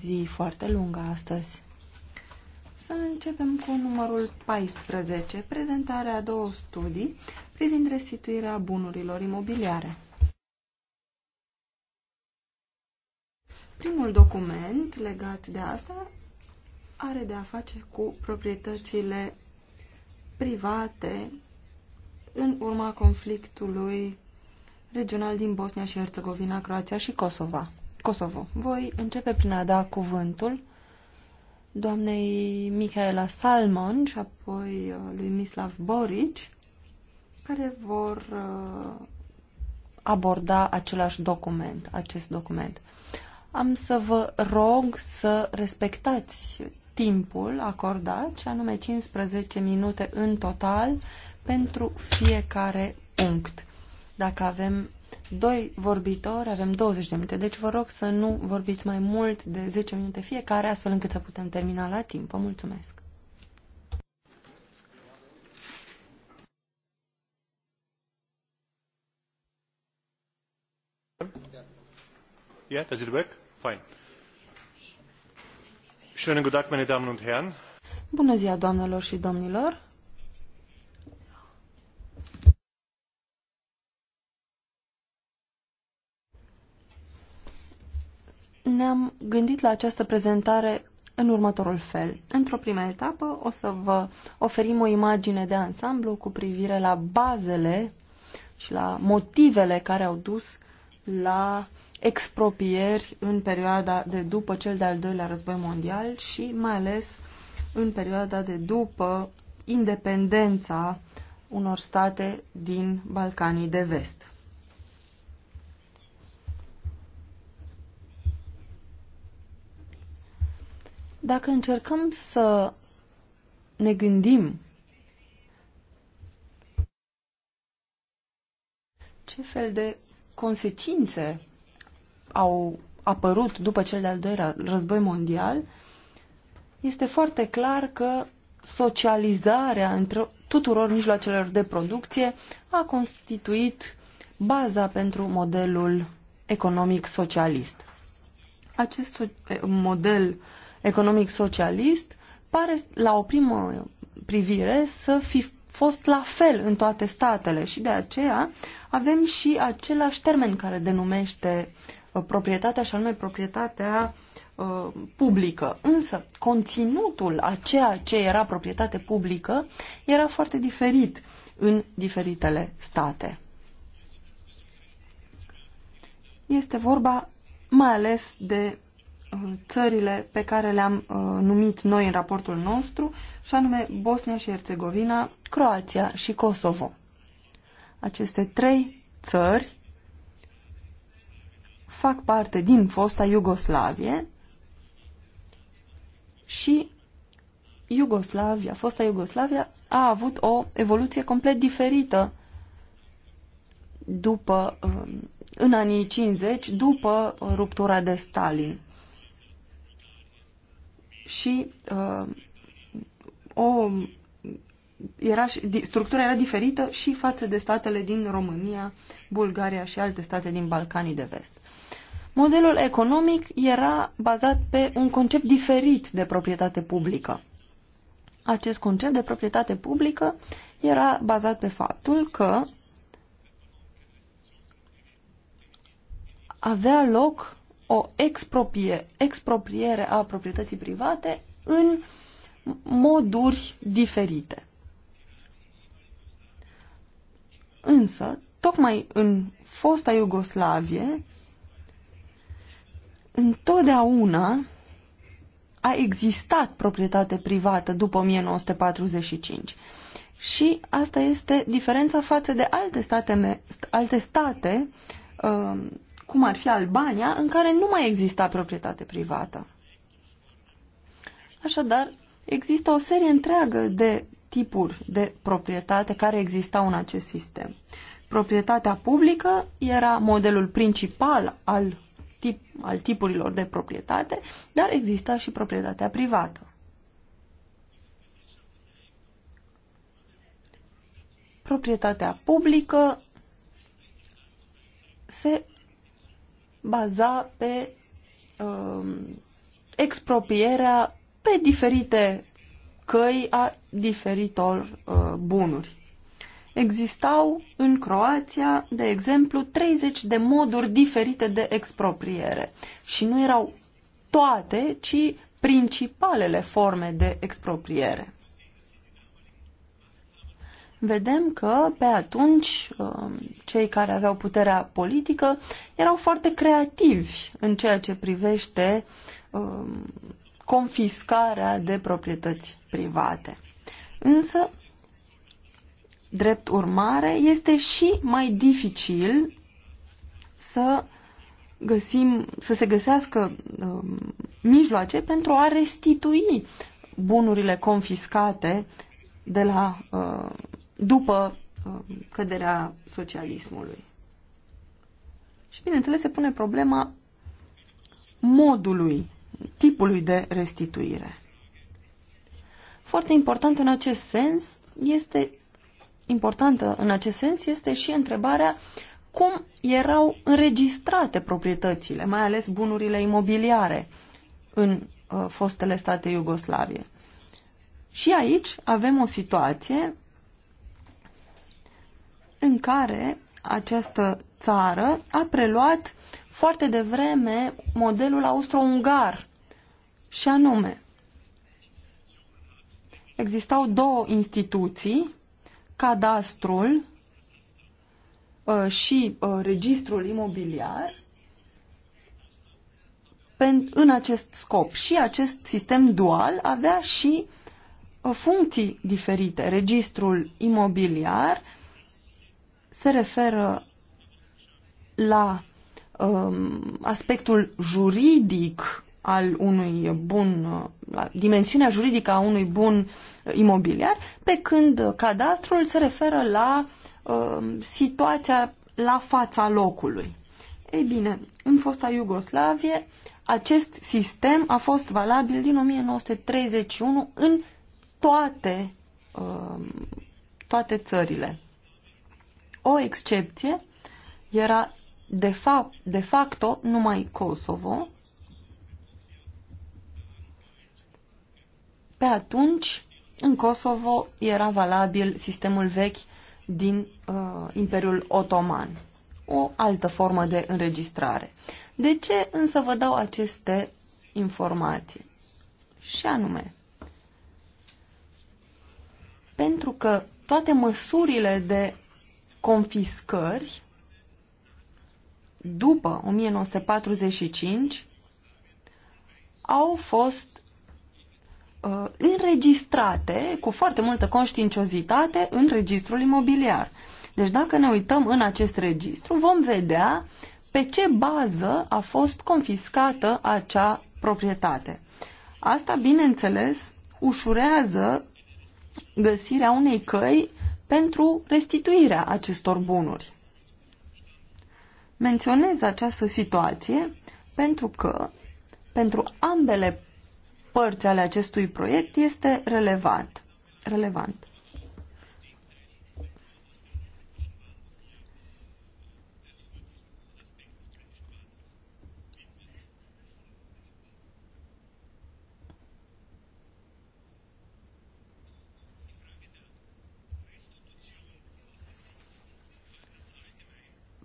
zi foarte lungă astăzi. Să începem cu numărul 14, prezentarea a două studii privind restituirea bunurilor imobiliare. Primul document legat de asta are de a face cu proprietățile private în urma conflictului regional din Bosnia și Herțegovina, Croația și Kosova. Kosovo. Voi începe prin a da cuvântul doamnei Michaela Salmon și apoi uh, lui Mislav Boric, care vor uh, aborda același document, acest document. Am să vă rog să respectați timpul acordat, și anume 15 minute în total pentru fiecare punct. Dacă avem doi vorbitori, avem 20 de minute, deci vă rog să nu vorbiți mai mult de 10 minute fiecare, astfel încât să putem termina la timp. Vă mulțumesc! Yeah, does it work? Fine. Schönen guten Tag, meine Damen und Herren. Bună ziua, doamnelor și domnilor! ne-am gândit la această prezentare în următorul fel. Într-o primă etapă o să vă oferim o imagine de ansamblu cu privire la bazele și la motivele care au dus la expropieri în perioada de după cel de-al doilea război mondial și mai ales în perioada de după independența unor state din Balcanii de vest. Dacă încercăm să ne gândim ce fel de consecințe au apărut după cel de-al doilea război mondial, este foarte clar că socializarea între tuturor mijloacelor de producție a constituit baza pentru modelul economic socialist. Acest eh, model economic-socialist pare la o primă privire să fi fost la fel în toate statele și de aceea avem și același termen care denumește uh, proprietatea și anume proprietatea uh, publică. Însă conținutul a ceea ce era proprietate publică era foarte diferit în diferitele state. Este vorba mai ales de Uh, țările pe care le-am uh, numit noi în raportul nostru, și anume Bosnia și Herțegovina, Croația și Kosovo. Aceste trei țări fac parte din fosta Iugoslavie și Iugoslavia, fosta Iugoslavia, a avut o evoluție complet diferită după, um, în anii 50, după ruptura de Stalin și uh, o era, structura era diferită și față de statele din România, Bulgaria și alte state din Balcanii de Vest. Modelul economic era bazat pe un concept diferit de proprietate publică. Acest concept de proprietate publică era bazat pe faptul că avea loc o expropie, expropriere a proprietății private în moduri diferite. Însă, tocmai în fosta Iugoslavie, întotdeauna a existat proprietate privată după 1945. Și asta este diferența față de alte state, alte state um, cum ar fi Albania, în care nu mai exista proprietate privată. Așadar, există o serie întreagă de tipuri de proprietate care existau în acest sistem. Proprietatea publică era modelul principal al, tip, al tipurilor de proprietate, dar exista și proprietatea privată. Proprietatea publică se baza pe uh, expropierea pe diferite căi a diferitor uh, bunuri. Existau în Croația, de exemplu, 30 de moduri diferite de expropriere și nu erau toate, ci principalele forme de expropriere vedem că pe atunci um, cei care aveau puterea politică erau foarte creativi în ceea ce privește um, confiscarea de proprietăți private. Însă, drept urmare, este și mai dificil să găsim, să se găsească um, mijloace pentru a restitui bunurile confiscate de la uh, după um, căderea socialismului. Și bineînțeles se pune problema modului, tipului de restituire. Foarte important în acest sens este importantă în acest sens este și întrebarea cum erau înregistrate proprietățile, mai ales bunurile imobiliare în uh, fostele state Iugoslavie. Și aici avem o situație în care această țară a preluat foarte devreme modelul austro-ungar și anume existau două instituții, cadastrul uh, și uh, registrul imobiliar în acest scop. Și acest sistem dual avea și uh, funcții diferite. Registrul imobiliar se referă la um, aspectul juridic al unui bun, uh, la dimensiunea juridică a unui bun uh, imobiliar, pe când cadastrul se referă la um, situația la fața locului. Ei bine, în fosta Iugoslavie, acest sistem a fost valabil din 1931 în toate, um, toate țările. O excepție era de, fapt, de facto numai Kosovo. Pe atunci, în Kosovo era valabil sistemul vechi din uh, Imperiul Otoman, o altă formă de înregistrare. De ce însă vă dau aceste informații? Și anume, pentru că toate măsurile de confiscări după 1945 au fost uh, înregistrate cu foarte multă conștiinciozitate în registrul imobiliar. Deci dacă ne uităm în acest registru, vom vedea pe ce bază a fost confiscată acea proprietate. Asta, bineînțeles, ușurează găsirea unei căi pentru restituirea acestor bunuri. Menționez această situație pentru că pentru ambele părți ale acestui proiect este relevant. relevant.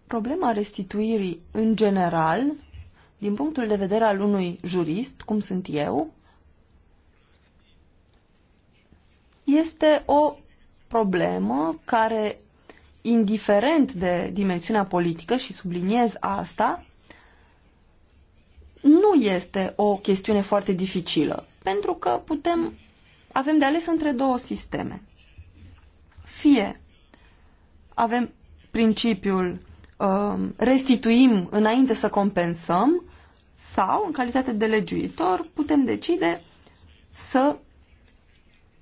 Problema restituirii în general, din punctul de vedere al unui jurist, cum sunt eu, este o problemă care, indiferent de dimensiunea politică, și subliniez asta, nu este o chestiune foarte dificilă, pentru că putem, avem de ales între două sisteme. Fie avem principiul Um, restituim înainte să compensăm sau, în calitate de legiuitor, putem decide să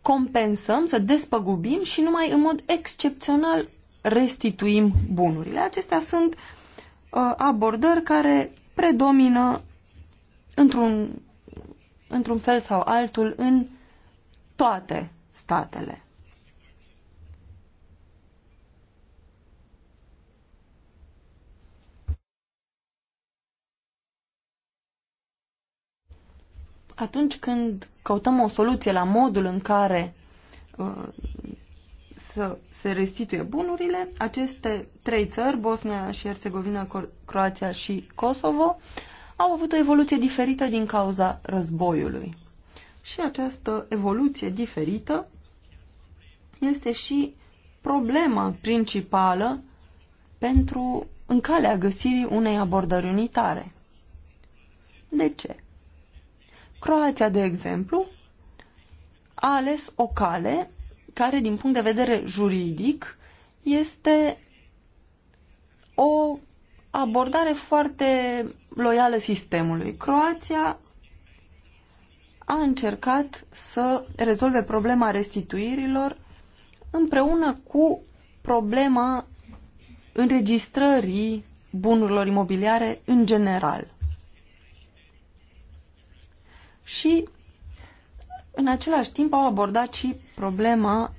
compensăm, să despăgubim și numai în mod excepțional restituim bunurile. Acestea sunt uh, abordări care predomină într-un, într-un fel sau altul în toate statele. Atunci când căutăm o soluție la modul în care uh, să se restituie bunurile, aceste trei țări, Bosnia și Herțegovina, Croația și Kosovo, au avut o evoluție diferită din cauza războiului. Și această evoluție diferită este și problema principală pentru în calea găsirii unei abordări unitare. De ce? Croația, de exemplu, a ales o cale care, din punct de vedere juridic, este o abordare foarte loială sistemului. Croația a încercat să rezolve problema restituirilor împreună cu problema înregistrării bunurilor imobiliare în general și în același timp au abordat și problema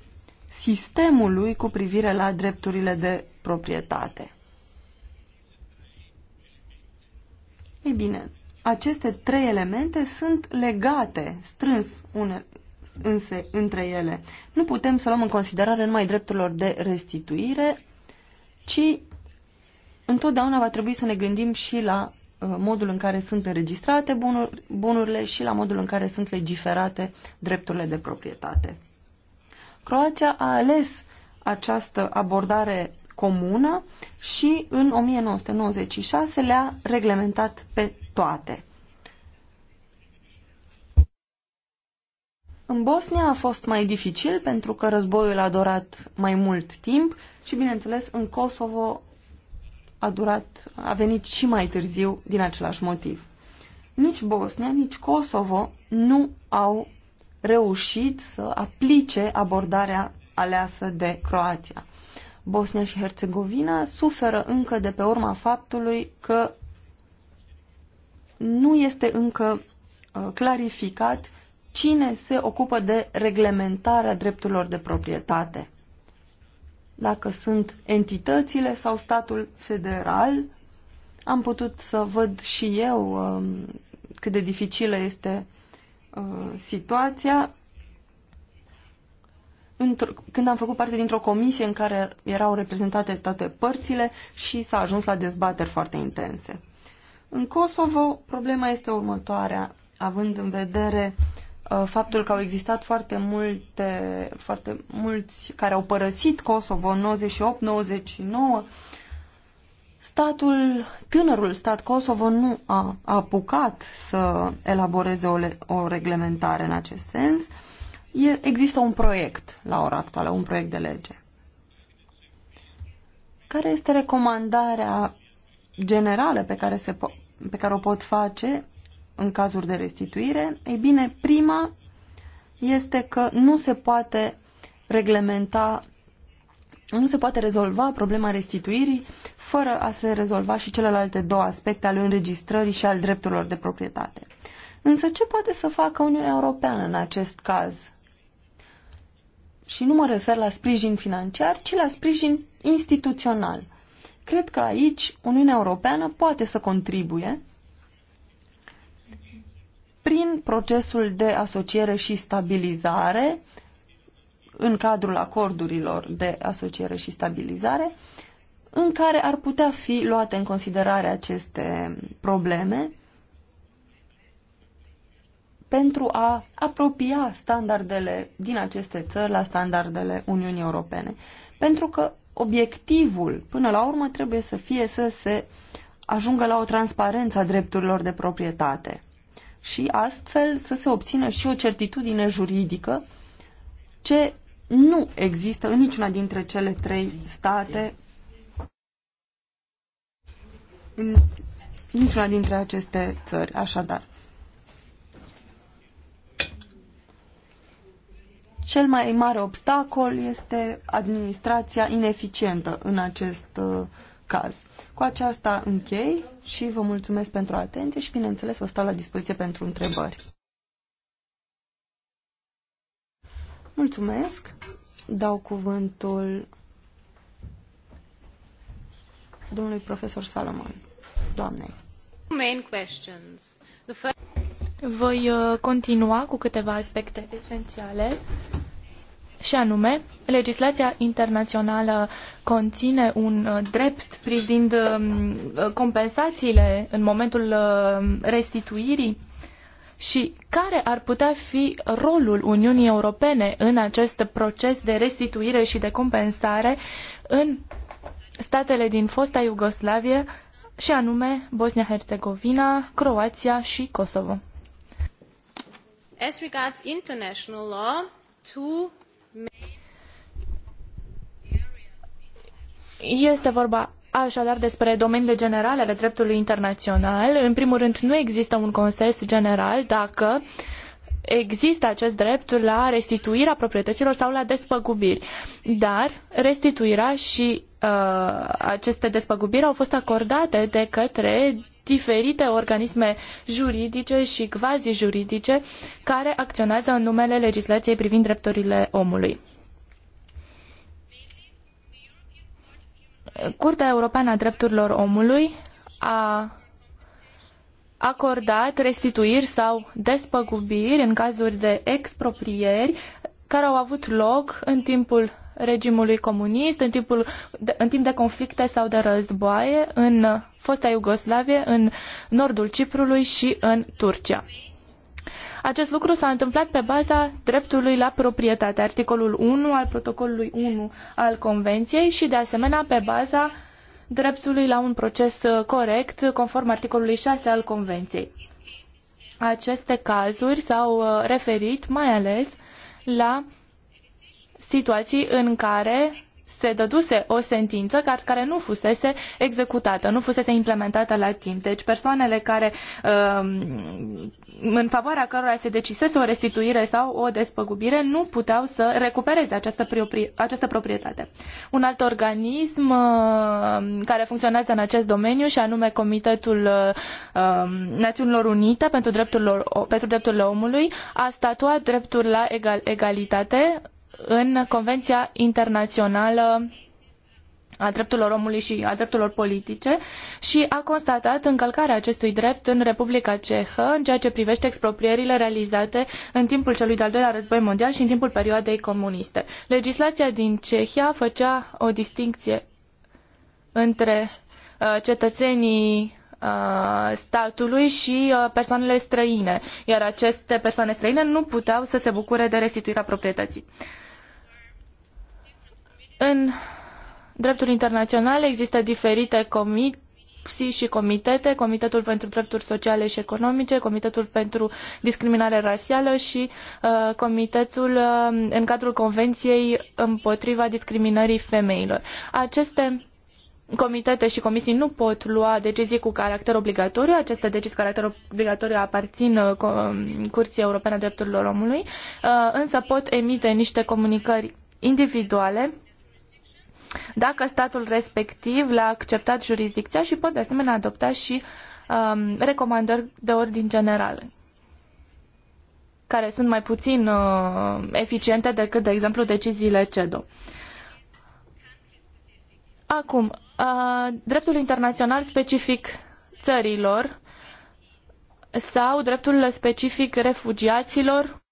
sistemului cu privire la drepturile de proprietate. Ei bine, aceste trei elemente sunt legate, strâns une, înse, între ele. Nu putem să luăm în considerare numai drepturilor de restituire, ci întotdeauna va trebui să ne gândim și la modul în care sunt înregistrate bunurile și la modul în care sunt legiferate drepturile de proprietate. Croația a ales această abordare comună și în 1996 le-a reglementat pe toate. În Bosnia a fost mai dificil pentru că războiul a durat mai mult timp și, bineînțeles, în Kosovo a durat, a venit și mai târziu din același motiv. Nici Bosnia, nici Kosovo nu au reușit să aplice abordarea aleasă de Croația. Bosnia și Herțegovina suferă încă de pe urma faptului că nu este încă ă, clarificat cine se ocupă de reglementarea drepturilor de proprietate dacă sunt entitățile sau statul federal. Am putut să văd și eu um, cât de dificilă este uh, situația. Când am făcut parte dintr-o comisie în care erau reprezentate toate părțile și s-a ajuns la dezbateri foarte intense. În Kosovo, problema este următoarea, având în vedere Uh, faptul că au existat foarte multe, foarte mulți care au părăsit Kosovo în 98-99, statul, tânărul stat Kosovo nu a apucat să elaboreze o, o reglementare în acest sens. E, există un proiect la ora actuală, un proiect de lege. Care este recomandarea generală pe care, se, pe care o pot face în cazuri de restituire? Ei bine, prima este că nu se poate reglementa, nu se poate rezolva problema restituirii fără a se rezolva și celelalte două aspecte ale înregistrării și al drepturilor de proprietate. Însă ce poate să facă Uniunea Europeană în acest caz? Și nu mă refer la sprijin financiar, ci la sprijin instituțional. Cred că aici Uniunea Europeană poate să contribuie prin procesul de asociere și stabilizare în cadrul acordurilor de asociere și stabilizare în care ar putea fi luate în considerare aceste probleme pentru a apropia standardele din aceste țări la standardele Uniunii Europene. Pentru că obiectivul, până la urmă, trebuie să fie să se ajungă la o transparență a drepturilor de proprietate și astfel să se obțină și o certitudine juridică ce nu există în niciuna dintre cele trei state în niciuna dintre aceste țări, așadar. Cel mai mare obstacol este administrația ineficientă în acest uh, caz. Cu aceasta închei și vă mulțumesc pentru atenție și, bineînțeles, vă stau la dispoziție pentru întrebări. Mulțumesc. Dau cuvântul domnului profesor Salomon, doamnei. Main questions. The first... Voi uh, continua cu câteva aspecte esențiale și anume, legislația internațională conține un uh, drept privind um, compensațiile în momentul um, restituirii și care ar putea fi rolul Uniunii Europene în acest proces de restituire și de compensare în statele din fosta Iugoslavie și anume Bosnia-Herzegovina, Croația și Kosovo. As regards international law, two este vorba așadar despre domeniile generale ale dreptului internațional. În primul rând, nu există un consens general dacă există acest drept la restituirea proprietăților sau la despăgubiri. Dar restituirea și uh, aceste despăgubiri au fost acordate de către diferite organisme juridice și quasi-juridice care acționează în numele legislației privind drepturile omului. Curtea Europeană a Drepturilor Omului a acordat restituiri sau despăgubiri în cazuri de exproprieri care au avut loc în timpul regimului comunist în, timpul, de, în timp de conflicte sau de războaie în fosta Iugoslavie, în nordul Ciprului și în Turcia. Acest lucru s-a întâmplat pe baza dreptului la proprietate, articolul 1 al protocolului 1 al Convenției și de asemenea pe baza dreptului la un proces uh, corect conform articolului 6 al Convenției. Aceste cazuri s-au uh, referit mai ales la situații în care se dăduse o sentință care nu fusese executată, nu fusese implementată la timp. Deci persoanele care um, în favoarea cărora se decisese o restituire sau o despăgubire nu puteau să recupereze această, această proprietate. Un alt organism uh, care funcționează în acest domeniu și anume Comitetul uh, um, Națiunilor Unite pentru drepturile, pentru drepturile omului a statuat dreptul la egal, egalitate în Convenția Internațională a drepturilor omului și a drepturilor politice și a constatat încălcarea acestui drept în Republica Cehă în ceea ce privește exproprierile realizate în timpul celui de-al doilea război mondial și în timpul perioadei comuniste. Legislația din Cehia făcea o distincție între uh, cetățenii uh, statului și uh, persoanele străine, iar aceste persoane străine nu puteau să se bucure de restituirea proprietății. Uh, în dreptul internațional există diferite comisii și comitete, Comitetul pentru Drepturi Sociale și Economice, Comitetul pentru Discriminare Rasială și uh, Comitetul uh, în cadrul Convenției împotriva discriminării femeilor. Aceste comitete și comisii nu pot lua decizii cu caracter obligatoriu. Aceste decizii cu caracter obligatoriu aparțin uh, Curții Europene a Drepturilor Omului, uh, însă pot emite niște comunicări individuale dacă statul respectiv le-a acceptat jurisdicția și pot de asemenea adopta și um, recomandări de ordin general care sunt mai puțin uh, eficiente decât, de exemplu, deciziile CEDO. Acum, uh, dreptul internațional specific țărilor sau dreptul specific refugiaților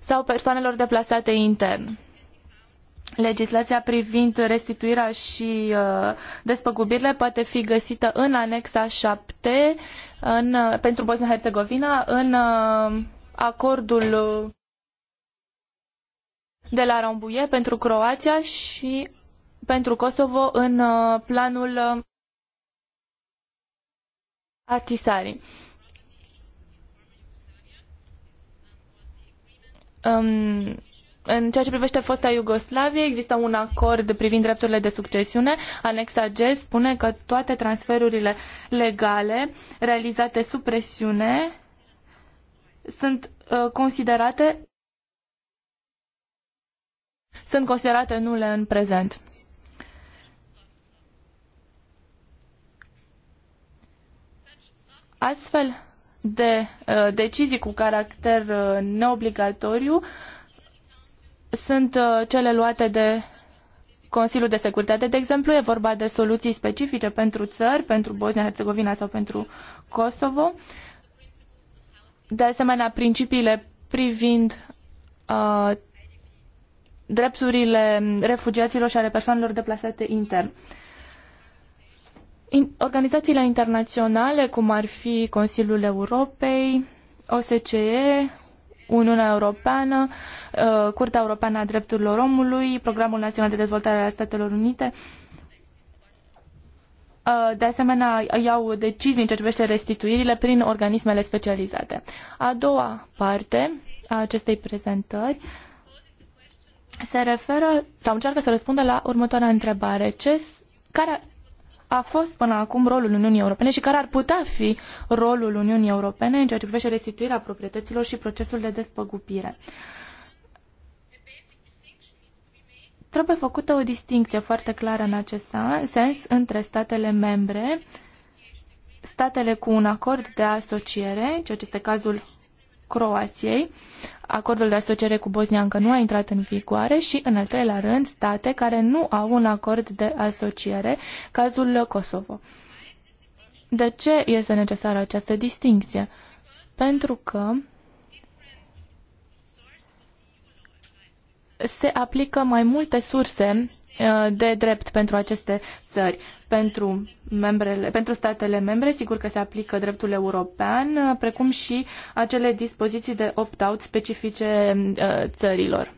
sau persoanelor deplasate intern legislația privind restituirea și uh, despăgubirile poate fi găsită în anexa 7 în, pentru Bosnia-Herzegovina în uh, acordul uh, de la Rambouillet pentru Croația și pentru Kosovo în planul Atisari. Um, în ceea ce privește fosta Iugoslavie, există un acord privind drepturile de succesiune. Anexa G spune că toate transferurile legale realizate sub presiune sunt uh, considerate sunt considerate nule în prezent. Astfel de uh, decizii cu caracter uh, neobligatoriu uh, sunt uh, cele luate de Consiliul de Securitate. De exemplu, e vorba de soluții specifice pentru țări, pentru Bosnia-Herzegovina sau pentru Kosovo. De asemenea, principiile privind uh, drepturile refugiaților și ale persoanelor deplasate intern. In, organizațiile internaționale, cum ar fi Consiliul Europei, OSCE, Uniunea Europeană, uh, Curtea Europeană a Drepturilor Omului, Programul Național de Dezvoltare al Statelor Unite. Uh, de asemenea, iau decizii în ce privește restituirile prin organismele specializate. A doua parte a acestei prezentări se referă sau încearcă să răspundă la următoarea întrebare. Ce, care a fost până acum rolul Uniunii Europene și care ar putea fi rolul Uniunii Europene în ceea ce privește restituirea proprietăților și procesul de despăgubire. Trebuie făcută o distinție foarte clară în acest sens între statele membre, statele cu un acord de asociere, ceea ce este cazul Croației. Acordul de asociere cu Bosnia încă nu a intrat în vigoare și, în al treilea rând, state care nu au un acord de asociere, cazul Kosovo. De ce este necesară această distinție? Pentru că se aplică mai multe surse uh, de drept pentru aceste țări pentru, membrele, pentru statele membre, sigur că se aplică dreptul european, precum și acele dispoziții de opt-out specifice uh, țărilor,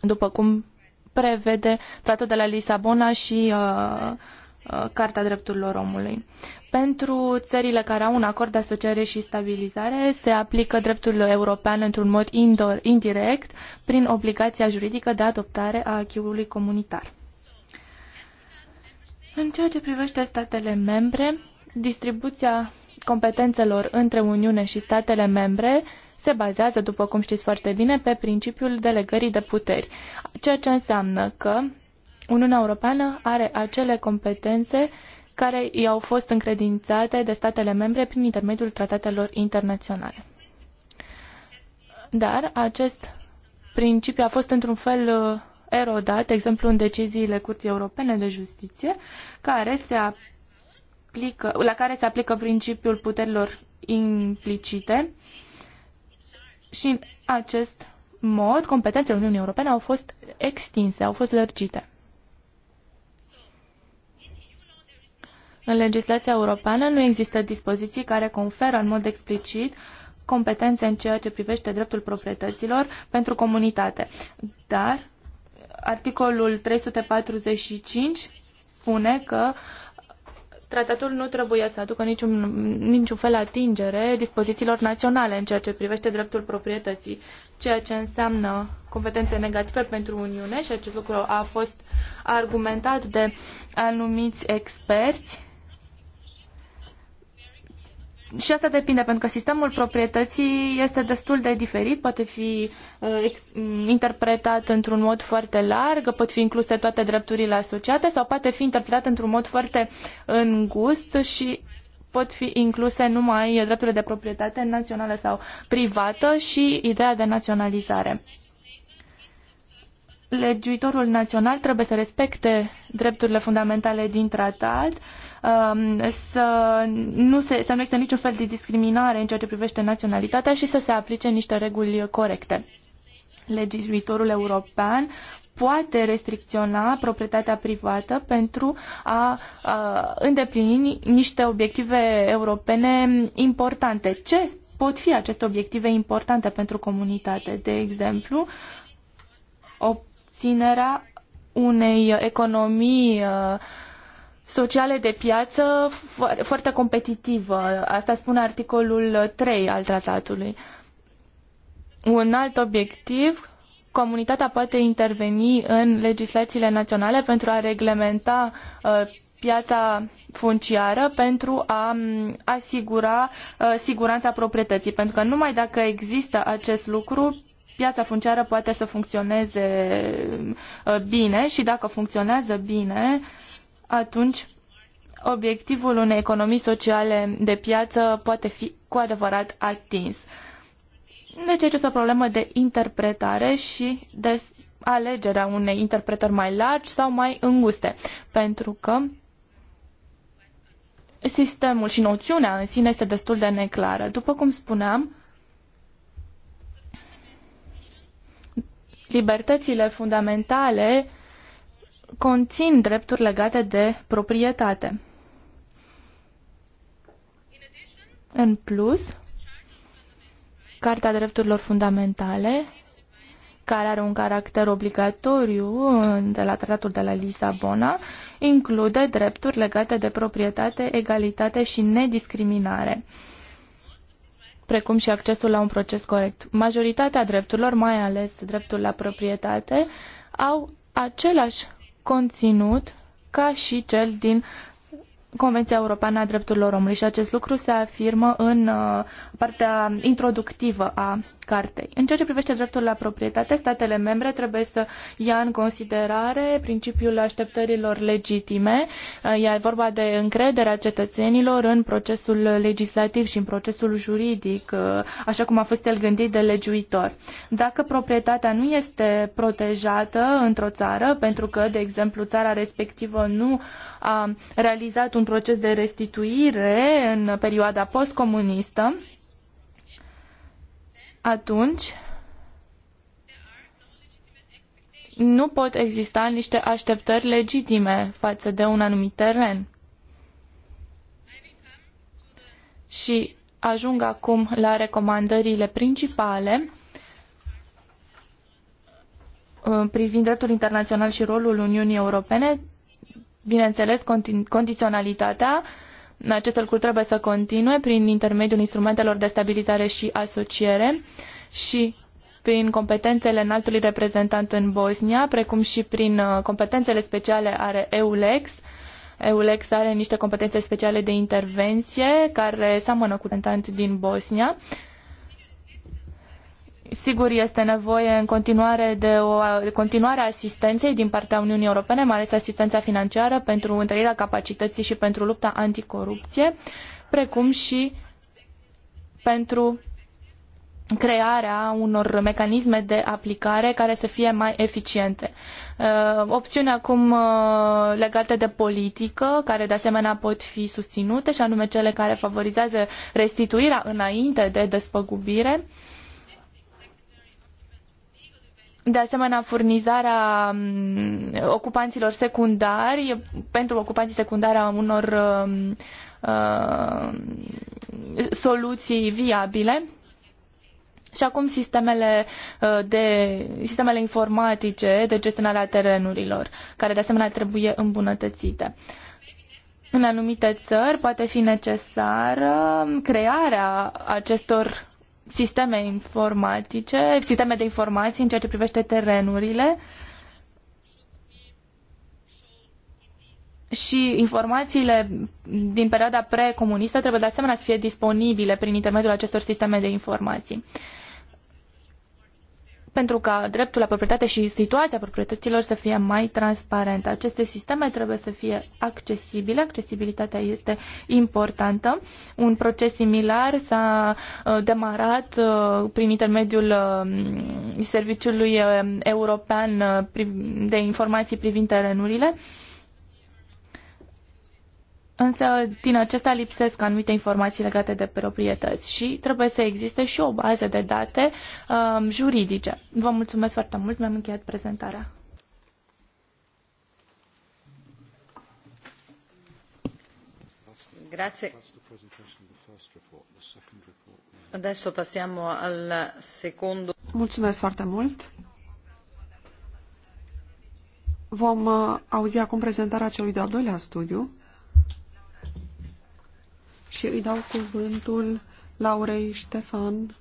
după cum prevede tratatul de la Lisabona și uh, uh, Carta Drepturilor Omului. Pentru țările care au un acord de asociere și stabilizare, se aplică dreptul european într-un mod indirect prin obligația juridică de adoptare a acquis comunitar. În ceea ce privește statele membre, distribuția competențelor între Uniune și statele membre se bazează, după cum știți foarte bine, pe principiul delegării de puteri, ceea ce înseamnă că Uniunea Europeană are acele competențe care i-au fost încredințate de statele membre prin intermediul tratatelor internaționale. Dar acest principiu a fost într-un fel uh, erodat, de exemplu, în deciziile Curții Europene de Justiție, care se aplică, la care se aplică principiul puterilor implicite și în acest mod competențele Uniunii Europene au fost extinse, au fost lărgite. În legislația europeană nu există dispoziții care conferă în mod explicit competențe în ceea ce privește dreptul proprietăților pentru comunitate, dar Articolul 345 spune că tratatul nu trebuie să aducă niciun, niciun fel atingere dispozițiilor naționale în ceea ce privește dreptul proprietății, ceea ce înseamnă competențe negative pentru Uniune și acest lucru a fost argumentat de anumiți experți și asta depinde, pentru că sistemul proprietății este destul de diferit, poate fi uh, mm, interpretat într-un mod foarte larg, pot fi incluse toate drepturile asociate sau poate fi interpretat într-un mod foarte îngust și pot fi incluse numai drepturile de proprietate națională sau privată și ideea de naționalizare legiuitorul național trebuie să respecte drepturile fundamentale din tratat, um, să nu, se, să nu există niciun fel de discriminare în ceea ce privește naționalitatea și să se aplice niște reguli corecte. Legiuitorul european poate restricționa proprietatea privată pentru a, a îndeplini niște obiective europene importante. Ce pot fi aceste obiective importante pentru comunitate? De exemplu, o obținerea unei economii uh, sociale de piață foarte competitivă. Asta spune articolul 3 al tratatului. Un alt obiectiv, comunitatea poate interveni în legislațiile naționale pentru a reglementa uh, piața funciară pentru a asigura uh, siguranța proprietății, pentru că numai dacă există acest lucru, piața funciară poate să funcționeze uh, bine și dacă funcționează bine, atunci obiectivul unei economii sociale de piață poate fi cu adevărat atins. Deci este o problemă de interpretare și de alegerea unei interpretări mai largi sau mai înguste, pentru că sistemul și noțiunea în sine este destul de neclară. După cum spuneam, libertățile fundamentale conțin drepturi legate de proprietate. În plus, Carta Drepturilor Fundamentale, care are un caracter obligatoriu de la Tratatul de la Lisabona, include drepturi legate de proprietate, egalitate și nediscriminare precum și accesul la un proces corect. Majoritatea drepturilor, mai ales dreptul la proprietate, au același conținut ca și cel din Convenția Europeană a Drepturilor Omului și acest lucru se afirmă în uh, partea introductivă a cartei. În ceea ce privește dreptul la proprietate, statele membre trebuie să ia în considerare principiul așteptărilor legitime, iar vorba de încrederea cetățenilor în procesul legislativ și în procesul juridic, așa cum a fost el gândit de legiuitor. Dacă proprietatea nu este protejată într-o țară, pentru că, de exemplu, țara respectivă nu a realizat un proces de restituire în perioada postcomunistă, atunci nu pot exista niște așteptări legitime față de un anumit teren. Și ajung acum la recomandările principale uh, privind dreptul internațional și rolul Uniunii Europene, bineînțeles condi- condiționalitatea, acest lucru trebuie să continue prin intermediul instrumentelor de stabilizare și asociere și prin competențele înaltului reprezentant în Bosnia, precum și prin uh, competențele speciale are EULEX. EULEX are niște competențe speciale de intervenție care seamănă cu tentant din Bosnia Sigur, este nevoie în continuare de o continuare a asistenței din partea Uniunii Europene, mai ales asistența financiară pentru întărirea capacității și pentru lupta anticorupție, precum și pentru crearea unor mecanisme de aplicare care să fie mai eficiente. Uh, Opțiunea acum uh, legate de politică, care de asemenea pot fi susținute, și anume cele care favorizează restituirea înainte de despăgubire de asemenea, furnizarea mm, ocupanților secundari, pentru ocupanții secundari a unor uh, soluții viabile. Și acum sistemele, de, sistemele informatice de gestionare a terenurilor, care de asemenea trebuie îmbunătățite. În anumite țări poate fi necesară crearea acestor sisteme informatice, sisteme de informații în ceea ce privește terenurile și informațiile din perioada precomunistă trebuie de asemenea să fie disponibile prin intermediul acestor sisteme de informații pentru ca dreptul la proprietate și situația proprietăților să fie mai transparentă. Aceste sisteme trebuie să fie accesibile, accesibilitatea este importantă. Un proces similar s-a uh, demarat uh, prin intermediul um, Serviciului uh, European de Informații privind terenurile Însă din acesta lipsesc anumite informații legate de proprietăți și trebuie să existe și o bază de date um, juridice. Vă mulțumesc foarte mult, mi-am încheiat prezentarea. Grazie. Adesso passiamo al secondo. Mulțumesc foarte mult. Vom uh, auzi acum prezentarea celui de-al doilea studiu și îi dau cuvântul Laurei Ștefan.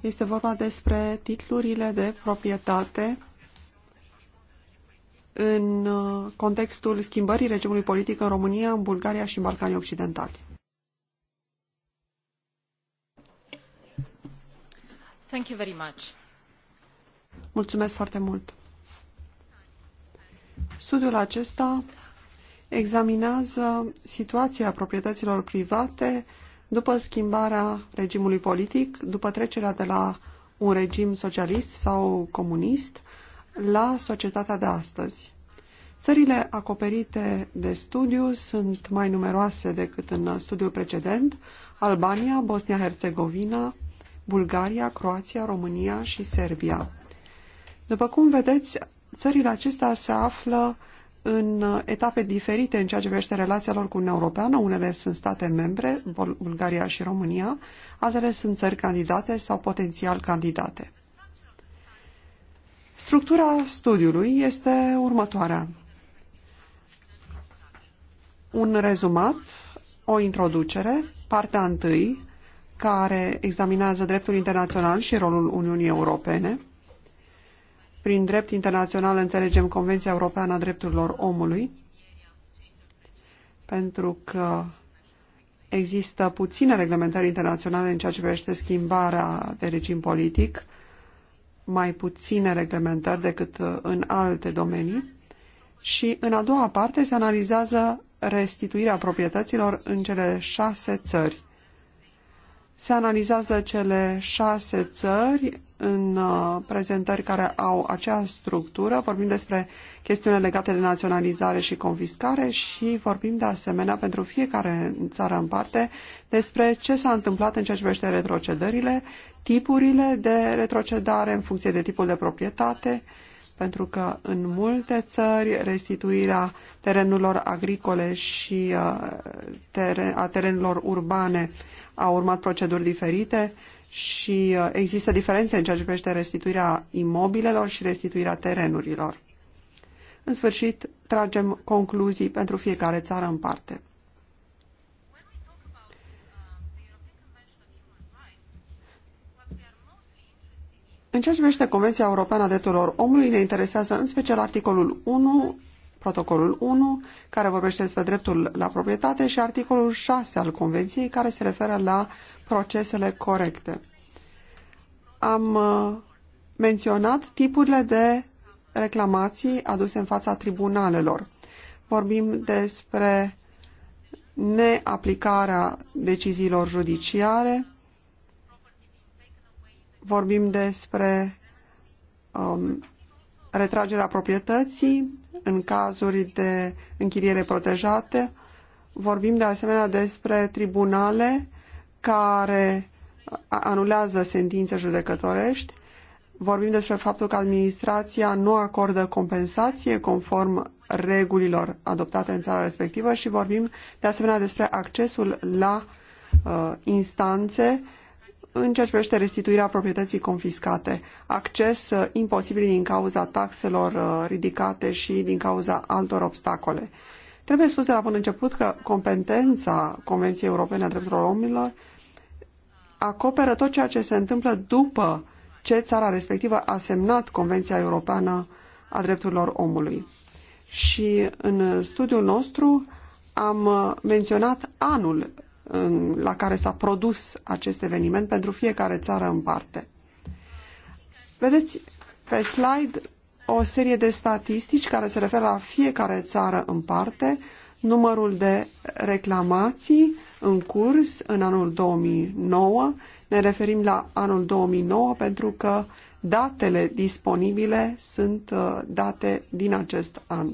Este vorba despre titlurile de proprietate în uh, contextul schimbării regimului politic în România, în Bulgaria și în Balcanii Occidentali. Thank you very much. Mulțumesc foarte mult. Studiul acesta examinează situația proprietăților private după schimbarea regimului politic, după trecerea de la un regim socialist sau comunist la societatea de astăzi. Țările acoperite de studiu sunt mai numeroase decât în studiul precedent, Albania, Bosnia-Herzegovina, Bulgaria, Croația, România și Serbia. După cum vedeți, țările acestea se află în uh, etape diferite în ceea ce privește relația lor cu Uniunea Europeană. Unele sunt state membre, Bulgaria și România, altele sunt țări candidate sau potențial candidate. Structura studiului este următoarea. Un rezumat, o introducere, partea întâi, care examinează dreptul internațional și rolul Uniunii Europene, prin drept internațional înțelegem Convenția Europeană a Drepturilor Omului, pentru că există puține reglementări internaționale în ceea ce privește schimbarea de regim politic, mai puține reglementări decât în alte domenii. Și în a doua parte se analizează restituirea proprietăților în cele șase țări. Se analizează cele șase țări în uh, prezentări care au acea structură. Vorbim despre chestiune legate de naționalizare și confiscare și vorbim de asemenea pentru fiecare țară în parte despre ce s-a întâmplat în ceea ce privește retrocedările, tipurile de retrocedare în funcție de tipul de proprietate, pentru că în multe țări restituirea terenurilor agricole și uh, a terenurilor urbane au urmat proceduri diferite și uh, există diferențe în ceea ce privește restituirea imobilelor și restituirea terenurilor. În sfârșit, tragem concluzii pentru fiecare țară în parte. În ceea ce privește Convenția Europeană a Drepturilor Omului, ne interesează în special articolul 1 protocolul 1, care vorbește despre dreptul la proprietate, și articolul 6 al Convenției, care se referă la procesele corecte. Am uh, menționat tipurile de reclamații aduse în fața tribunalelor. Vorbim despre neaplicarea deciziilor judiciare, vorbim despre um, retragerea proprietății, în cazuri de închiriere protejate. Vorbim de asemenea despre tribunale care anulează sentințe judecătorești. Vorbim despre faptul că administrația nu acordă compensație conform regulilor adoptate în țara respectivă și vorbim de asemenea despre accesul la uh, instanțe în ceea ce privește restituirea proprietății confiscate, acces uh, imposibil din cauza taxelor uh, ridicate și din cauza altor obstacole. Trebuie spus de la bun început că competența Convenției Europene a Drepturilor Omilor acoperă tot ceea ce se întâmplă după ce țara respectivă a semnat Convenția Europeană a Drepturilor Omului. Și în studiul nostru am uh, menționat anul la care s-a produs acest eveniment pentru fiecare țară în parte. Vedeți pe slide o serie de statistici care se referă la fiecare țară în parte, numărul de reclamații în curs în anul 2009. Ne referim la anul 2009 pentru că datele disponibile sunt uh, date din acest an.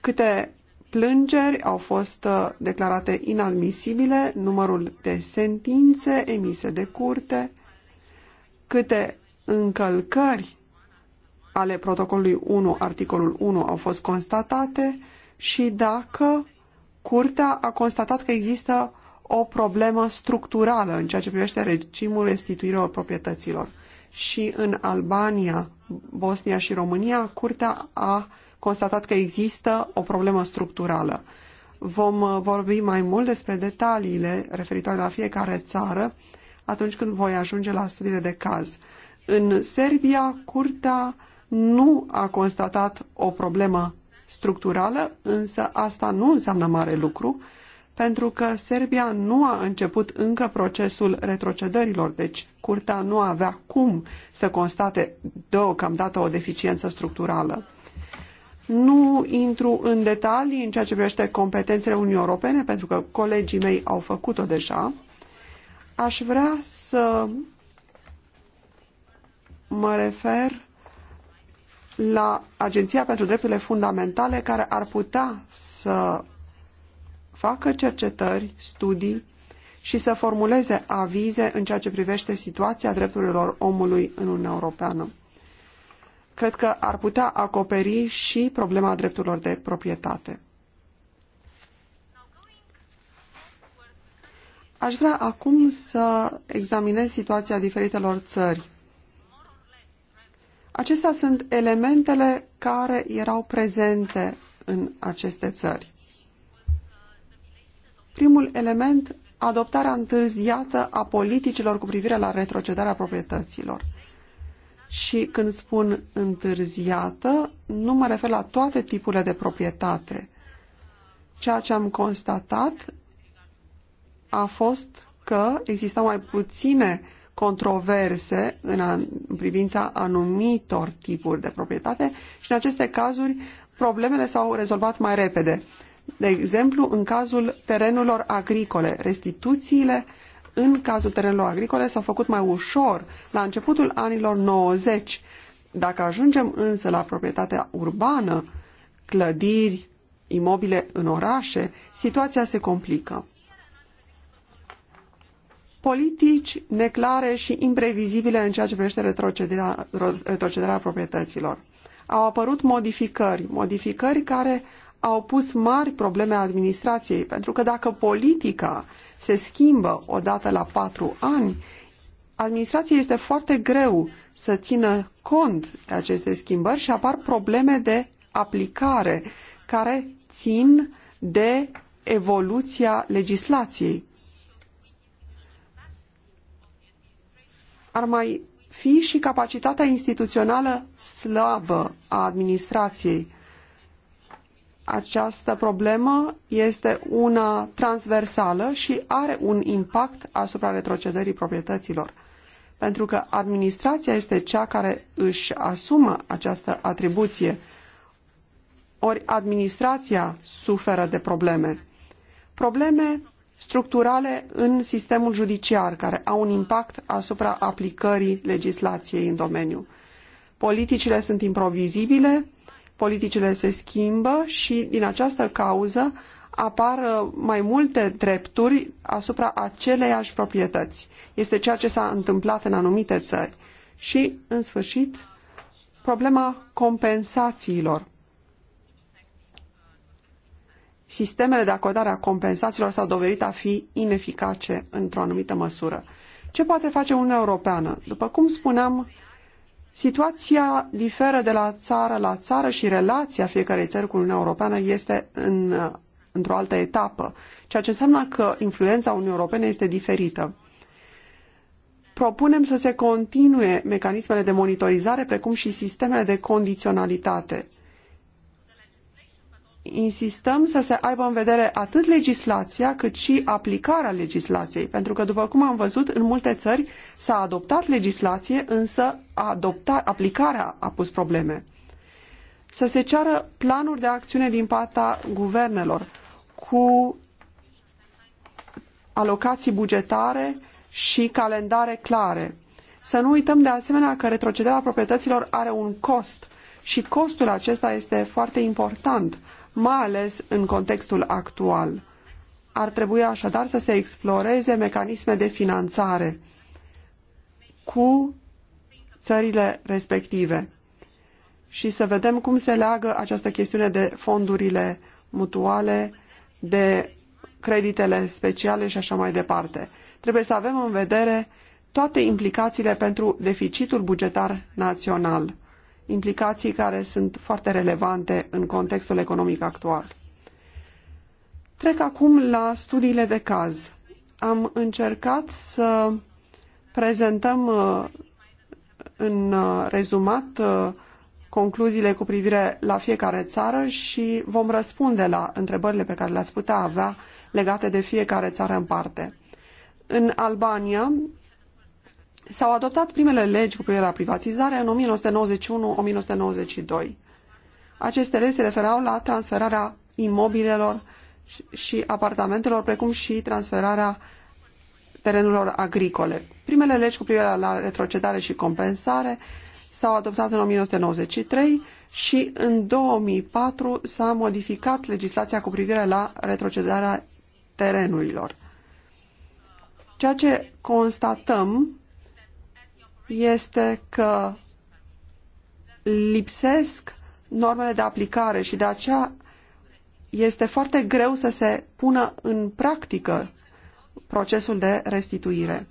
Câte plângeri au fost uh, declarate inadmisibile, numărul de sentințe emise de curte, câte încălcări ale protocolului 1, articolul 1 au fost constatate și dacă curtea a constatat că există o problemă structurală în ceea ce privește regimul restituirilor proprietăților. Și în Albania, Bosnia și România, curtea a constatat că există o problemă structurală. Vom uh, vorbi mai mult despre detaliile referitoare la fiecare țară atunci când voi ajunge la studiile de caz. În Serbia, curtea nu a constatat o problemă structurală, însă asta nu înseamnă mare lucru, pentru că Serbia nu a început încă procesul retrocedărilor, deci curtea nu avea cum să constate deocamdată o deficiență structurală. Nu intru în detalii în ceea ce privește competențele Uniunii Europene, pentru că colegii mei au făcut-o deja. Aș vrea să mă refer la Agenția pentru Drepturile Fundamentale, care ar putea să facă cercetări, studii și să formuleze avize în ceea ce privește situația drepturilor omului în Uniunea Europeană cred că ar putea acoperi și problema drepturilor de proprietate. Aș vrea acum să examinez situația diferitelor țări. Acestea sunt elementele care erau prezente în aceste țări. Primul element, adoptarea întârziată a politicilor cu privire la retrocedarea proprietăților. Și când spun întârziată, nu mă refer la toate tipurile de proprietate. Ceea ce am constatat a fost că existau mai puține controverse în, a, în privința anumitor tipuri de proprietate și în aceste cazuri problemele s-au rezolvat mai repede. De exemplu, în cazul terenurilor agricole, restituțiile uh, în cazul terenelor agricole s-au făcut mai ușor la începutul anilor 90. Dacă ajungem însă la proprietatea urbană, clădiri, imobile în orașe, situația se complică. Politici neclare și imprevizibile în ceea ce privește retrocederea, retrocederea proprietăților. Au apărut modificări, modificări care au pus mari probleme administrației, pentru că dacă politica se schimbă odată la patru ani, administrației este foarte greu să țină cont de aceste schimbări și apar probleme de aplicare care țin de evoluția legislației. Ar mai fi și capacitatea instituțională slabă a administrației această problemă este una transversală și are un impact asupra retrocedării proprietăților. Pentru că administrația este cea care își asumă această atribuție, ori administrația suferă de probleme. Probleme structurale în sistemul judiciar, care au un impact asupra aplicării legislației în domeniu. Politicile sunt improvizibile, politicile se schimbă și din această cauză apar uh, mai multe drepturi asupra aceleiași proprietăți. Este ceea ce s-a întâmplat în anumite țări. Și, în sfârșit, problema compensațiilor. Sistemele de acordare a compensațiilor s-au dovedit a fi ineficace într-o anumită măsură. Ce poate face Uniunea Europeană? După cum spuneam Situația diferă de la țară la țară și relația fiecarei țări cu Uniunea Europeană este în, într-o altă etapă, ceea ce înseamnă că influența Uniunii Europene este diferită. Propunem să se continue mecanismele de monitorizare, precum și sistemele de condiționalitate – insistăm să se aibă în vedere atât legislația cât și aplicarea legislației, pentru că, după cum am văzut, în multe țări s-a adoptat legislație, însă adopta, aplicarea a pus probleme. Să se ceară planuri de acțiune din partea guvernelor cu alocații bugetare și calendare clare. Să nu uităm de asemenea că retrocederea proprietăților are un cost și costul acesta este foarte important mai ales în contextul actual. Ar trebui așadar să se exploreze mecanisme de finanțare cu țările respective și să vedem cum se leagă această chestiune de fondurile mutuale, de creditele speciale și așa mai departe. Trebuie să avem în vedere toate implicațiile pentru deficitul bugetar național implicații care sunt foarte relevante în contextul economic actual. Trec acum la studiile de caz. Am încercat să prezentăm uh, în uh, rezumat uh, concluziile cu privire la fiecare țară și vom răspunde la întrebările pe care le-ați putea avea legate de fiecare țară în parte. În Albania s-au adoptat primele legi cu privire la privatizare în 1991-1992. Aceste legi se referau la transferarea imobilelor și apartamentelor, precum și transferarea terenurilor agricole. Primele legi cu privire la retrocedare și compensare s-au adoptat în 1993 și în 2004 s-a modificat legislația cu privire la retrocedarea terenurilor. Ceea ce constatăm este că lipsesc normele de aplicare și de aceea este foarte greu să se pună în practică procesul de restituire.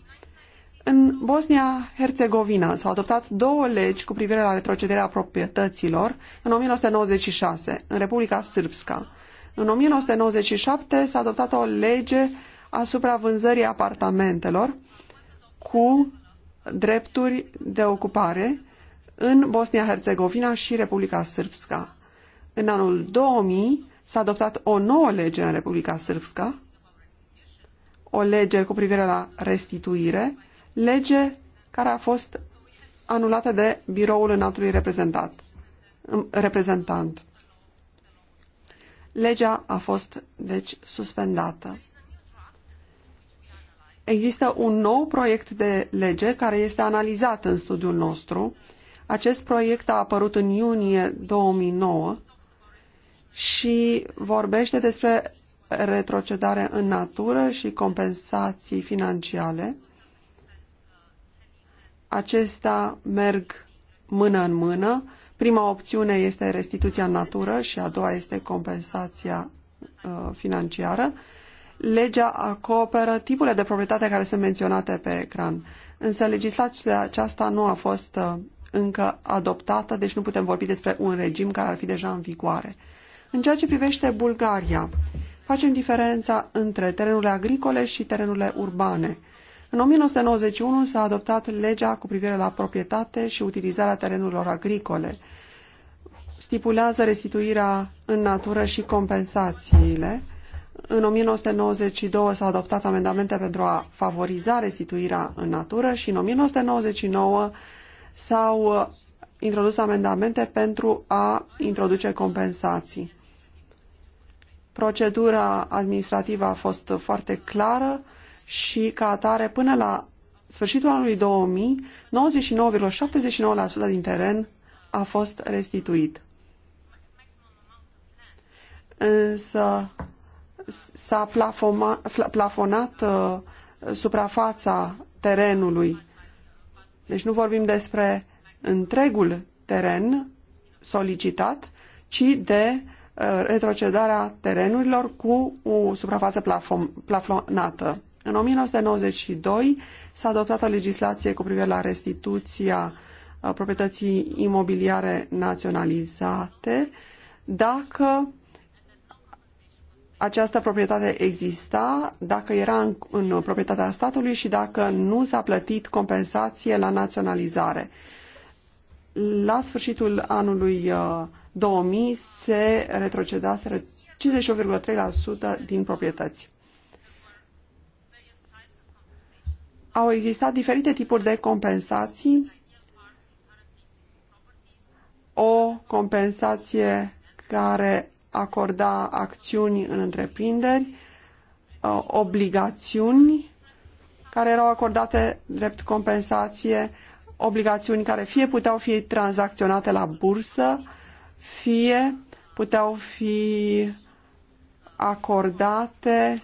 În Bosnia-Herzegovina s-au adoptat două legi cu privire la retrocederea proprietăților în 1996, în Republica Sârbska. În 1997 s-a adoptat o lege asupra vânzării apartamentelor cu drepturi de ocupare în Bosnia-Herzegovina și Republica Srpska. În anul 2000 s-a adoptat o nouă lege în Republica Srpska, o lege cu privire la restituire, lege care a fost anulată de biroul înaltului reprezentat, reprezentant. Legea a fost, deci, suspendată. Există un nou proiect de lege care este analizat în studiul nostru. Acest proiect a apărut în iunie 2009 și vorbește despre retrocedare în natură și compensații financiare. Acestea merg mână în mână. Prima opțiune este restituția în natură și a doua este compensația uh, financiară. Uh, legea acoperă tipurile de proprietate care sunt menționate pe ecran. Însă legislația aceasta nu a fost uh, încă adoptată, deci nu putem vorbi despre un regim care ar fi deja în vigoare. În ceea ce privește Bulgaria, facem diferența între terenurile agricole și terenurile urbane. În 1991 s-a adoptat legea cu privire la proprietate și utilizarea terenurilor agricole. Stipulează restituirea în natură și compensațiile, în 1992 s-au adoptat amendamente pentru a favoriza restituirea în natură și în 1999 s-au uh, introdus amendamente pentru a introduce compensații. Procedura administrativă a fost foarte clară și ca atare până la sfârșitul anului 2000, 99,79% din teren a fost restituit. Însă s-a plafonat uh, suprafața terenului. Deci nu vorbim despre întregul teren solicitat, ci de uh, retrocedarea terenurilor cu o suprafață plafonată. În 1992 s-a adoptat o legislație cu privire la restituția uh, proprietății imobiliare naționalizate dacă această proprietate exista dacă era în, în proprietatea statului și dacă nu s-a plătit compensație la naționalizare. La sfârșitul anului 2000 uh, se retrocedaseră 58,3% din proprietăți. Au existat diferite tipuri de compensații. O compensație care acorda acțiuni în întreprinderi, uh, obligațiuni care erau acordate drept compensație, obligațiuni care fie puteau fi tranzacționate la bursă, fie puteau fi acordate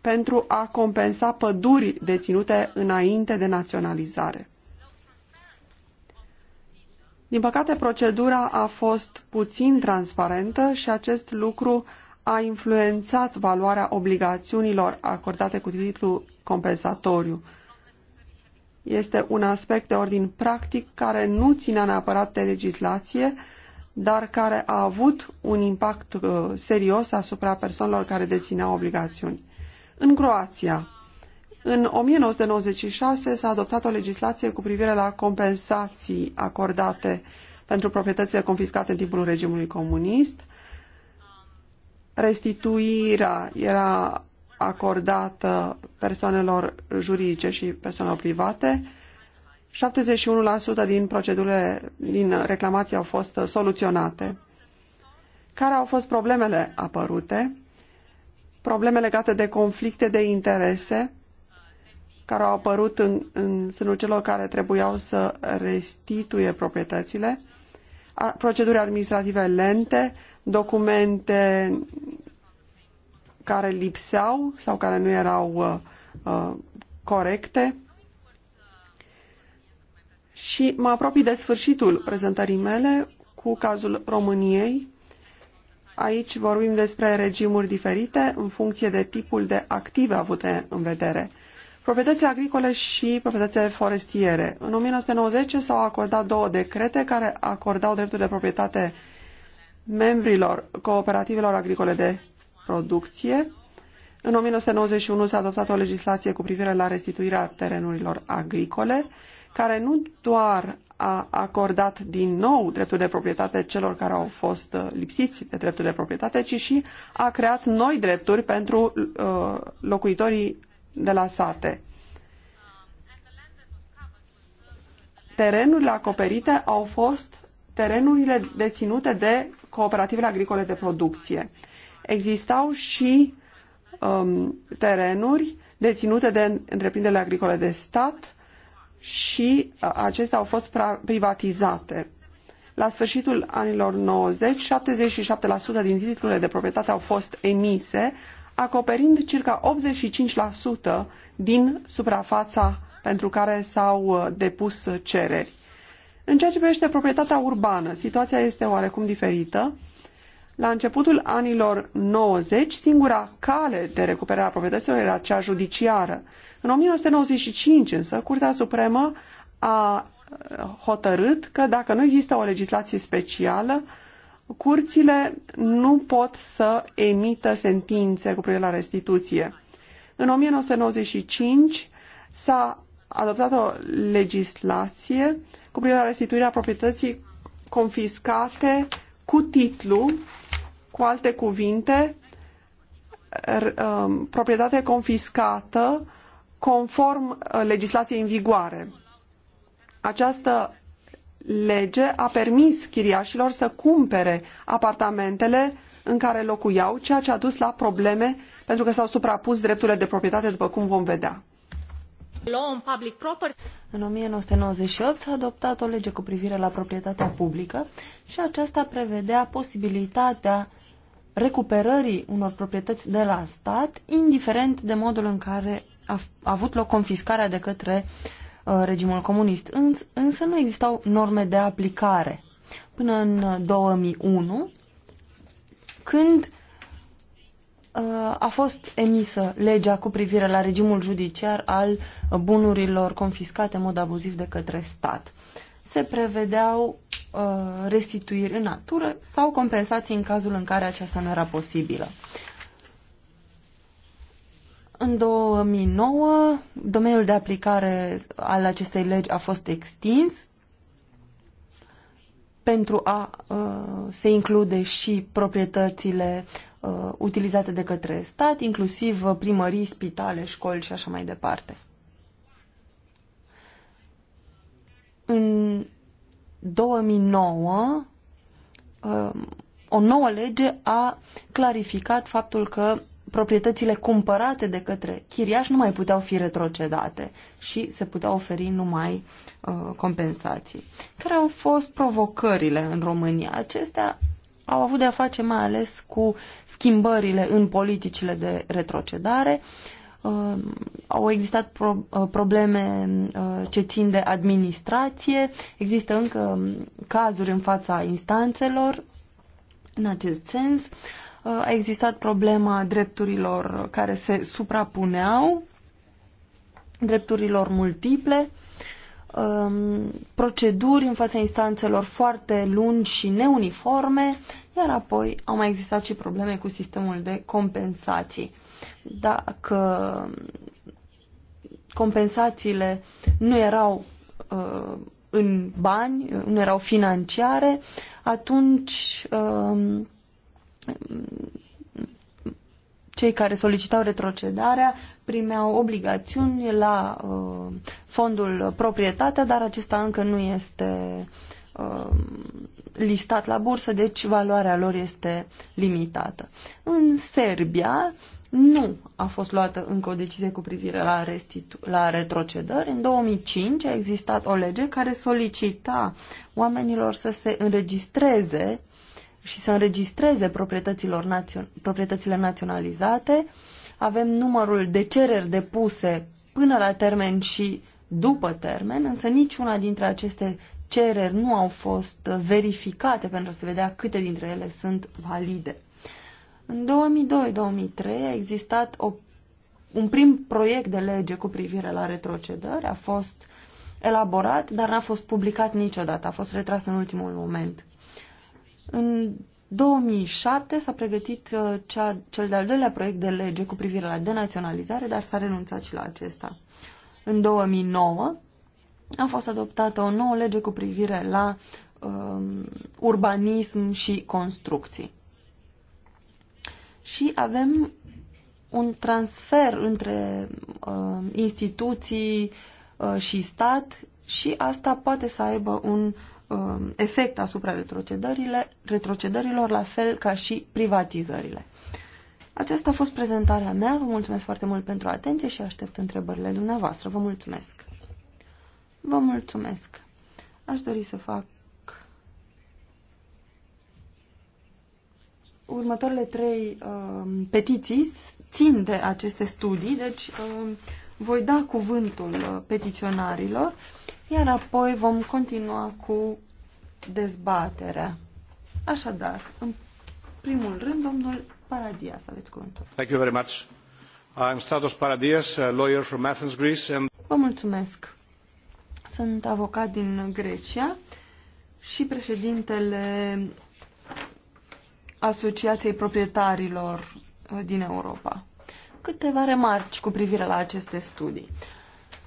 pentru a compensa păduri deținute înainte de naționalizare. Din păcate, procedura a fost puțin transparentă și acest lucru a influențat valoarea obligațiunilor acordate cu titlu compensatoriu. Este un aspect de ordin practic care nu ținea neapărat de legislație, dar care a avut un impact uh, serios asupra persoanelor care dețineau obligațiuni. În Croația, în 1996 s-a adoptat o legislație cu privire la compensații acordate pentru proprietățile confiscate în timpul regimului comunist. Restituirea era acordată persoanelor juridice și persoanelor private. 71% din procedurile din reclamații au fost soluționate. Care au fost problemele apărute? Probleme legate de conflicte de interese, care au apărut în, în sânul celor care trebuiau să restituie proprietățile, proceduri administrative lente, documente care lipseau sau care nu erau uh, uh, corecte. Și mă apropii de sfârșitul prezentării mele cu cazul României. Aici vorbim despre regimuri diferite în funcție de tipul de active avute în vedere. Proprietățile agricole și proprietățile forestiere. În 1990 s-au acordat două decrete care acordau drepturi de proprietate membrilor cooperativelor agricole de producție. În 1991 s-a adoptat o legislație cu privire la restituirea terenurilor agricole, care nu doar a acordat din nou dreptul de proprietate celor care au fost uh, lipsiți de dreptul de proprietate, ci și a creat noi drepturi pentru uh, locuitorii de la sate. Terenurile acoperite au fost terenurile deținute de cooperativele agricole de producție. Existau și um, terenuri deținute de întreprinderile agricole de stat și uh, acestea au fost privatizate. La sfârșitul anilor 90, 77% din titlurile de proprietate au fost emise, acoperind circa 85% din suprafața pentru care s-au uh, depus cereri. În ceea ce privește proprietatea urbană, situația este oarecum diferită. La începutul anilor 90, singura cale de recuperare a proprietăților era cea judiciară. În 1995 însă, Curtea Supremă a uh, hotărât că dacă nu există o legislație specială, curțile nu pot să emită sentințe cu privire la restituție. În 1995 s-a adoptat o legislație cu privire la restituirea proprietății confiscate cu titlu, cu alte cuvinte, um, proprietate confiscată conform uh, legislației în vigoare. Această lege a permis chiriașilor să cumpere apartamentele în care locuiau, ceea ce a dus la probleme pentru că s-au suprapus drepturile de proprietate, după cum vom vedea. În 1998 s-a adoptat o lege cu privire la proprietatea publică și aceasta prevedea posibilitatea recuperării unor proprietăți de la stat, indiferent de modul în care a avut loc confiscarea de către Uh, regimul comunist, însă nu existau norme de aplicare până în 2001, uh, când uh, a fost emisă legea cu privire la regimul judiciar al bunurilor confiscate în mod abuziv de către stat. Se prevedeau restituiri în natură sau compensații în cazul în care aceasta nu era posibilă. În 2009, domeniul de aplicare al acestei legi a fost extins pentru a uh, se include și proprietățile uh, utilizate de către stat, inclusiv uh, primării, spitale, școli și așa mai departe. În 2009, uh, o nouă lege a clarificat faptul că proprietățile cumpărate de către chiriași nu mai puteau fi retrocedate și se puteau oferi numai uh, compensații. Care au fost provocările în România? Acestea au avut de a face mai ales cu schimbările în politicile de retrocedare. Uh, au existat pro, uh, probleme uh, ce țin de administrație, există încă um, cazuri în fața instanțelor în acest sens. Uh, a existat problema drepturilor care se suprapuneau, drepturilor multiple, um, proceduri în fața instanțelor foarte lungi și neuniforme, iar apoi au mai existat și probleme cu sistemul de compensații. Dacă compensațiile nu erau uh, în bani, nu erau financiare, atunci uh, cei care solicitau retrocedarea primeau obligațiuni la uh, fondul proprietatea, dar acesta încă nu este uh, listat la bursă, deci valoarea lor este limitată. În Serbia nu a fost luată încă o decizie cu privire la, restitu, la retrocedări. În 2005 a existat o lege care solicita oamenilor să se înregistreze uh, și să înregistreze proprietăților națion proprietățile naționalizate. Avem numărul de cereri depuse până la termen și după termen, însă niciuna dintre aceste cereri nu au fost verificate pentru a se vedea câte dintre ele sunt valide. În 2002-2003 a existat o, un prim proiect de lege cu privire la retrocedări, a fost elaborat, dar n-a fost publicat niciodată, a fost retras în ultimul moment. În 2007 s-a pregătit uh, cea, cel de-al doilea proiect de lege cu privire la denaționalizare, dar s-a renunțat și la acesta. În 2009 a fost adoptată o nouă lege cu privire la um, urbanism și construcții. Și avem un transfer între uh, instituții uh, și stat și asta poate să aibă un uh, Um, efect asupra retrocedărilor, la fel ca și privatizările. Aceasta a fost prezentarea mea. Vă mulțumesc foarte mult pentru atenție și aștept întrebările dumneavoastră. Vă mulțumesc. Vă mulțumesc. Aș dori să fac următoarele trei uh, petiții țin de aceste studii, deci uh, voi da cuvântul uh, peticionarilor, iar apoi vom continua cu dezbaterea. Așadar, în primul rând, domnul Paradias, aveți cuvântul. Thank you very much. I'm Stratos Paradias, a lawyer from Athens, Greece. And... Vă mulțumesc. Sunt avocat din Grecia și președintele Asociației Proprietarilor uh, din Europa câteva remarci cu privire la aceste studii.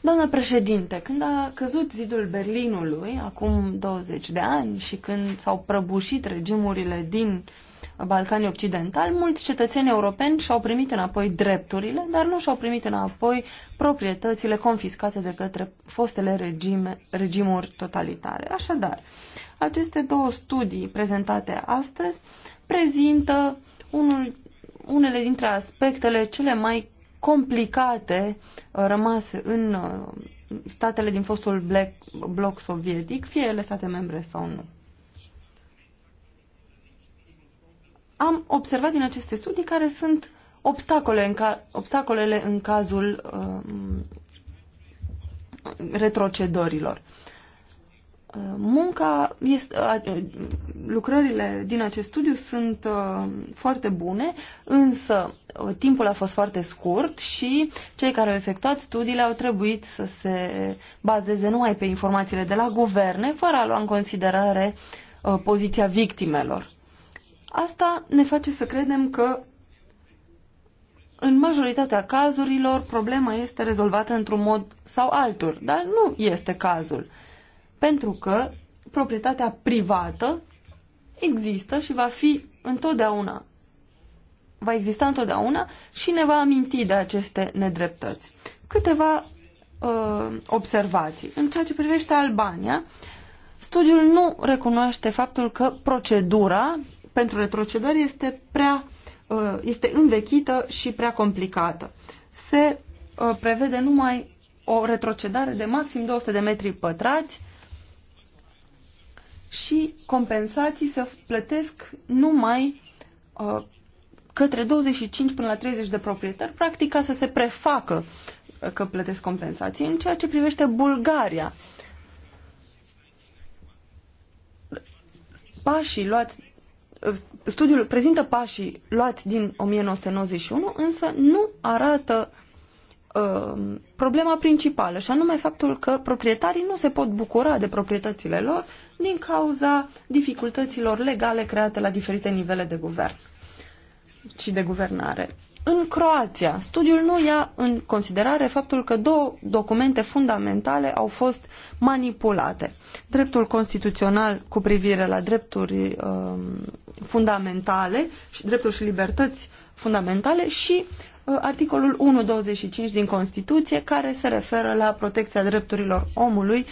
Doamnă președinte, când a căzut zidul Berlinului, acum 20 de ani, și când s-au prăbușit regimurile din Balcanii Occidentali, mulți cetățeni europeni și-au primit înapoi drepturile, dar nu și-au primit înapoi proprietățile confiscate de către fostele regime, regimuri totalitare. Așadar, aceste două studii prezentate astăzi prezintă unul unele dintre aspectele cele mai complicate uh, rămase în uh, statele din fostul black, bloc sovietic, fie ele state membre sau nu. Am observat din aceste studii care sunt obstacole în ca, obstacolele în cazul uh, retrocedorilor munca este, lucrările din acest studiu sunt foarte bune, însă timpul a fost foarte scurt și cei care au efectuat studiile au trebuit să se bazeze numai pe informațiile de la guverne, fără a lua în considerare poziția victimelor. Asta ne face să credem că în majoritatea cazurilor problema este rezolvată într-un mod sau altul, dar nu este cazul pentru că proprietatea privată există și va fi întotdeauna va exista întotdeauna și ne va aminti de aceste nedreptăți. Câteva uh, observații. În ceea ce privește Albania, studiul nu recunoaște faptul că procedura pentru retrocedări este prea uh, este învechită și prea complicată. Se uh, prevede numai o retrocedare de maxim 200 de metri pătrați și compensații să plătesc numai uh, către 25 până la 30 de proprietari, practic ca să se prefacă că plătesc compensații. În ceea ce privește Bulgaria, pașii luați studiul prezintă pașii luați din 1991, însă nu arată Um, problema principală, și anume faptul că proprietarii nu se pot bucura de proprietățile lor din cauza dificultăților legale create la diferite nivele de guvern și de guvernare. În Croația, studiul nu ia în considerare faptul că două documente fundamentale au fost manipulate. Dreptul constituțional cu privire la drepturi um, fundamentale, și drepturi și libertăți fundamentale și uh, Uh, articolul 1.25 din Constituție, care se referă la protecția drepturilor omului.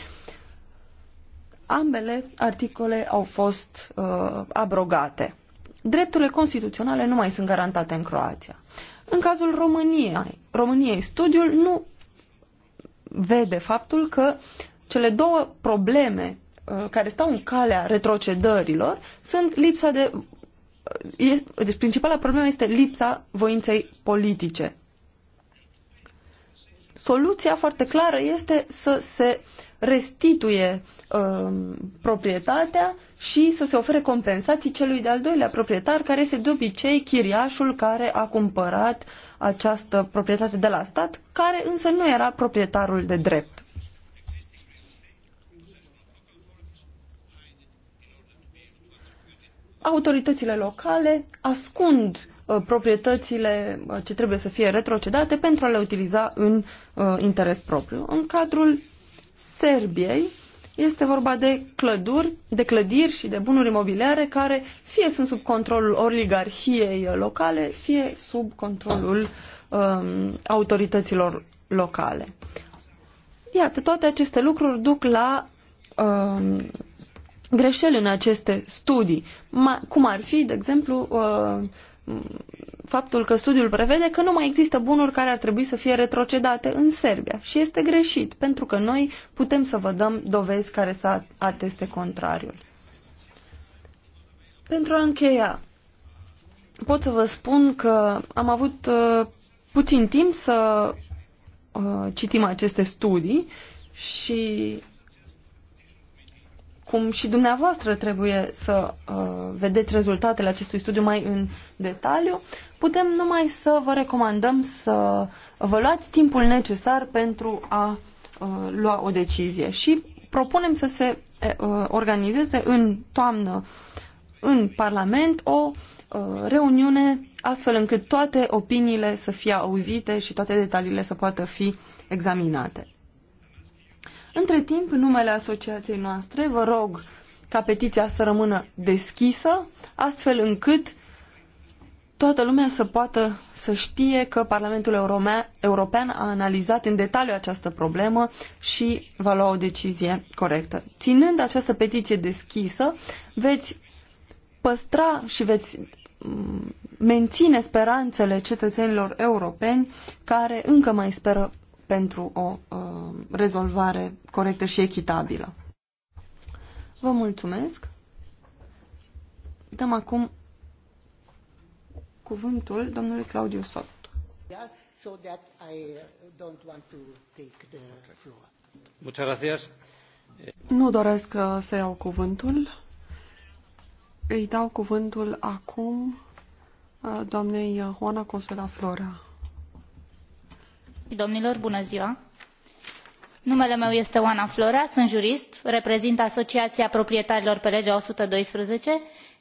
Ambele articole au fost uh, abrogate. Drepturile constituționale nu mai sunt garantate în Croația. În cazul României, României studiul nu vede faptul că cele două probleme uh, care stau în calea retrocedărilor sunt lipsa de deci principala problemă este lipsa voinței politice. Soluția foarte clară este să se restituie um, proprietatea și să se ofere compensații celui de-al doilea proprietar, care este de obicei chiriașul care a cumpărat această proprietate de la stat, care însă nu era proprietarul de drept. autoritățile locale ascund uh, proprietățile uh, ce trebuie să fie retrocedate pentru a le utiliza în uh, interes propriu. În cadrul Serbiei este vorba de clăduri, de clădiri și de bunuri imobiliare care fie sunt sub controlul oligarhiei uh, locale, fie sub controlul um, autorităților locale. Iată, toate aceste lucruri duc la um, greșeli în aceste studii, cum ar fi, de exemplu, uh, faptul că studiul prevede că nu mai există bunuri care ar trebui să fie retrocedate în Serbia. Și este greșit, pentru că noi putem să vă dăm dovezi care să ateste contrariul. Pentru a încheia, pot să vă spun că am avut uh, puțin timp să uh, citim aceste studii și cum și dumneavoastră trebuie să uh, vedeți rezultatele acestui studiu mai în detaliu. Putem numai să vă recomandăm să vă luați timpul necesar pentru a uh, lua o decizie și propunem să se uh, organizeze în toamnă în Parlament o uh, reuniune astfel încât toate opiniile să fie auzite și toate detaliile să poată fi examinate. Între timp, în numele asociației noastre, vă rog ca petiția să rămână deschisă, astfel încât toată lumea să poată să știe că Parlamentul European a analizat în detaliu această problemă și va lua o decizie corectă. Ținând această petiție deschisă, veți păstra și veți mm, menține speranțele cetățenilor europeni care încă mai speră pentru o uh, rezolvare corectă și echitabilă. Vă mulțumesc. Dăm acum cuvântul domnului Claudiu Sot. Nu doresc uh, să iau cuvântul. Îi dau cuvântul acum uh, doamnei Juana Consuela Flora. Domnilor, bună ziua! Numele meu este Oana Florea, sunt jurist, reprezint Asociația Proprietarilor pe legea 112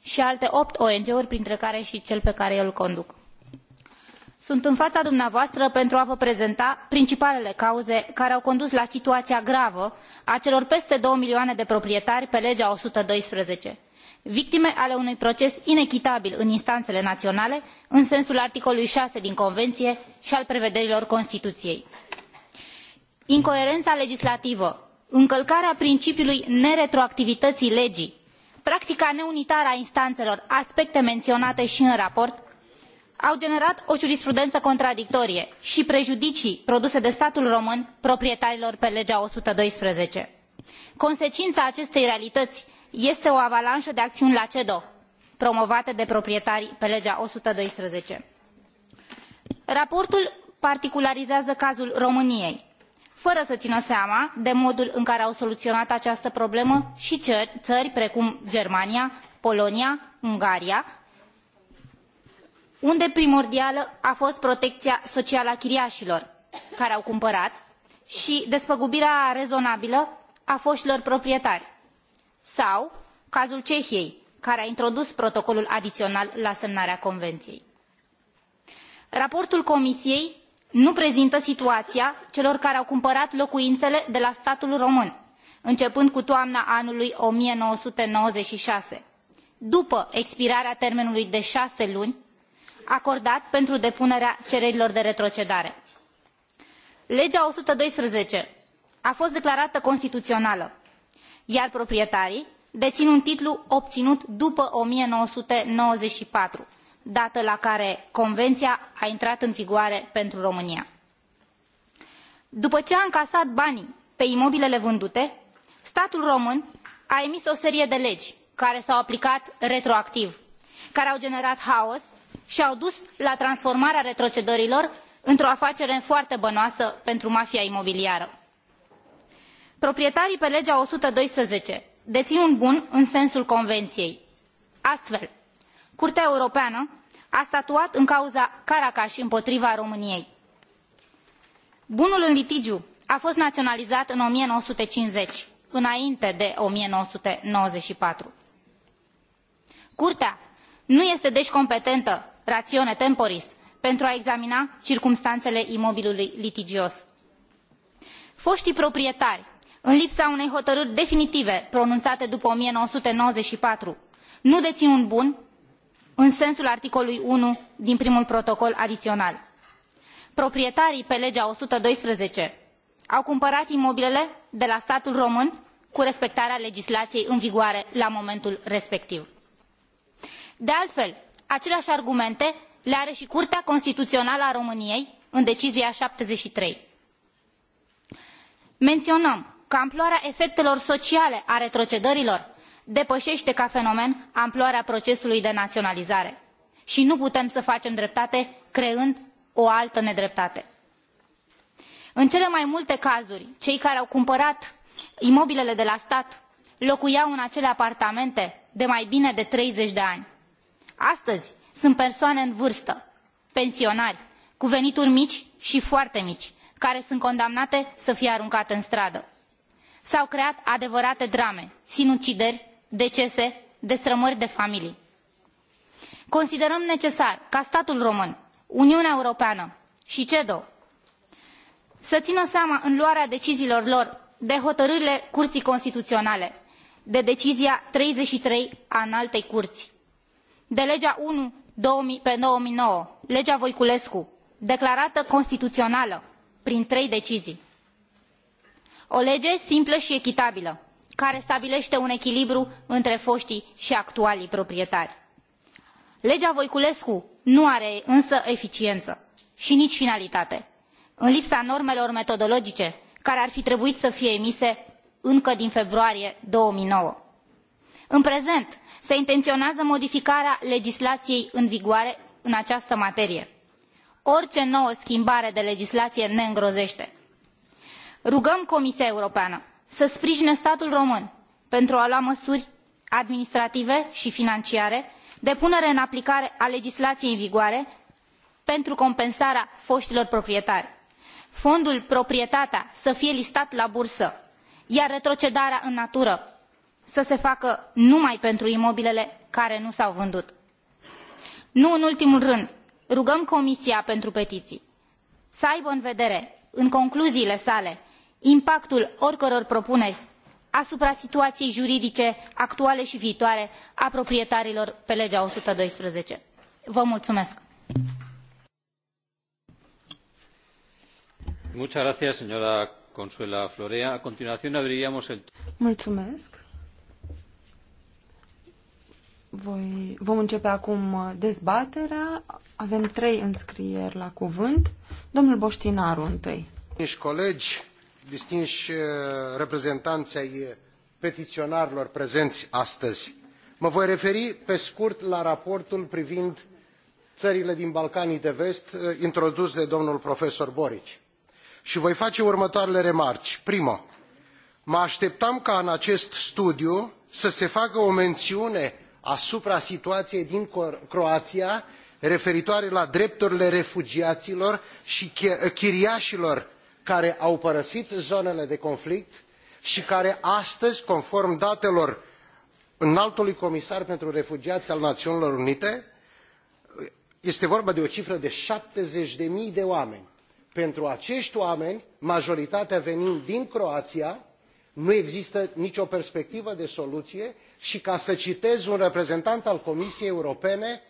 și alte opt ONG-uri, printre care și cel pe care eu îl conduc. Sunt în fața dumneavoastră pentru a vă prezenta principalele cauze care au condus la situaia gravă a celor peste două milioane de proprietari pe legea 112 victime ale unui proces inechitabil în instanțele naționale în sensul articolului șase din convenție și al prevederilor constituției. incoerența legislativă încălcarea principiului neretroactivității legii practica neunitară a instanțelor aspecte menționate și în raport au generat o jurisprudență contradictorie și prejudicii produse de statul român proprietarilor pe legea o sută doisprezece consecința acestei realități este o avalanșă de acțiuni la cedo promovate de proprietari pe legea o sută doisprezece raportul particularizează cazul româniei fără să ină seama de modul în care au soluionat această problemă i ări precum germania polonia ungaria unde primordială a fost protecia socială a chiriailor care au cumpărat i despăgubirea rezonabilă a fotilor proprietari sau cazul cehiei care a introdus protocolul adițional la semnarea convenției. Raportul Comisiei nu prezintă situația celor care au cumpărat locuințele de la statul român, începând cu toamna anului 1996, după expirarea termenului de șase luni acordat pentru depunerea cererilor de retrocedare. Legea 112 a fost declarată constituțională iar proprietarii dețin un titlu obținut după 1994, dată la care Convenția a intrat în vigoare pentru România. După ce a încasat banii pe imobilele vândute, statul român a emis o serie de legi care s-au aplicat retroactiv, care au generat haos și au dus la transformarea retrocedărilor într-o afacere foarte bănoasă pentru mafia imobiliară proprietarii pe legea o sută doisprezece dein un bun în sensul conveniei. astfel curtea europeană a statuat în cauza caracas împotriva româniei. bunul în litigiu a fost naionalizat în o mie nouă sute cincizeci înainte de o mie nouă sute nouăzeci și patru curtea nu este deci competentă raiune temporis pentru a examina circumstanele imobilului litigios. fotii proprietari în lipsa unei hotărâri definitive pronunate după o mie nouă sute nouăzeci și patru nu dein un bun în sensul articolului unu din primul protocol adiional. proprietarii pe legea o sută doisprezece au cumpărat imobilele de la statul român cu respectarea legislaiei în vigoare la momentul respectiv. de altfel aceleai argumente le are i curtea constituională a româniei în decizia șaptezeci și trei menionăm că amploarea efectelor sociale a retrocedărilor depăete ca fenomen amploarea procesului de naționalizare și nu putem să facem dreptate creând o altă nedreptate. În cele mai multe cazuri, cei care au cumpărat imobilele de la stat locuiau în acele apartamente de mai bine de 30 de ani. Astăzi sunt persoane în vârstă, pensionari, cu venituri mici și foarte mici, care sunt condamnate să fie aruncate în stradă s au creat adevărate drame sinucideri decese destrămări de familii. considerăm necesar ca statul român uniunea europeană și cedo să țină seama în luarea deciziilor lor de hotărârile curții constituționale, de decizia treizeci și trei a înaltei curți, de legea unu două mii nouă legea voiculescu declarată constituțională prin trei decizii o lege simplă i echitabilă care stabilete un echilibru între fotii i actualii proprietari. legea voiculescu nu are însă eficienă i nici finalitate în lipsa normelor metodologice care ar fi trebuit să fie emise încă din februarie. două mii nouă în prezent se intenionează modificarea legislaiei în vigoare în această materie. orice nouă schimbare de legislaie ne îngrozete rugăm comisia europeană să sprijine statul român pentru a lua măsuri administrative i financiare de punere în aplicare a legislaiei în vigoare pentru compensarea fotilor proprietari fondul proprietatea să fie listat la bursă iar retrocedarea în natură să se facă numai pentru imobilele care nu s au vândut. nu în ultimul rând rugăm comisia pentru petiii să aibă în vedere în concluziile sale impactul oricăror propuneri asupra situației juridice actuale și viitoare a proprietarilor pe legea. o sută doisprezece vă mulțumesc. Mulțumesc. Voi, vom începe acum dezbaterea. Avem trei înscrieri la cuvânt. Domnul Boștinaru întâi. Colegi, distinși uh, reprezentanți ai uh, petiționarilor prezenți astăzi. Mă voi referi pe scurt la raportul privind țările din Balcanii de Vest uh, introdus de domnul profesor Boric și voi face următoarele remarci. Primă, mă așteptam ca în acest studiu să se facă o mențiune asupra situației din Croația referitoare la drepturile refugiaților și chiriașilor care au părăsit zonele de conflict i care astăzi conform datelor înaltului comisar pentru refugiai al naiunilor unite este vorba de o cifră de șaptezeci zero de oameni pentru aceti oameni majoritatea venind din croaia nu există nicio perspectivă de soluie i ca să citez un reprezentant al comisiei europene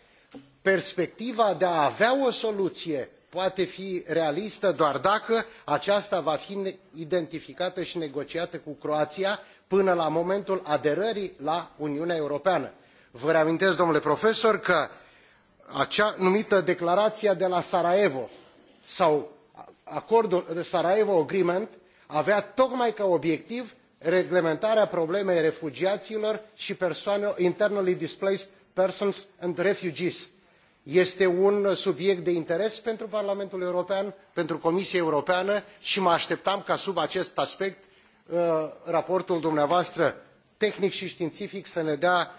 perspectiva de a avea o soluie poate fi realistă doar dacă aceasta va fi identificată i negociată cu croaia până la momentul aderării la uniunea europeană. vă reamintesc domnule profesor că acea numită declaraie de la sarajevo sau acordul sarajevo agreement avea tocmai ca obiectiv reglementarea problemei refugiailor i persoanelor internally displaced persons and refugees este un subiect de interes pentru parlamentul european pentru comisia europeană și mă așteptam ca sub acest aspect uh, raportul dumneavoastră tehnic și științific să ne dea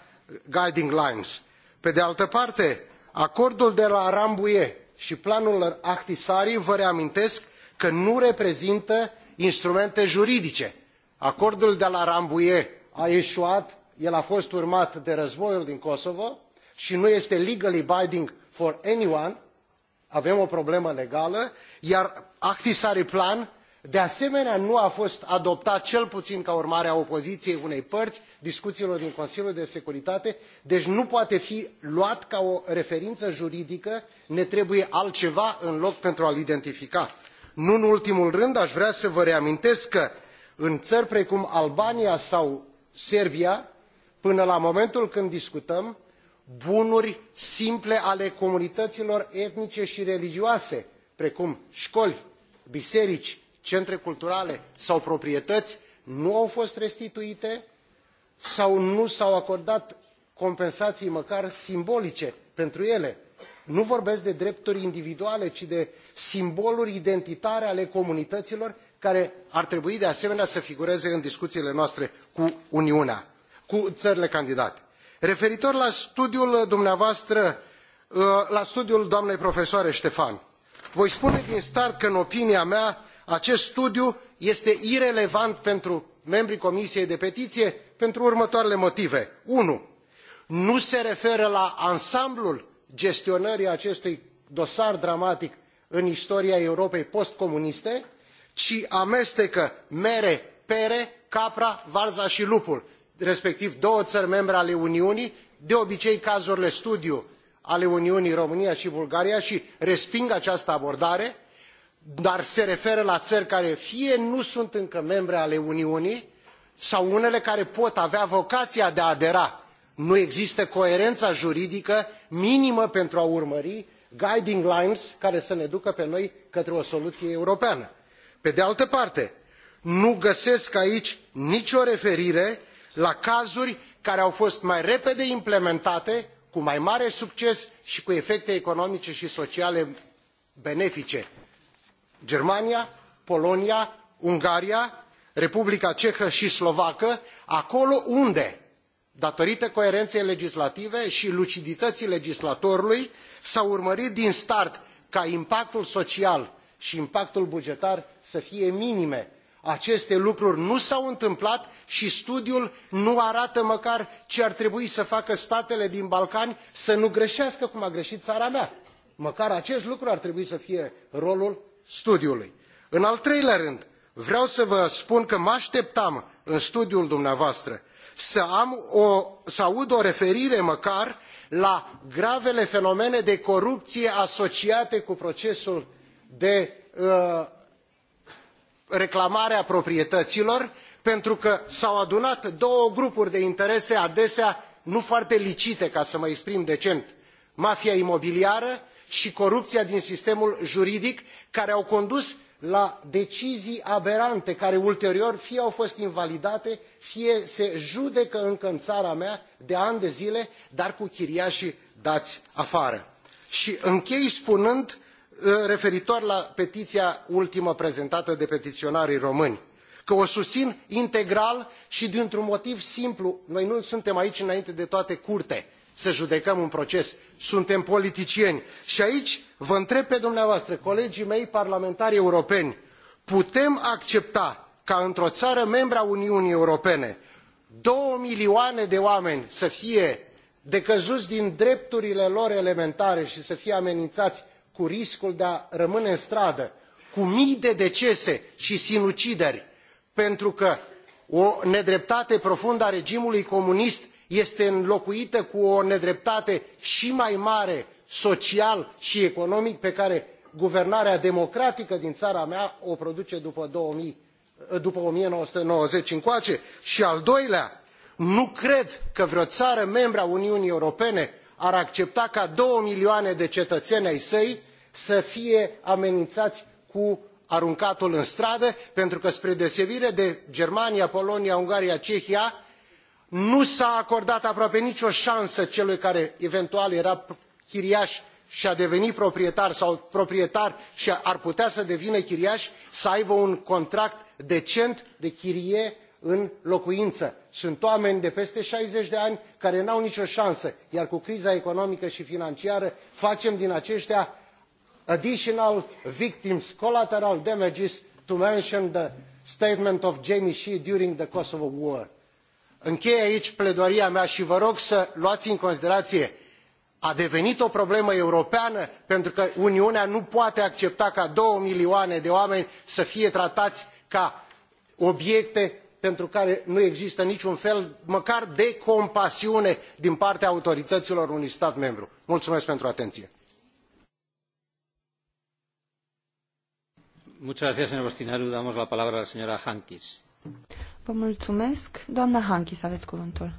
guiding lines. pe de altă parte acordul de la rambouillet și planul ahtisaari vă reamintesc că nu reprezintă instrumente juridice. acordul de la rambouillet a eșuat el a fost urmat de războiul din kosovo și nu este legally binding for anyone avem o problemă legală iar ahtisaariplan de asemenea nu a fost adoptat cel puțin ca urmare a opoziției unei părți discuiilor din consiliul de securitate deci nu poate fi luat ca o referință juridică ne trebuie altceva în loc pentru a l identifica. nu în ultimul rând aș vrea să vă reamintesc că în ări precum albania sau serbia până la momentul când discutăm bunuri simple ale comunităților etnice și religioase, precum școli, biserici, centre culturale sau proprietăți, nu au fost restituite sau nu s-au acordat compensații măcar simbolice pentru ele. Nu vorbesc de drepturi individuale, ci de simboluri identitare ale comunităților care ar trebui de asemenea să figureze în discuțiile noastre cu Uniunea, cu țările candidate referitor la studiul dumneavoastră uh, la studiul doamnei profesoare tefan voi spune din start că în opinia mea acest studiu este irelevant pentru membrii comisiei pentru petiii pentru următoarele motive unu nu se referă la ansamblul gestionării acestui dosar dramatic în istoria europei postcomuniste ci amestecă mere pere capra varza i lupul respectiv două țări membre ale uniunii de obicei cazurile studiu ale uniunii românia și bulgaria și resping această abordare dar se referă la țări care fie nu sunt încă membre ale uniunii sau unele care pot avea vocația de a adera nu există coerența juridică minimă pentru a urmări guiding lines care să ne ducă pe noi către o soluție europeană. pe de altă parte nu găsesc aici nicio referire la cazuri care au fost mai repede implementate cu mai mare succes și cu efecte economice și sociale benefice germania polonia ungaria republica cehă și slovacă acolo unde datorită coerenței legislative și lucidității legislatorului s a urmărit din start ca impactul social și impactul bugetar să fie minime aceste lucruri nu s au întâmplat i studiul nu arată măcar ce ar trebui să facă statele din balcani să nu greească cum a greit ara mea măcar acest lucru ar trebui să fie rolul studiului. în al treilea rând vreau să vă spun că mă ateptam în studiul dumneavoastră să, o, să aud o referire măcar la gravele fenomene de corupie asociate cu procesul de uh, reclamarea proprietăților pentru că s au adunat două grupuri de interese adesea nu foarte licite ca să mă exprim decent mafia imobiliară și corupția din sistemul juridic care au condus la decizii aberante care ulterior fie au fost invalidate fie se judecă încă în țara mea de ani de zile dar cu chiriașii dați afară. și închei spunând Uh, referitor la petiția ultimă prezentată de petiionarii români că o susțin integral și dintr un motiv simplu noi nu suntem aici înainte de toate curte să judecăm un proces suntem politicieni și aici vă întreb pe dumneavoastră colegii mei parlamentari europeni putem accepta ca într o țară membră a uniunii europene două milioane de oameni să fie decăzui din drepturile lor elementare și să fie ameninai cu riscul de a rămâne în stradă cu mii de decese și sinucideri pentru că o nedreptate profundă a regimului comunist este înlocuită cu o nedreptate și mai mare social și economic pe care guvernarea democratică din țara mea o produce după, 2000, după 1990 încoace. Și al doilea, nu cred că vreo țară membră a Uniunii Europene ar accepta ca două milioane de cetățeni ai săi să fie amenințați cu aruncatul în stradă pentru că spre deosebire de germania polonia ungaria cehia nu s a acordat aproape nicio ansă celui care eventual era chiriaș și a devenit proprietar sau proprietar și ar putea să devină chiriaș să aibă un contract decent de chirie în locuință. Sunt oameni de peste 60 de ani care n-au nicio șansă, iar cu criza economică și financiară facem din aceștia additional victims, collateral damages, to mention the statement of Jamie Shea during the Kosovo War. Închei aici pledoaria mea și vă rog să luați în considerație a devenit o problemă europeană pentru că Uniunea nu poate accepta ca două milioane de oameni să fie tratați ca obiecte pentru care nu există niciun fel măcar de compasiune din partea autorităților unui stat membru. Mulțumesc pentru atenție. mulțumesc. Hankis, aveți cuvântul.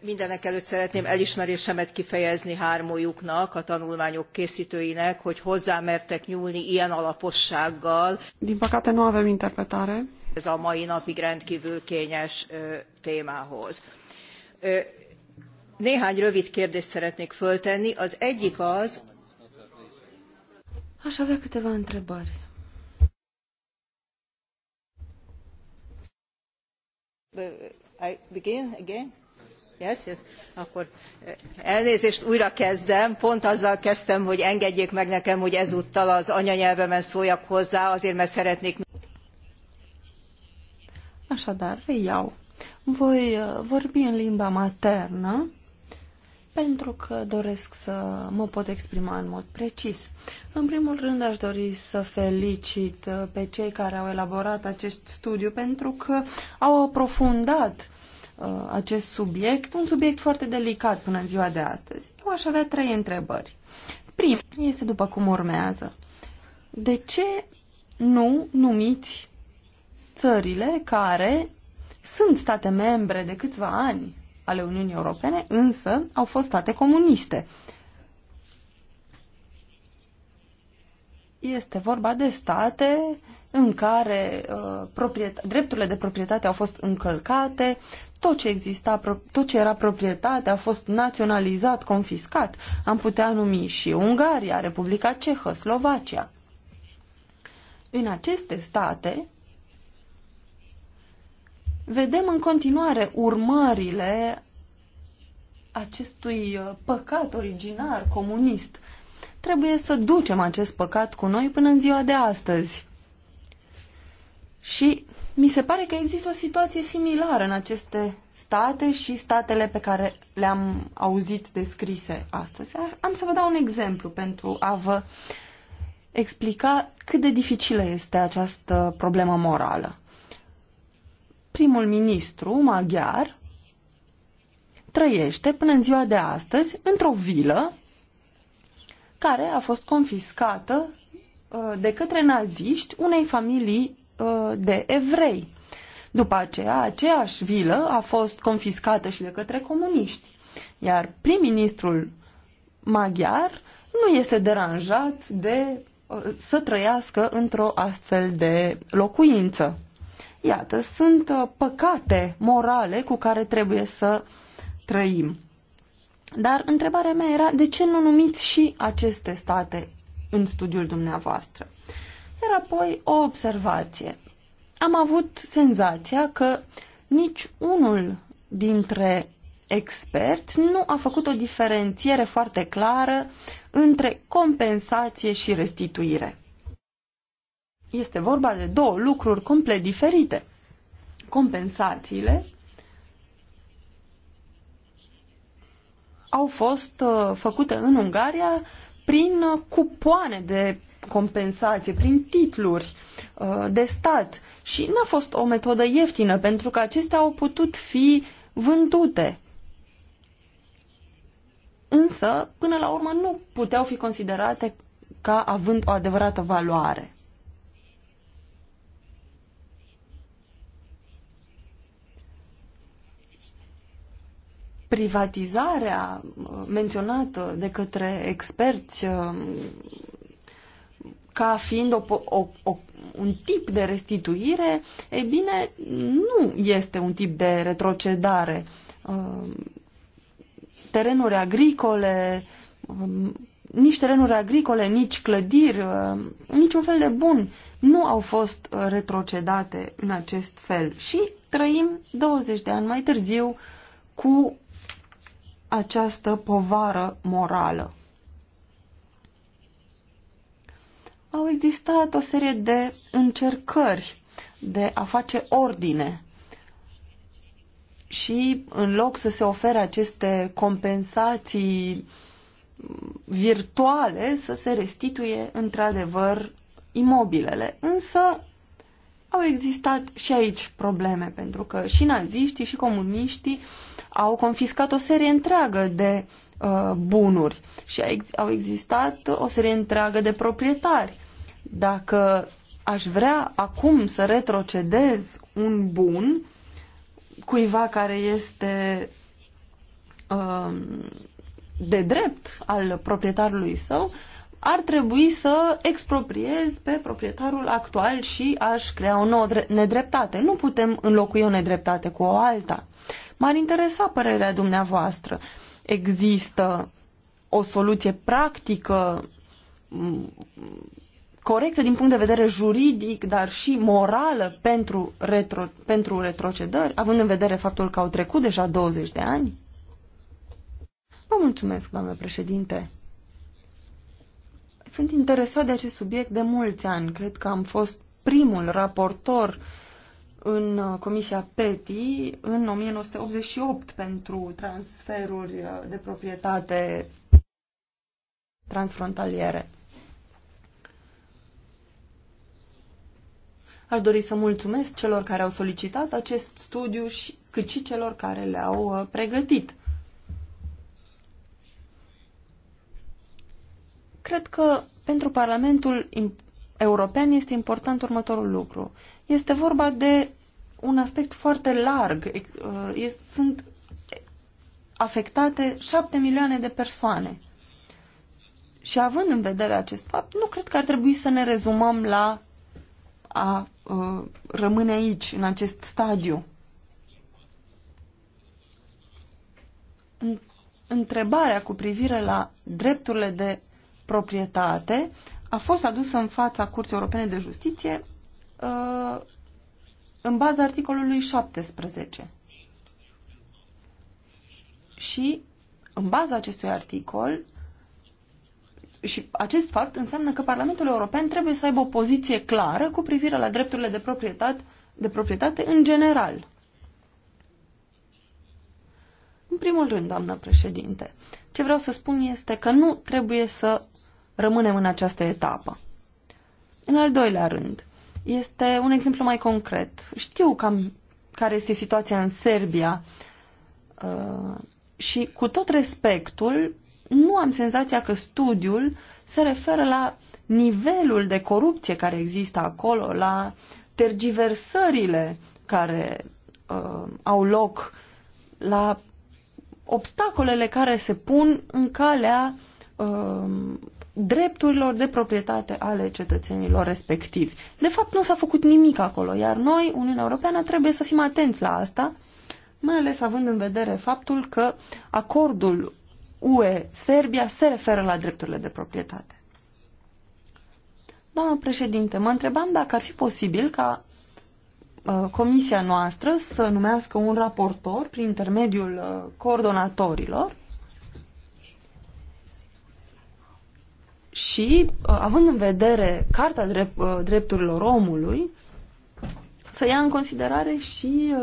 mindenekelőtt szeretném elismerésemet kifejezni hármójuknak a tanulmányok késztőinek hogy hozzá mertek nyúlni ilyen alapossággal Din păcate nu avem interpretare. ez a mai napig rendkvül kényes témához. Néhány rövid kérdést szeretnék föltenni. Az egyik az... Aș avea câteva întrebări. Uh, I begin again? Yes, yes. Akkor uh, elnézést, újra kezdem. Pont azzal kezdtem, hogy engedjék meg nekem, hogy ezúttal az anyanyelvemen szóljak hozzá, azért mert szeretnék... Așadar, reiau. Voi uh, vorbi în limba maternă pentru că doresc să mă pot exprima în mod precis. În primul rând aș dori să felicit uh, pe cei care au elaborat acest studiu pentru că au aprofundat uh, acest subiect, un subiect foarte delicat până în ziua de astăzi. Eu aș avea trei întrebări. Prima este după cum urmează. De ce nu numiți țările care sunt state membre de câțiva ani ale Uniunii Europene, însă au fost state comuniste. Este vorba de state în care uh, drepturile de proprietate au fost încălcate, tot ce exista, tot ce era proprietate a fost naționalizat, confiscat. Am putea numi și Ungaria, Republica Cehă, Slovacia. În aceste state, vedem în continuare urmările acestui uh, păcat originar comunist. Trebuie să ducem acest păcat cu noi până în ziua de astăzi. Și mi se pare că există o situație similară în aceste state și statele pe care le-am auzit descrise astăzi. Am să vă dau un exemplu pentru a vă explica cât de dificilă este această problemă morală primul ministru maghiar trăiește până în ziua de astăzi într-o vilă care a fost confiscată uh, de către naziști unei familii uh, de evrei. După aceea, aceeași vilă a fost confiscată și de către comuniști, iar prim-ministrul maghiar nu este deranjat de uh, să trăiască într-o astfel de locuință. Iată, sunt uh, păcate morale cu care trebuie să trăim. Dar întrebarea mea era de ce nu numiți și aceste state în studiul dumneavoastră? Iar apoi o observație. Am avut senzația că nici unul dintre experți nu a făcut o diferențiere foarte clară între compensație și restituire este vorba de două lucruri complet diferite. Compensațiile au fost uh, făcute în Ungaria prin uh, cupoane de compensație, prin titluri uh, de stat și n-a fost o metodă ieftină pentru că acestea au putut fi vândute. Însă, până la urmă, nu puteau fi considerate ca având o adevărată valoare. privatizarea uh, menționată de către experți uh, ca fiind o, o, o, un tip de restituire, e bine, nu este un tip de retrocedare. Uh, terenuri agricole, um, nici terenuri agricole, nici clădiri, niciun fel de bun nu au fost retrocedate în acest fel. Și trăim 20 de ani mai târziu cu această povară morală. Au existat o serie de încercări de a face ordine și în loc să se ofere aceste compensații virtuale, să se restituie într-adevăr imobilele. Însă au existat și aici probleme, pentru că și naziștii și comuniștii au confiscat o serie întreagă de uh, bunuri și au existat o serie întreagă de proprietari. Dacă aș vrea acum să retrocedez un bun cuiva care este uh, de drept al proprietarului său, ar trebui să expropriez pe proprietarul actual și aș crea o nouă nedreptate. Nu putem înlocui o nedreptate cu o alta. M-ar interesa părerea dumneavoastră. Există o soluție practică corectă din punct de vedere juridic, dar și morală pentru, retro, pentru retrocedări, având în vedere faptul că au trecut deja 20 de ani? Vă mulțumesc, doamnă președinte. Sunt interesat de acest subiect de mulți ani. Cred că am fost primul raportor în uh, Comisia PETI în 1988 pentru transferuri uh, de proprietate transfrontaliere. Aș dori să mulțumesc celor care au solicitat acest studiu și cât și celor care le-au uh, pregătit. Cred că pentru Parlamentul European este important următorul lucru. Este vorba de un aspect foarte larg. Uh, sunt afectate șapte milioane de persoane. Și având în vedere acest fapt, nu cred că ar trebui să ne rezumăm la a uh, rămâne aici, în acest stadiu. Întrebarea cu privire la drepturile de proprietate a fost adusă în fața Curții Europene de Justiție uh, în baza articolului 17. Și în baza acestui articol și acest fapt înseamnă că Parlamentul European trebuie să aibă o poziție clară cu privire la drepturile de proprietate, de proprietate în general. În primul rând, doamnă președinte, ce vreau să spun este că nu trebuie să rămânem în această etapă. În al doilea rând, este un exemplu mai concret. Știu cam care este situația în Serbia uh, și cu tot respectul, nu am senzația că studiul se referă la nivelul de corupție care există acolo, la tergiversările care uh, au loc, la obstacolele care se pun în calea um, drepturilor de proprietate ale cetățenilor respectivi. De fapt, nu s-a făcut nimic acolo, iar noi, Uniunea Europeană, trebuie să fim atenți la asta, mai ales având în vedere faptul că acordul UE-Serbia se referă la drepturile de proprietate. Doamna președinte, mă întrebam dacă ar fi posibil ca Uh, comisia noastră să numească un raportor prin intermediul uh, coordonatorilor și, uh, având în vedere Carta Drepturilor Omului, să ia în considerare și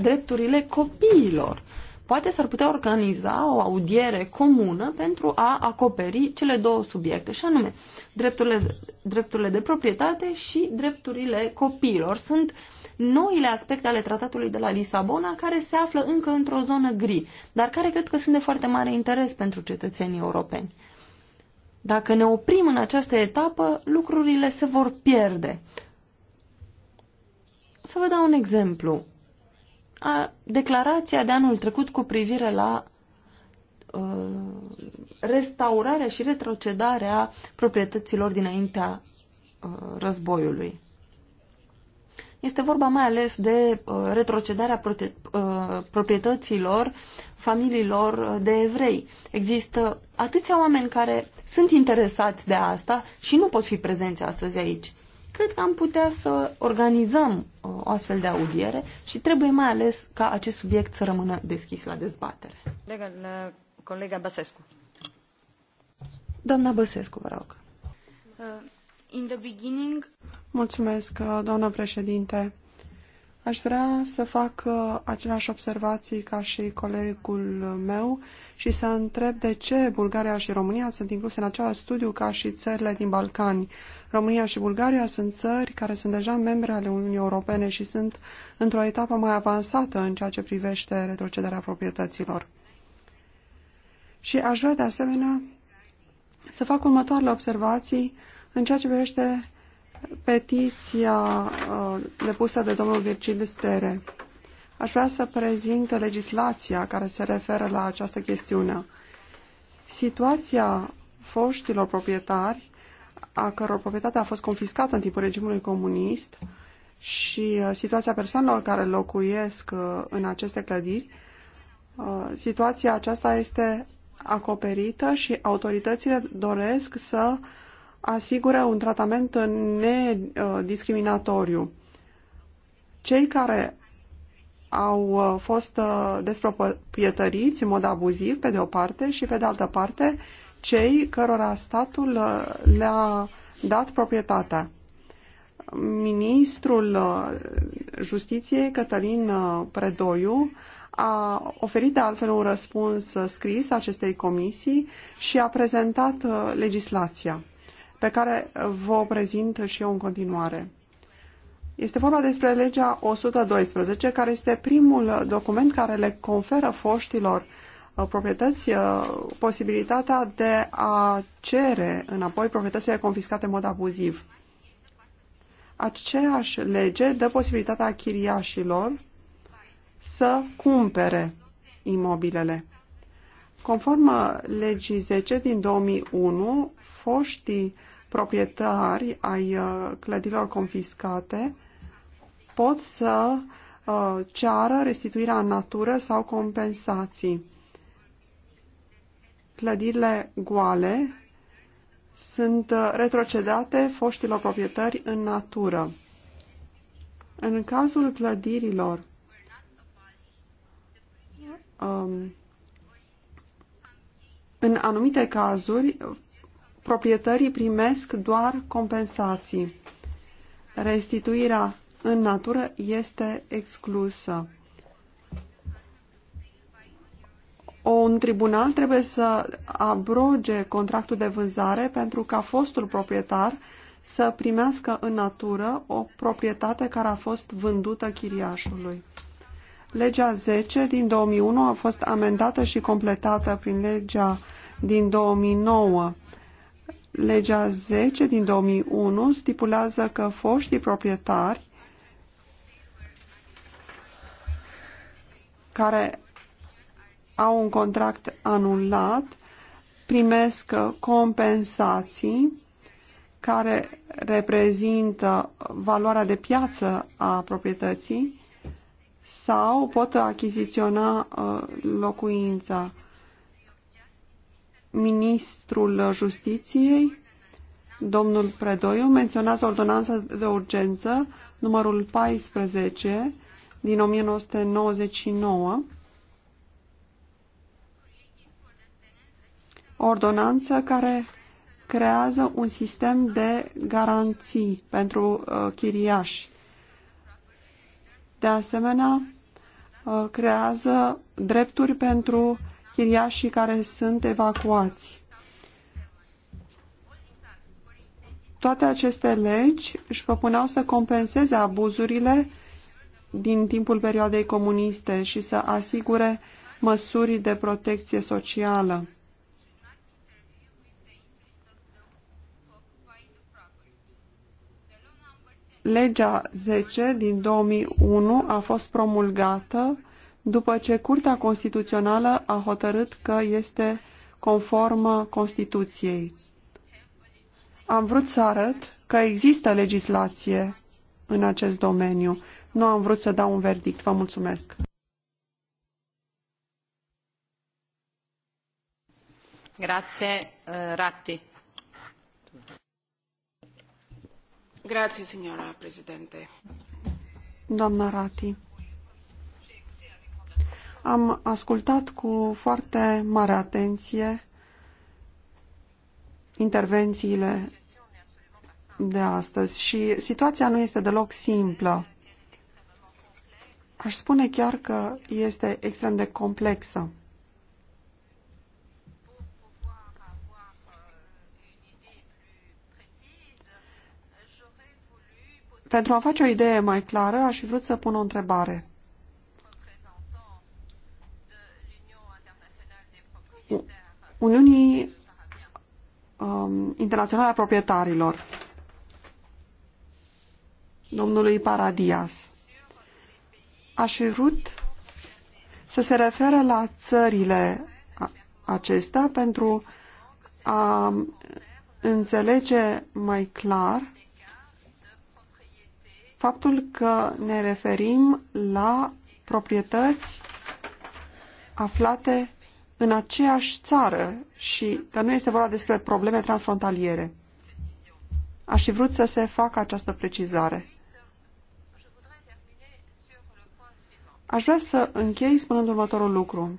drepturile copiilor. Poate s-ar putea organiza o audiere comună pentru a acoperi cele două subiecte, și anume drepturile, drepturile de proprietate și drepturile copiilor. Sunt uh, noile aspecte ale tratatului de la Lisabona, care se află încă într-o zonă gri, dar care cred că sunt de foarte mare interes pentru cetățenii europeni. Dacă ne oprim în această etapă, lucrurile se vor pierde. Să vă dau un exemplu. A, declarația de anul trecut cu privire la ă, restaurarea și retrocedarea proprietăților dinaintea ă, războiului. Este vorba mai ales de uh, retrocedarea uh, proprietăților familiilor uh, de evrei. Există atâția oameni care sunt interesați de asta și nu pot fi prezenți astăzi aici. Cred că am putea să organizăm o astfel de audiere și trebuie mai ales ca acest subiect să rămână deschis la dezbatere. Colega, colega Băsescu. Doamna Băsescu, vă rog. Uh. In the beginning... Mulțumesc, doamnă președinte. Aș vrea să fac uh, aceleași observații ca și colegul meu și să întreb de ce Bulgaria și România sunt incluse în același studiu ca și țările din Balcani. România și Bulgaria sunt țări care sunt deja membre ale Uniunii Europene și sunt într-o etapă mai avansată în ceea ce privește retrocederea proprietăților. Și aș vrea de asemenea să fac următoarele observații în ceea ce privește petiția uh, depusă de domnul Virgil Stere, aș vrea să prezint legislația care se referă la această chestiune. Situația foștilor proprietari, a căror proprietate a fost confiscată în timpul regimului comunist, și uh, situația persoanelor care locuiesc uh, în aceste clădiri, situația aceasta este acoperită și autoritățile doresc să asigură un tratament nediscriminatoriu. Cei care au uh, fost uh, despropietăriți în mod abuziv, pe de o parte, și pe de altă parte, cei cărora statul uh, le-a dat proprietatea. Ministrul Justiției, Cătălin Predoiu, a oferit de altfel un răspuns scris acestei comisii și a prezentat legislația pe care vă prezint și eu în continuare. Este vorba despre legea 112, care este primul document care le conferă foștilor uh, proprietăți uh, posibilitatea de a cere înapoi proprietățile confiscate în mod abuziv. Aceeași lege dă posibilitatea chiriașilor să cumpere imobilele. Conform uh, legii 10 din 2001, foștii proprietari ai uh, clădirilor confiscate pot să uh, ceară restituirea în natură sau compensații. Clădirile goale sunt uh, retrocedate foștilor proprietari în natură. În cazul clădirilor um, în anumite cazuri, proprietarii primesc doar compensații. Restituirea în natură este exclusă. Un tribunal trebuie să abroge contractul de vânzare pentru ca fostul proprietar să primească în natură o proprietate care a fost vândută chiriașului. Legea 10 din 2001 a fost amendată și completată prin legea din 2009 Legea 10 din 2001 stipulează că foștii proprietari care au un contract anulat primesc compensații care reprezintă valoarea de piață a proprietății sau pot achiziționa uh, locuința ministrul Justiției, domnul Predoiu, menționează ordonanța de urgență numărul 14 din 1999, ordonanță care creează un sistem de garanții pentru uh, chiriași. De asemenea, uh, creează drepturi pentru chiriașii care sunt evacuați. Toate aceste legi își propuneau să compenseze abuzurile din timpul perioadei comuniste și să asigure măsuri de protecție socială. Legea 10 din 2001 a fost promulgată după ce Curtea Constituțională a hotărât că este conformă Constituției. Am vrut să arăt că există legislație în acest domeniu. Nu am vrut să dau un verdict. Vă mulțumesc. Grazie, uh, Ratti. Grazie, signora Presidente. Doamna Ratti. Am ascultat cu foarte mare atenție intervențiile de astăzi și situația nu este deloc simplă. Aș spune chiar că este extrem de complexă. Pentru a face o idee mai clară, aș fi vrut să pun o întrebare. Uniunii um, Internaționale a Proprietarilor, domnului Paradias. Aș fi vrut să se referă la țările acestea pentru a înțelege mai clar faptul că ne referim la proprietăți aflate în aceeași țară și că nu este vorba despre probleme transfrontaliere. Aș fi vrut să se facă această precizare. Aș vrea să închei spunând următorul lucru.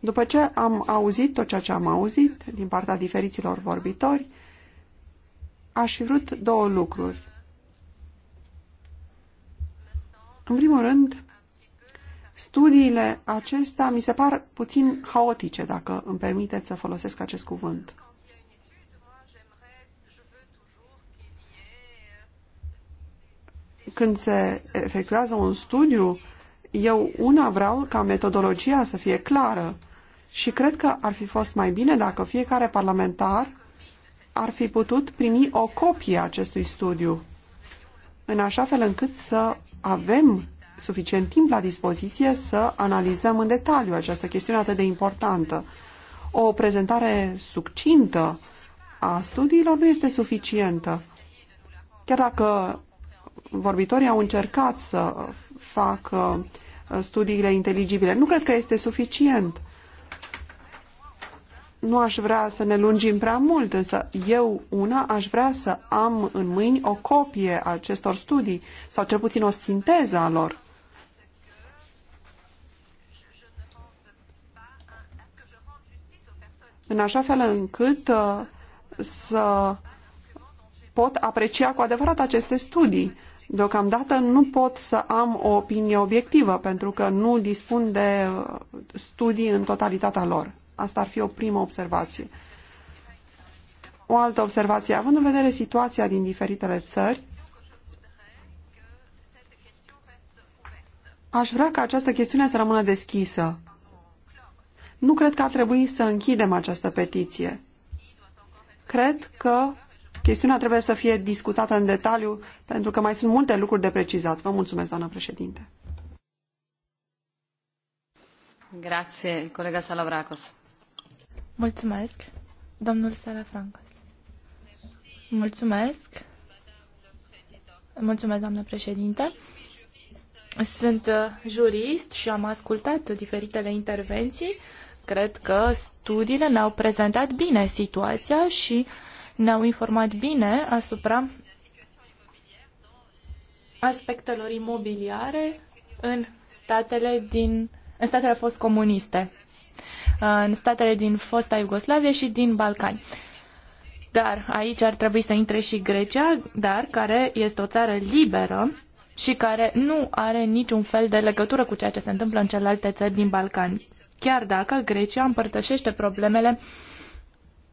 După ce am auzit tot ceea ce am auzit din partea diferiților vorbitori, aș fi vrut două lucruri. În primul rând, Studiile acestea mi se par puțin haotice, dacă îmi permiteți să folosesc acest cuvânt. Când se efectuează un studiu, eu una vreau ca metodologia să fie clară și cred că ar fi fost mai bine dacă fiecare parlamentar ar fi putut primi o copie a acestui studiu, în așa fel încât să avem suficient timp la dispoziție să analizăm în detaliu această chestiune atât de importantă. O prezentare succintă a studiilor nu este suficientă. Chiar dacă vorbitorii au încercat să facă uh, studiile inteligibile, nu cred că este suficient. Nu aș vrea să ne lungim prea mult, însă eu una aș vrea să am în mâini o copie a acestor studii sau cel puțin o sinteză a lor. în așa fel încât uh, să pot aprecia cu adevărat aceste studii. Deocamdată nu pot să am o opinie obiectivă, pentru că nu dispun de uh, studii în totalitatea lor. Asta ar fi o primă observație. O altă observație, având în vedere situația din diferitele țări, aș vrea ca această chestiune să rămână deschisă. Nu cred că ar trebui să închidem această petiție. Cred că chestiunea trebuie să fie discutată în detaliu, pentru că mai sunt multe lucruri de precizat. Vă mulțumesc, doamnă președinte. Grație, colega Salavracos. Mulțumesc, domnul Salafrancos. Mulțumesc. Mulțumesc, doamnă președinte. Sunt uh, jurist și am ascultat diferitele intervenții Cred că studiile ne-au prezentat bine situația și ne-au informat bine asupra aspectelor imobiliare în statele din în statele fost comuniste, uh, în statele din fosta Iugoslavie și din Balcani. Dar aici ar trebui să intre și Grecia, dar care este o țară liberă și care nu are niciun fel de legătură cu ceea ce se întâmplă în celelalte țări din Balcani chiar dacă Grecia împărtășește problemele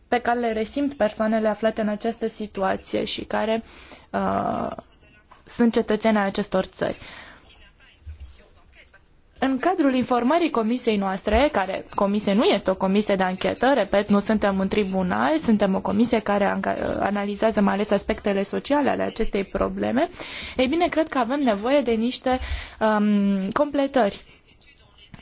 pe care le resimt persoanele aflate în această situație și care uh, sunt cetățenii ai acestor țări. În cadrul informării comisiei noastre, care comisie nu este o comisie de anchetă, repet, nu suntem un tribunal, suntem o comisie care analizează mai ales aspectele sociale ale acestei probleme, ei bine, cred că avem nevoie de niște um, completări.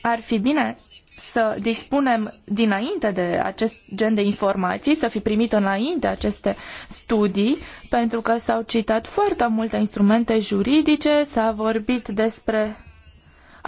Ar fi bine să dispunem dinainte de acest gen de informații, să fi primit înainte aceste studii, pentru că s-au citat foarte multe instrumente juridice, s-a vorbit despre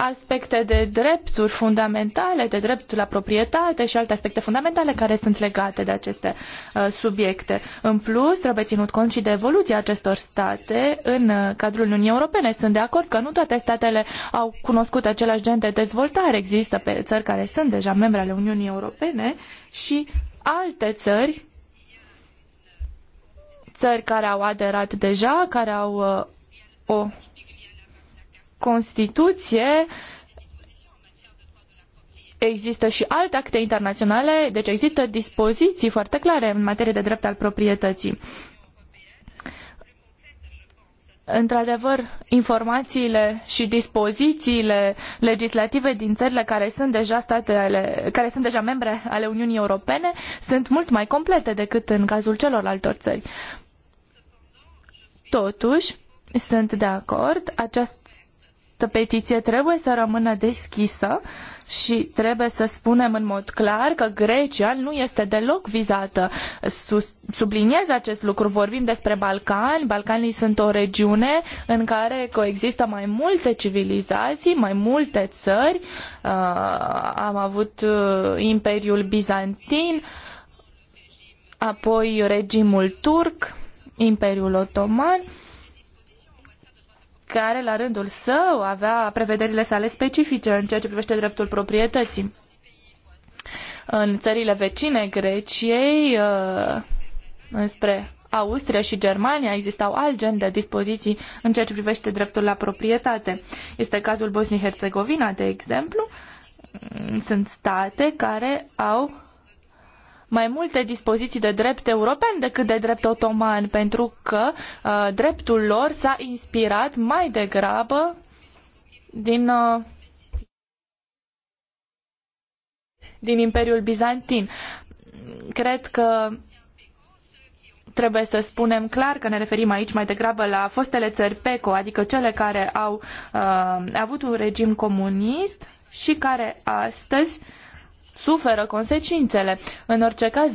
aspecte de drepturi fundamentale, de dreptul la proprietate și alte aspecte fundamentale care sunt legate de aceste uh, subiecte. În plus, trebuie ținut cont și de evoluția acestor state în uh, cadrul Uniunii Europene. Sunt de acord că nu toate statele au cunoscut același gen de dezvoltare. Există pe țări care sunt deja membre ale Uniunii Europene și alte țări țări care au aderat deja, care au uh, o Constituție există și alte acte internaționale, deci există dispoziții foarte clare în materie de drept al proprietății. Într-adevăr, informațiile și dispozițiile legislative din țările care sunt deja statele, care sunt deja membre ale Uniunii Europene sunt mult mai complete decât în cazul celorlaltor țări. Totuși, sunt de acord, acest această petiție trebuie să rămână deschisă și trebuie să spunem în mod clar că Grecia nu este deloc vizată. Subliniez acest lucru. Vorbim despre Balcani. Balcanii sunt o regiune în care coexistă mai multe civilizații, mai multe țări. Uh, am avut uh, Imperiul Bizantin, apoi regimul turc, Imperiul Otoman. Uh, care la rândul său avea prevederile sale specifice în ceea ce privește dreptul proprietății. În țările vecine Greciei, uh, înspre Austria și Germania existau alt gen de dispoziții în ceea ce privește dreptul la proprietate. Este cazul bosnia herzegovina de exemplu. Sunt state care au mai multe dispoziții de drept european decât de drept otoman, pentru că uh, dreptul lor s-a inspirat mai degrabă din, uh, din Imperiul Bizantin. Cred că trebuie să spunem clar că ne referim aici mai degrabă la fostele țări PECO, adică cele care au uh, avut un regim comunist și care astăzi suferă consecințele. În orice caz,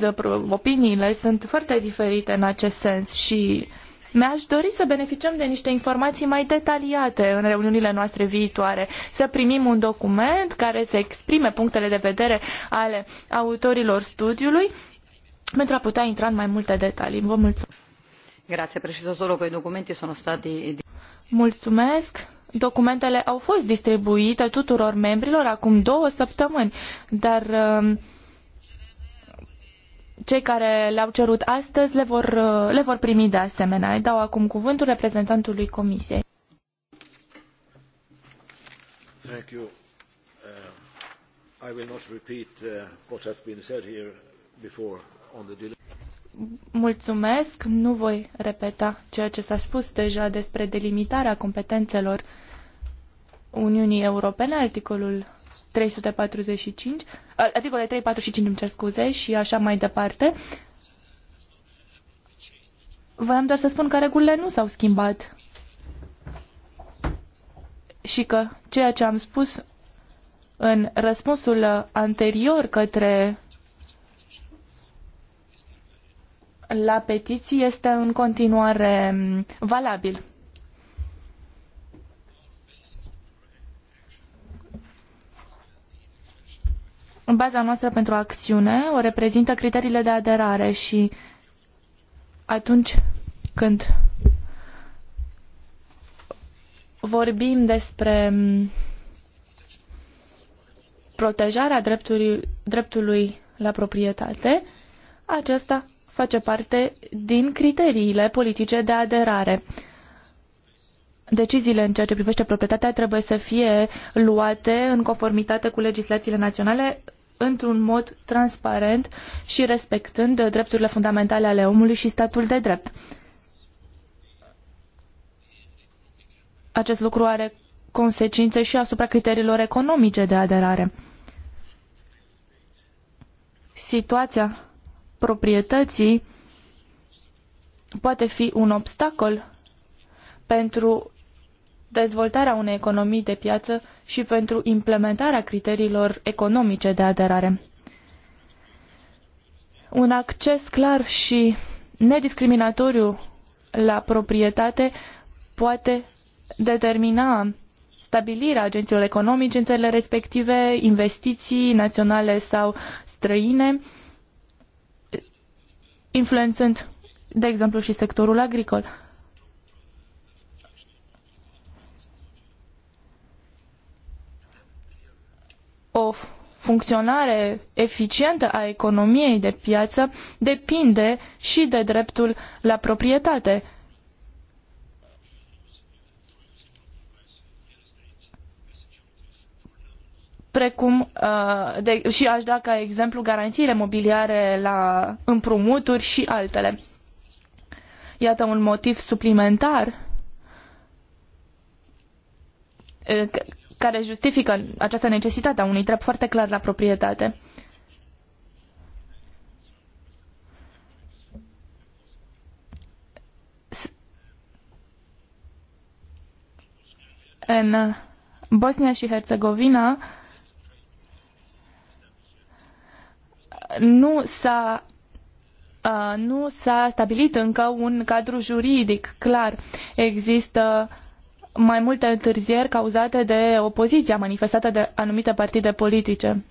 opiniile sunt foarte diferite în acest sens și mi-aș dori să beneficiem de niște informații mai detaliate în reuniunile noastre viitoare, să primim un document care să exprime punctele de vedere ale autorilor studiului pentru a putea intra în mai multe detalii. Vă mulțumesc. Grazie, preciso solo che i documenti sono stati Mulțumesc documentele au fost distribuite tuturor membrilor acum două săptămâni, dar um, cei care le-au cerut astăzi le vor, uh, le vor primi de asemenea. Îi dau acum cuvântul reprezentantului Comisiei. Thank you. Uh, I will not repeat uh, what has been said here before on the Mulțumesc, nu voi repeta ceea ce s-a spus deja despre delimitarea competențelor Uniunii Europene, articolul 345, articolul 345 îmi cer scuze, și așa mai departe. Voiam doar să spun că regulile nu s-au schimbat și că ceea ce am spus în răspunsul anterior către la petiții este în continuare mm, valabil. baza noastră pentru acțiune o reprezintă criteriile de aderare și atunci când vorbim despre mm, protejarea dreptului, dreptului la proprietate, aceasta face parte din criteriile politice de aderare. Deciziile în ceea ce privește proprietatea trebuie să fie luate în conformitate cu legislațiile naționale într-un mod transparent și respectând drepturile fundamentale ale omului și statul de drept. Acest lucru are consecințe și asupra criteriilor economice de aderare. Situația proprietății poate fi un obstacol pentru dezvoltarea unei economii de piață și pentru implementarea criteriilor economice de aderare. Un acces clar și nediscriminatoriu la proprietate poate determina stabilirea agenților economici în țările respective, investiții naționale sau străine, influențând, de exemplu, și sectorul agricol. o funcționare eficientă a economiei de piață depinde și de dreptul la proprietate. precum uh, de, și aș da ca exemplu garanțiile mobiliare la împrumuturi și altele. Iată un motiv suplimentar uh, care justifică această necesitate a unui drept foarte clar la proprietate. În Bosnia și Herțegovina nu s-a nu s-a stabilit încă un cadru juridic clar. Există uh, mai multe întârzieri cauzate de opoziția manifestată de anumite partide politice.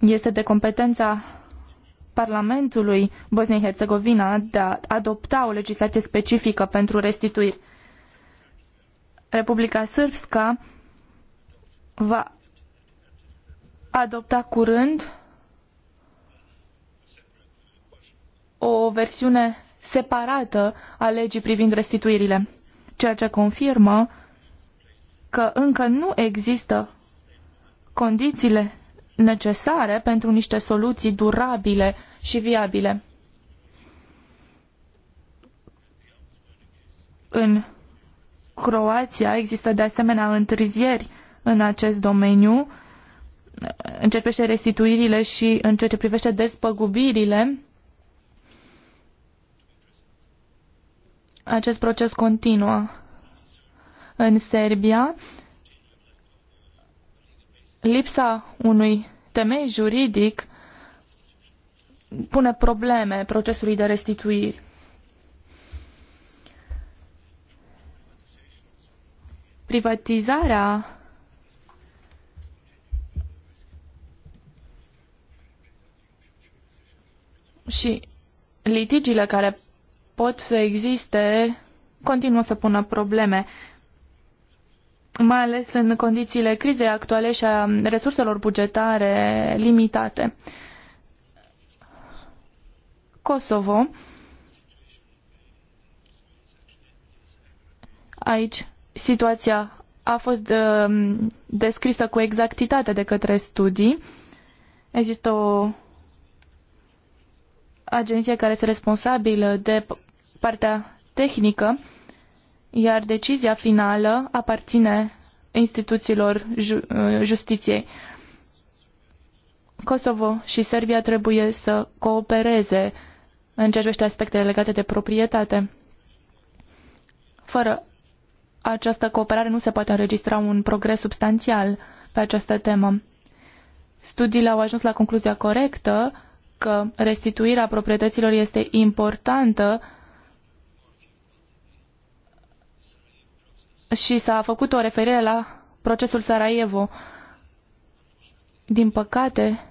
Este de competența Parlamentului Bosniei-Herzegovina de a adopta o legislație specifică pentru restituiri. Republica Sârbska va adopta curând o versiune separată a legii privind restituirile, ceea ce confirmă că încă nu există condițiile necesare pentru niște soluții durabile și viabile. În Croația există de asemenea întârzieri în acest domeniu, în ceea ce privește restituirile și în ceea ce privește despăgubirile Acest proces continuă în Serbia. Lipsa unui temei juridic pune probleme procesului de restituiri. Privatizarea și litigiile care pot să existe continuă să pună probleme, mai ales în condițiile crizei actuale și a resurselor bugetare limitate. Kosovo. Aici situația a fost uh, descrisă cu exactitate de către studii. Există o agenție care este responsabilă de partea tehnică, iar decizia finală aparține instituțiilor uh, justiției. Kosovo și Serbia trebuie să coopereze în ceea ce privește aspectele legate de proprietate. Fără această cooperare nu se poate înregistra un progres substanțial pe această temă. Studiile au ajuns la concluzia corectă că restituirea proprietăților este importantă și s-a făcut o referire la procesul Sarajevo. Din păcate,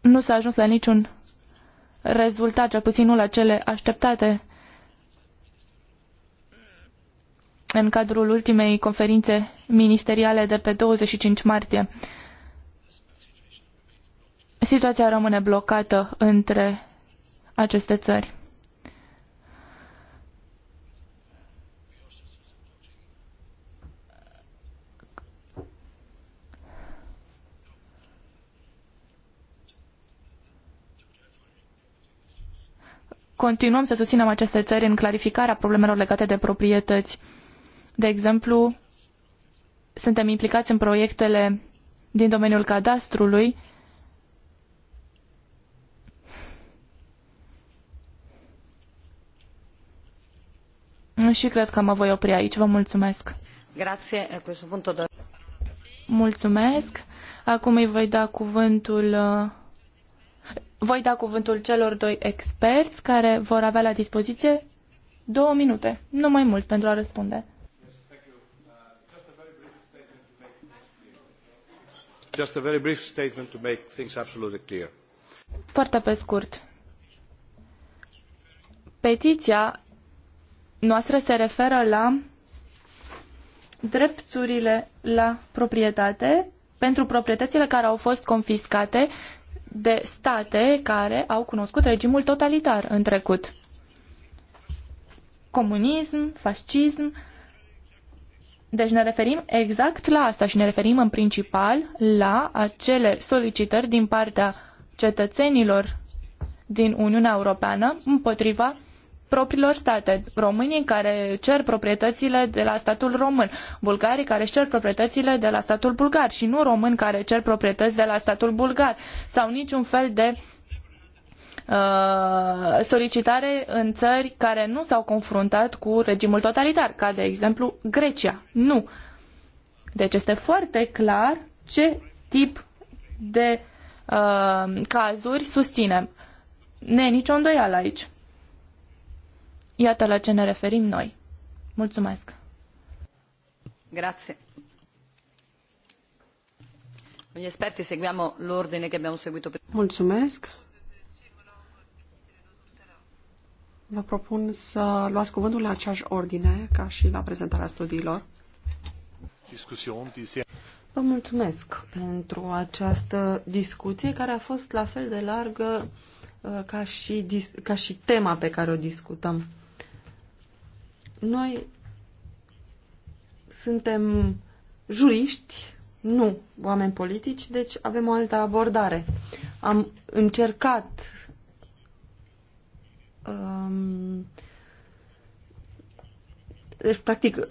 nu s-a ajuns la niciun rezultat, cel puțin nu la cele așteptate în cadrul ultimei conferințe ministeriale de pe 25 martie. Situația rămâne blocată între aceste țări. continuăm să susținem aceste țări în clarificarea problemelor legate de proprietăți. De exemplu, suntem implicați în proiectele din domeniul cadastrului, Și cred că mă voi opri aici. Vă mulțumesc. Grazie. Eh, mulțumesc. Acum îi voi da cuvântul voi da cuvântul celor doi experți care vor avea la dispoziție două minute, nu mai mult, pentru a răspunde. Just a very brief statement to make things absolutely clear. Foarte pe scurt. Petiția noastră se referă la drepturile la proprietate pentru proprietățile care au fost confiscate de state care au cunoscut regimul totalitar în trecut. Comunism, fascism. Deci ne referim exact la asta și ne referim în principal la acele solicitări din partea cetățenilor din Uniunea Europeană împotriva propriilor state. Românii care cer proprietățile de la statul român, bulgarii care își cer proprietățile de la statul bulgar și nu români care cer proprietăți de la statul bulgar sau niciun fel de uh, solicitare în țări care nu s-au confruntat cu regimul totalitar, ca de exemplu Grecia. Nu. Deci este foarte clar ce tip de uh, cazuri susținem. Ne nicio îndoială aici. Iată la ce ne referim noi. Mulțumesc! Grazie. Gli esperti seguiamo l'ordine che abbiamo seguito prima. Mulțumesc. Vă propun să luați cuvântul la aceeași ordine ca și la prezentarea studiilor. Vă mulțumesc pentru această discuție care a fost la fel de largă uh, ca și, ca și tema pe care o discutăm. Noi suntem juriști, nu oameni politici, deci avem o altă abordare. Am încercat um, deci, practic,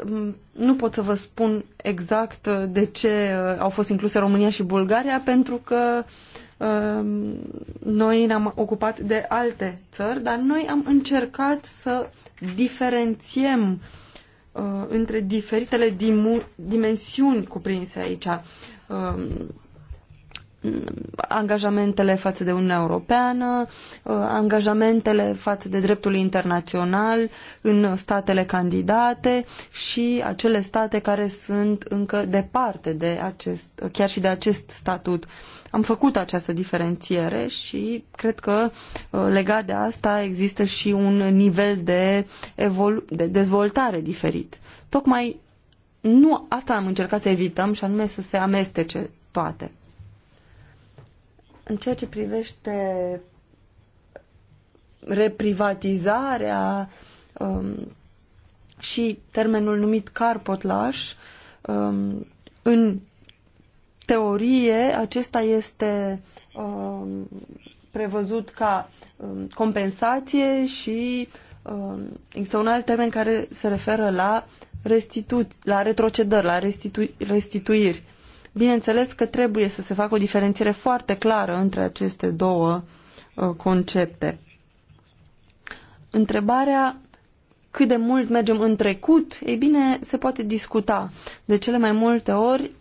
nu pot să vă spun exact de ce uh, au fost incluse România și Bulgaria, pentru că um, noi ne-am ocupat de alte țări, dar noi am încercat să diferențiem uh, între diferitele dimensiuni cuprinse aici. Uh, angajamentele față de Uniunea Europeană, uh, angajamentele față de dreptul internațional în statele candidate și acele state care sunt încă departe de acest, chiar și de acest statut. Uh, am făcut această diferențiere și cred că uh, legat de asta există și un nivel de, de dezvoltare diferit. Tocmai nu asta am încercat să evităm și anume să se amestece toate. În ceea ce privește reprivatizarea um, și termenul numit carpotlaș um, în teorie, acesta este um, prevăzut ca um, compensație și uh, există un alt termen care se referă la, restitu- la retrocedări, la restitu- restituiri. Bineînțeles că trebuie să se facă o diferențiere foarte clară între aceste două uh, concepte. Întrebarea cât de mult mergem în trecut, ei bine, se poate discuta. De cele mai multe ori,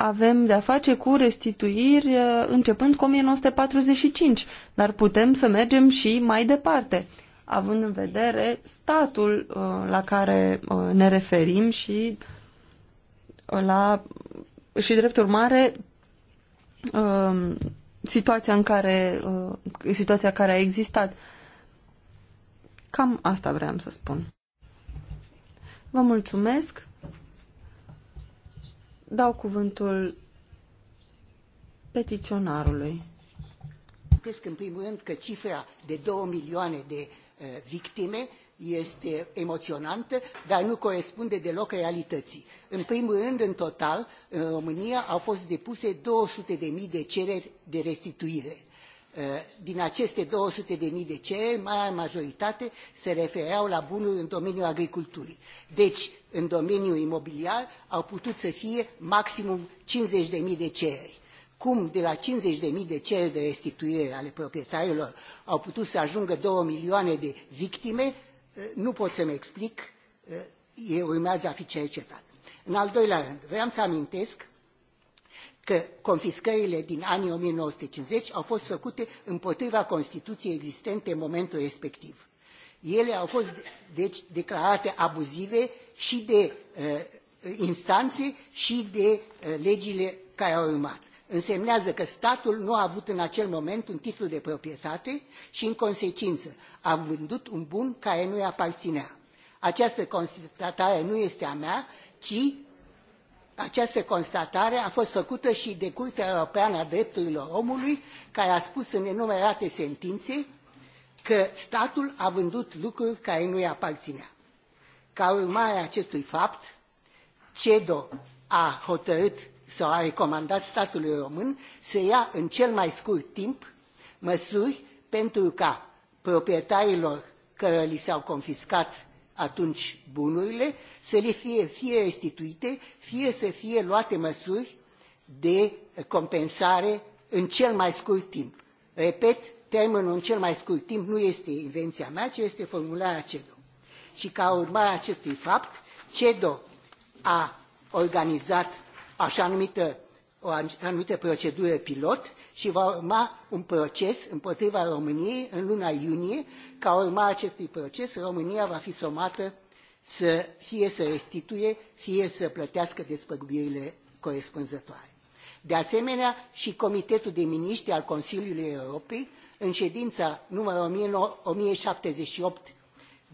avem de-a face cu restituiri uh, începând cu 1945, dar putem să mergem și mai departe, având în vedere statul uh, la care uh, ne referim și la și drept urmare um, situația în care situația care a existat. Cam asta vreau să spun. Vă mulțumesc. Dau cuvântul petiționarului. Cred în primul rând că cifra de 2 milioane de uh, victime este emoționantă, dar nu corespunde deloc realității. În primul rând, în total, în România au fost depuse 200.000 de cereri de restituire Ă, din aceste 200.000 de cereri, marea majoritate se refereau la bunuri în domeniul agriculturii. Deci, în domeniul imobiliar au putut să fie maximum 50.000 de cereri. Cum de la 50.000 de cereri de restituire ale proprietarilor au putut să ajungă 2 milioane de victime, ă, nu pot să-mi explic, ă, e urmează a fi cercetat. În al doilea rând, vreau să amintesc că confiscările din anii 1950 au fost făcute împotriva Constituției existente în momentul respectiv. Ele au fost, deci, declarate abuzive și de uh, instanțe și de uh, legile care au urmat. Însemnează că statul nu a avut în acel moment un titlu de proprietate și, în consecință, a vândut un bun care nu i aparținea. Această constatare nu este a mea, ci această constatare a fost făcută și de Curtea Europeană a Drepturilor Omului, care a spus în enumerate sentințe că statul a vândut lucruri care nu-i aparținea. Ca urmare a acestui fapt, CEDO a hotărât sau a recomandat statului român să ia în cel mai scurt timp măsuri pentru ca proprietarilor care li s-au confiscat atunci bunurile să le fie fie restituite, fie să fie luate măsuri de compensare în cel mai scurt timp. Repet, termenul în cel mai scurt timp nu este invenția mea, ci este formularea CEDO. Și ca urmare a acestui fapt, CEDO a organizat așa numită o anumită procedură pilot și va urma un proces împotriva României în luna iunie. Ca urma acestui proces, România va fi somată să fie să restituie, fie să plătească despăgubirile corespunzătoare. De asemenea, și Comitetul de Miniștri al Consiliului Europei, în ședința numărul 1078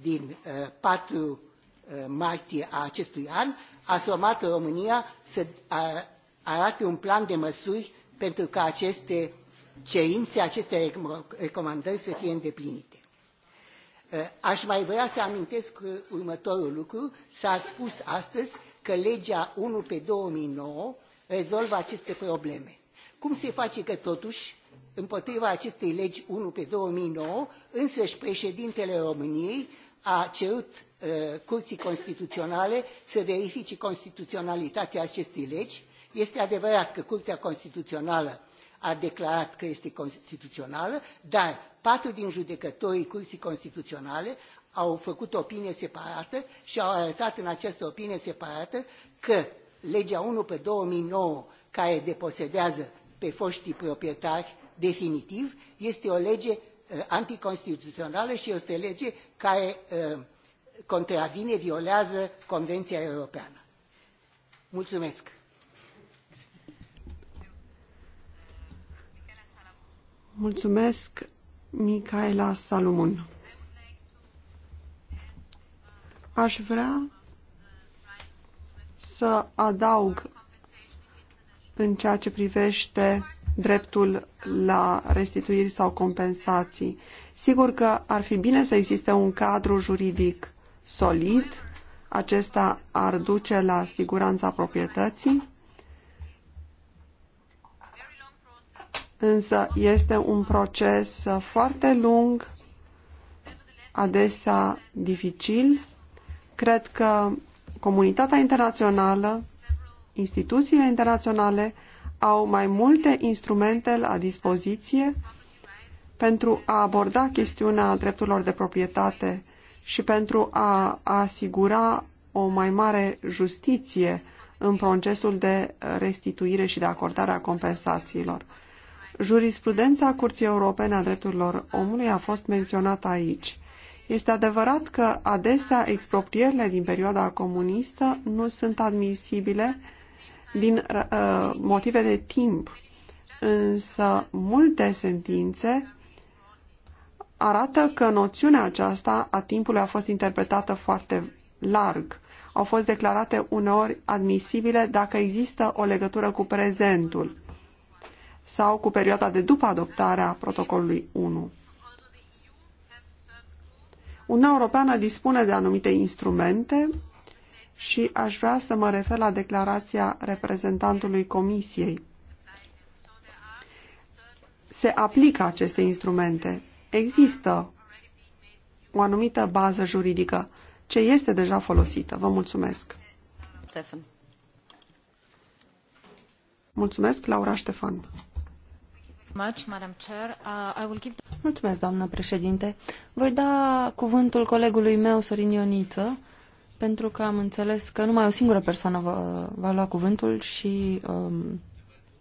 din 4 uh, uh, martie a acestui an, a somat România să arate un plan de măsuri pentru ca aceste cerințe, aceste recomandări să fie îndeplinite. Ă, aș mai vrea să amintesc următorul lucru. S-a spus astăzi că legea 1 pe 2009 rezolvă aceste probleme. Cum se face că totuși, împotriva acestei legi 1 pe 2009, însăși președintele României a cerut uh, Curții Constituționale să verifice constituționalitatea acestei legi este adevărat că Curtea Constituțională a declarat că este constituțională, dar patru din judecătorii Curții Constituționale au făcut opinie separată și au arătat în această opinie separată că legea 1 pe 2009, care deposedează pe foștii proprietari definitiv, este o lege uh, anticonstituțională și este o lege care uh, contravine, violează Convenția Europeană. Mulțumesc! Mulțumesc, Micaela Salomon. Aș vrea să adaug în ceea ce privește dreptul la restituiri sau compensații. Sigur că ar fi bine să existe un cadru juridic solid, acesta ar duce la siguranța proprietății, însă este un proces uh, foarte lung, adesea dificil. Cred că comunitatea internațională, instituțiile internaționale au mai multe instrumente la dispoziție pentru a aborda chestiunea drepturilor de proprietate și pentru a asigura o mai mare justiție în procesul de restituire și de acordare a compensațiilor. Jurisprudența Curții Europene a Drepturilor Omului a fost menționată aici. Este adevărat că adesea exproprierile din perioada comunistă nu sunt admisibile din uh, motive de timp, însă multe sentințe arată că noțiunea aceasta a timpului a fost interpretată foarte larg. Au fost declarate uneori admisibile dacă există o legătură cu prezentul sau cu perioada de după adoptarea protocolului 1. Uniunea Europeană dispune de anumite instrumente și aș vrea să mă refer la declarația reprezentantului Comisiei. Se aplică aceste instrumente. Există o anumită bază juridică ce este deja folosită. Vă mulțumesc. Stefan. Mulțumesc, Laura Ștefan. Uh, mulțumesc, doamnă președinte. Voi da cuvântul colegului meu, Sorin Ioniță, pentru că am înțeles că numai o singură persoană va, va lua cuvântul și um,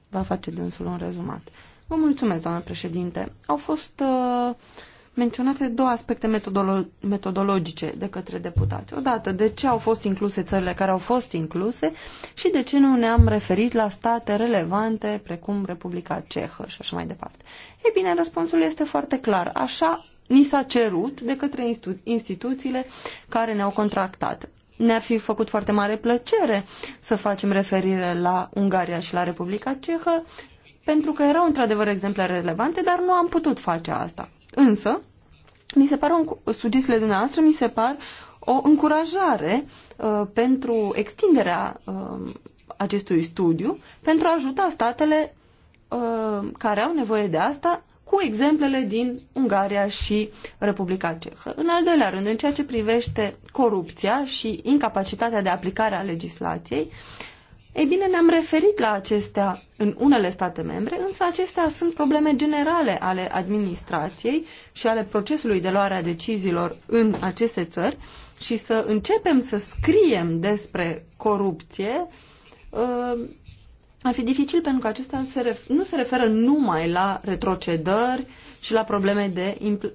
va face dânsul un rezumat. Vă mulțumesc, doamnă președinte. Au fost uh, menționate două aspecte metodolo metodologice de către deputați. Odată, de ce au fost incluse țările care au fost incluse și de ce nu ne-am referit la state relevante precum Republica Cehă și așa mai departe. Ei bine, răspunsul este foarte clar. Așa ni s-a cerut de către institu instituțiile care ne-au contractat. Ne-ar fi făcut foarte mare plăcere să facem referire la Ungaria și la Republica Cehă, pentru că erau într-adevăr exemple relevante, dar nu am putut face asta. Însă, mi se par o, sugestiile dumneavoastră mi se par o încurajare uh, pentru extinderea uh, acestui studiu, pentru a ajuta statele uh, care au nevoie de asta cu exemplele din Ungaria și Republica Cehă. În al doilea rând, în ceea ce privește corupția și incapacitatea de aplicare a legislației, ei bine, ne-am referit la acestea în unele state membre, însă acestea sunt probleme generale ale administrației și ale procesului de luare a deciziilor în aceste țări și să începem să scriem despre corupție uh, ar fi dificil pentru că acestea nu se referă numai la retrocedări și la probleme de, uh,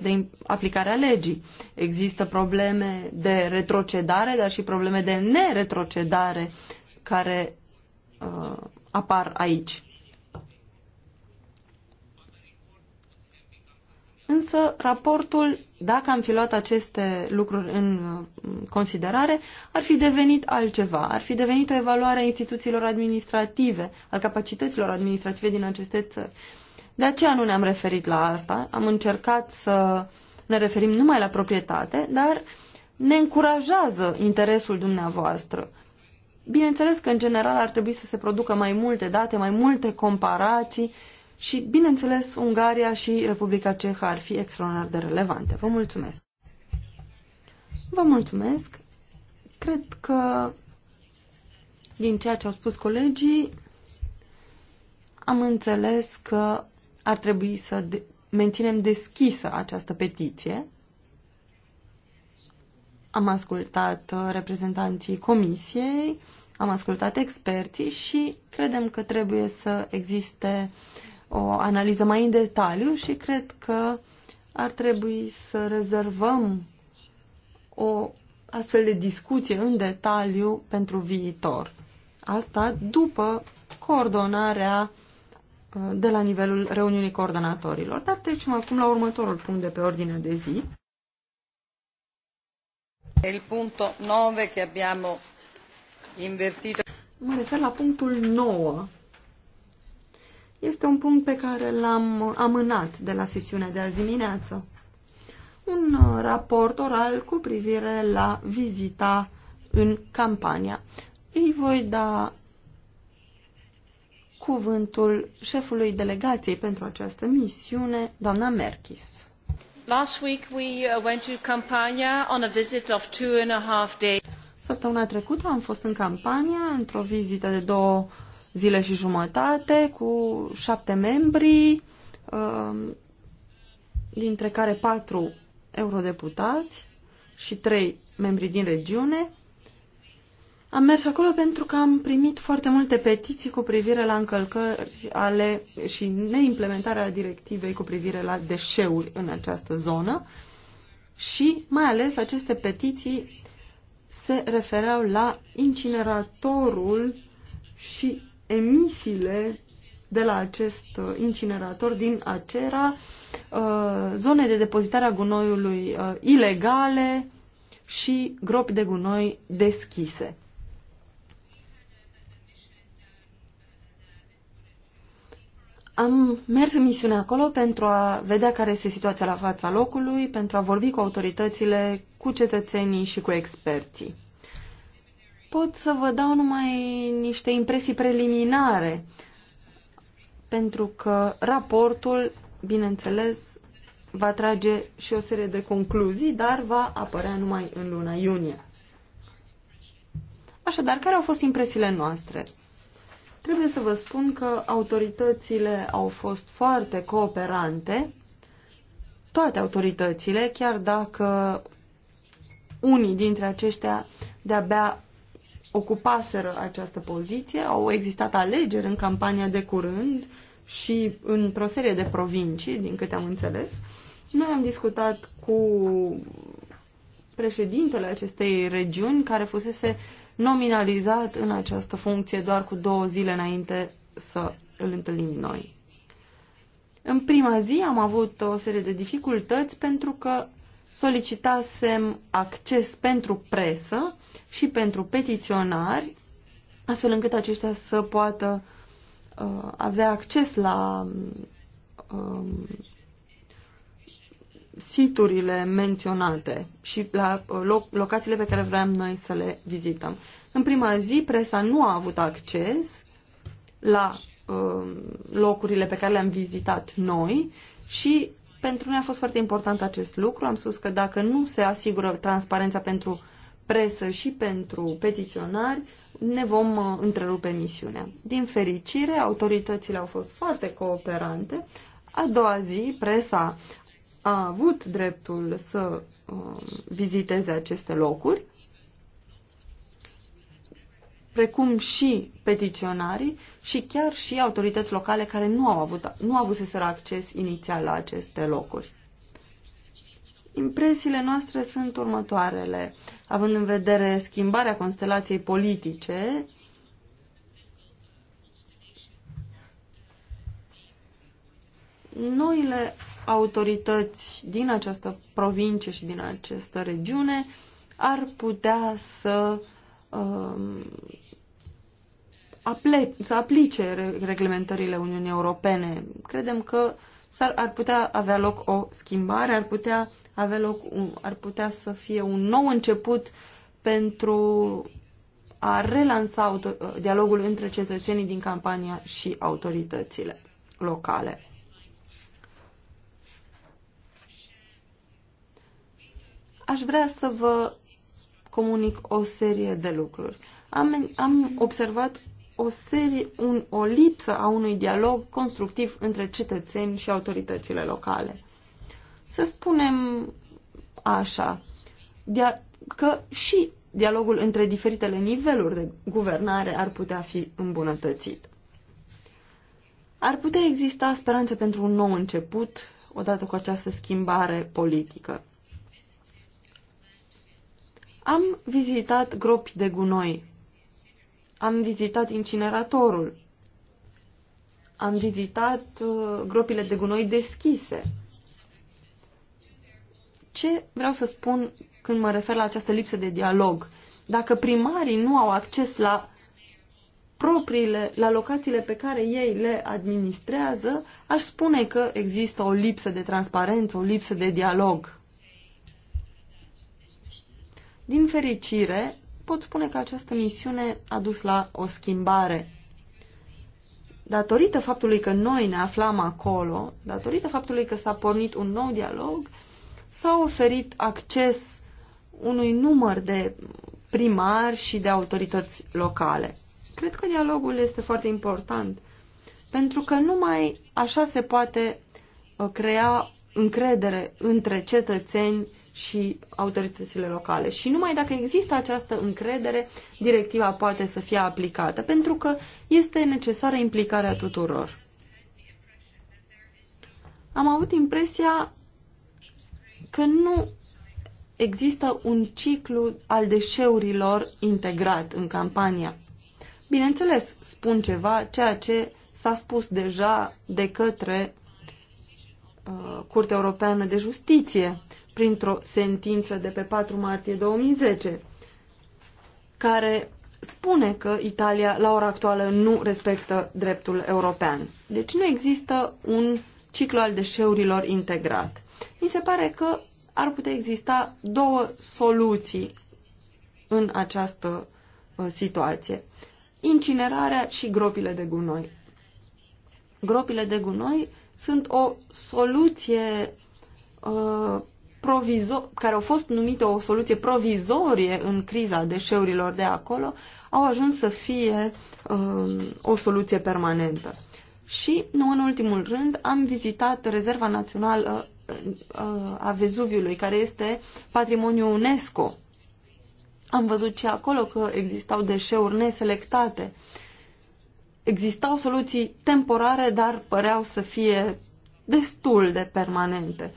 de aplicare a legii. Există probleme de retrocedare, dar și probleme de neretrocedare care uh, apar aici. Însă, raportul, dacă am fi luat aceste lucruri în uh, considerare, ar fi devenit altceva. Ar fi devenit o evaluare a instituțiilor administrative, al capacităților administrative din aceste țări. De aceea nu ne-am referit la asta. Am încercat să ne referim numai la proprietate, dar ne încurajează interesul dumneavoastră. Bineînțeles că, în general, ar trebui să se producă mai multe date, mai multe comparații și, bineînțeles, Ungaria și Republica Cehă ar fi extraordinar de relevante. Vă mulțumesc! Vă mulțumesc! Cred că, din ceea ce au spus colegii, am înțeles că ar trebui să de menținem deschisă această petiție am ascultat uh, reprezentanții comisiei, am ascultat experții și credem că trebuie să existe o analiză mai în detaliu și cred că ar trebui să rezervăm o astfel de discuție în detaliu pentru viitor. Asta după coordonarea uh, de la nivelul reuniunii coordonatorilor. Dar trecem acum la următorul punct de pe ordinea de zi. Mă refer la punctul 9. Este un punct pe care l-am amânat de la sesiunea de azi dimineață. Un uh, raport oral cu privire la vizita în campania. Îi voi da cuvântul șefului delegației pentru această misiune, doamna Merkis. Last week we uh, went to Campania on a visit of two and a half days. Săptămâna trecută am fost în Campania într-o vizită de două zile și jumătate cu șapte membri, um, dintre care patru eurodeputați și trei membri din regiune. Am mers acolo pentru că am primit foarte multe petiții cu privire la încălcări ale și neimplementarea directivei cu privire la deșeuri în această zonă și mai ales aceste petiții se refereau la incineratorul și emisiile de la acest uh, incinerator din Acera, uh, zone de depozitare a gunoiului uh, ilegale și gropi de gunoi deschise. Am mers în misiune acolo pentru a vedea care este situația la fața locului, pentru a vorbi cu autoritățile, cu cetățenii și cu experții. Pot să vă dau numai niște impresii preliminare, pentru că raportul, bineînțeles, va trage și o serie de concluzii, dar va apărea numai în luna iunie. Așadar, care au fost impresiile noastre? Trebuie să vă spun că autoritățile au fost foarte cooperante, toate autoritățile, chiar dacă unii dintre aceștia de-abia ocupaseră această poziție, au existat alegeri în campania de curând și într-o serie de provincii, din câte am înțeles. Noi am discutat cu președintele acestei regiuni care fusese nominalizat în această funcție doar cu două zile înainte să îl întâlnim noi. În prima zi am avut o serie de dificultăți pentru că solicitasem acces pentru presă și pentru petiționari, astfel încât aceștia să poată uh, avea acces la uh, siturile menționate și la uh, loc, locațiile pe care vrem noi să le vizităm. În prima zi, presa nu a avut acces la uh, locurile pe care le-am vizitat noi și pentru noi a fost foarte important acest lucru. Am spus că dacă nu se asigură transparența pentru presă și pentru petiționari, ne vom uh, întrerupe misiunea. Din fericire, autoritățile au fost foarte cooperante. A doua zi, presa a avut dreptul să um, viziteze aceste locuri, precum și petiționarii și chiar și autorități locale care nu au avut, nu au avut avuseseră acces inițial la aceste locuri. Impresiile noastre sunt următoarele. Având în vedere schimbarea constelației politice noile autorități din această provincie și din această regiune ar putea să, um, aple- să aplice reglementările Uniunii Europene. Credem că s-ar, ar putea avea loc o schimbare, ar putea, avea loc un, ar putea să fie un nou început pentru a relansa dialogul între cetățenii din campania și autoritățile locale. aș vrea să vă comunic o serie de lucruri. Am, am observat o, serie, un, o lipsă a unui dialog constructiv între cetățeni și autoritățile locale. Să spunem așa, dia- că și dialogul între diferitele niveluri de guvernare ar putea fi îmbunătățit. Ar putea exista speranțe pentru un nou început odată cu această schimbare politică. Am vizitat gropi de gunoi. Am vizitat incineratorul. Am vizitat uh, gropile de gunoi deschise. Ce vreau să spun când mă refer la această lipsă de dialog? Dacă primarii nu au acces la propriile, la locațiile pe care ei le administrează, aș spune că există o lipsă de transparență, o lipsă de dialog. Din fericire, pot spune că această misiune a dus la o schimbare. Datorită faptului că noi ne aflam acolo, datorită faptului că s-a pornit un nou dialog, s-a oferit acces unui număr de primari și de autorități locale. Cred că dialogul este foarte important, pentru că numai așa se poate uh, crea încredere între cetățeni și autoritățile locale. Și numai dacă există această încredere, directiva poate să fie aplicată, pentru că este necesară implicarea tuturor. Am avut impresia că nu există un ciclu al deșeurilor integrat în campania. Bineînțeles, spun ceva, ceea ce s-a spus deja de către uh, Curtea Europeană de Justiție printr-o sentință de pe 4 martie 2010, care spune că Italia la ora actuală nu respectă dreptul european. Deci nu există un ciclu al deșeurilor integrat. Mi se pare că ar putea exista două soluții în această uh, situație. Incinerarea și gropile de gunoi. Gropile de gunoi sunt o soluție uh, provizo- care au fost numite o soluție provizorie în criza deșeurilor de acolo, au ajuns să fie um, o soluție permanentă. Și, nu în ultimul rând, am vizitat Rezerva Națională uh, uh, a Vezuviului, care este patrimoniu UNESCO. Am văzut și acolo că existau deșeuri neselectate. Existau soluții temporare, dar păreau să fie destul de permanente.